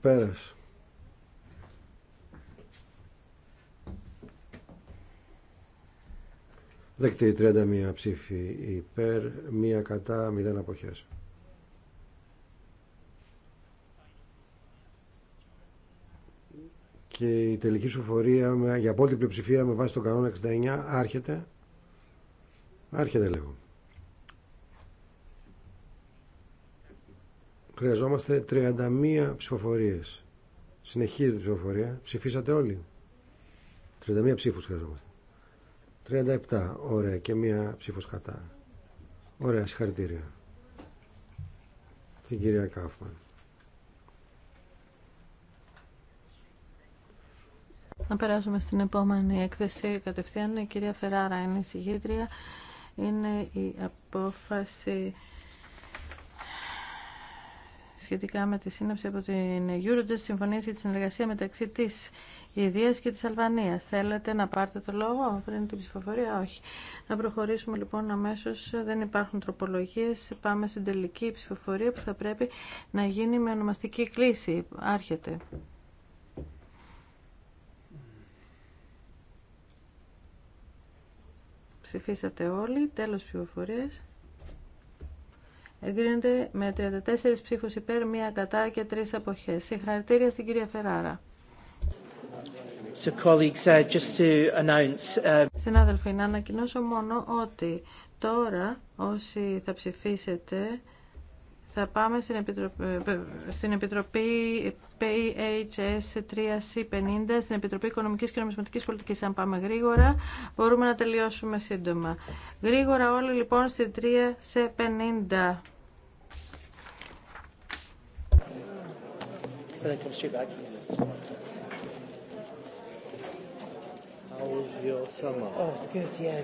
Πέρας. Δεκτή 31 ψήφοι υπέρ, 1 κατά, 0 αποχές. Και η τελική ψηφοφορία για απόλυτη πλειοψηφία με βάση τον κανόνα 69 άρχεται. Άρχεται λέγω. Χρειαζόμαστε 31 ψηφοφορίες. Συνεχίζεται η ψηφοφορία. Ψηφίσατε όλοι. 31 ψήφους χρειαζόμαστε. 37. Ωραία. Και μία ψήφος κατά. Ωραία. Συγχαρητήρια. Την κυρία Κάφμαν. Να περάσουμε στην επόμενη έκθεση. Κατευθείαν η κυρία Φεράρα είναι η συγγήτρια. Είναι η απόφαση σχετικά με τη σύναψη από την Eurojust Συμφωνία για τη συνεργασία μεταξύ της Ιδίας και της Αλβανίας. Θέλετε να πάρετε το λόγο πριν την ψηφοφορία, όχι. Να προχωρήσουμε λοιπόν αμέσως, δεν υπάρχουν τροπολογίες, πάμε στην τελική ψηφοφορία που θα πρέπει να γίνει με ονομαστική κλίση. Άρχεται. Ψηφίσατε όλοι, τέλος ψηφοφορίας. Εγκρίνεται με 34 ψήφους υπέρ, μία κατά και τρεις αποχές. Συγχαρητήρια στην κυρία Φεράρα. Uh, uh, Συνάδελφοι, να ανακοινώσω μόνο ότι τώρα όσοι θα ψηφίσετε θα πάμε στην Επιτροπή, ε, στην Επιτροπή PHS 3C50, στην Επιτροπή Οικονομικής και Νομισματικής Πολιτικής. Αν πάμε γρήγορα, μπορούμε να τελειώσουμε σύντομα. Γρήγορα όλοι λοιπόν στην 3C50.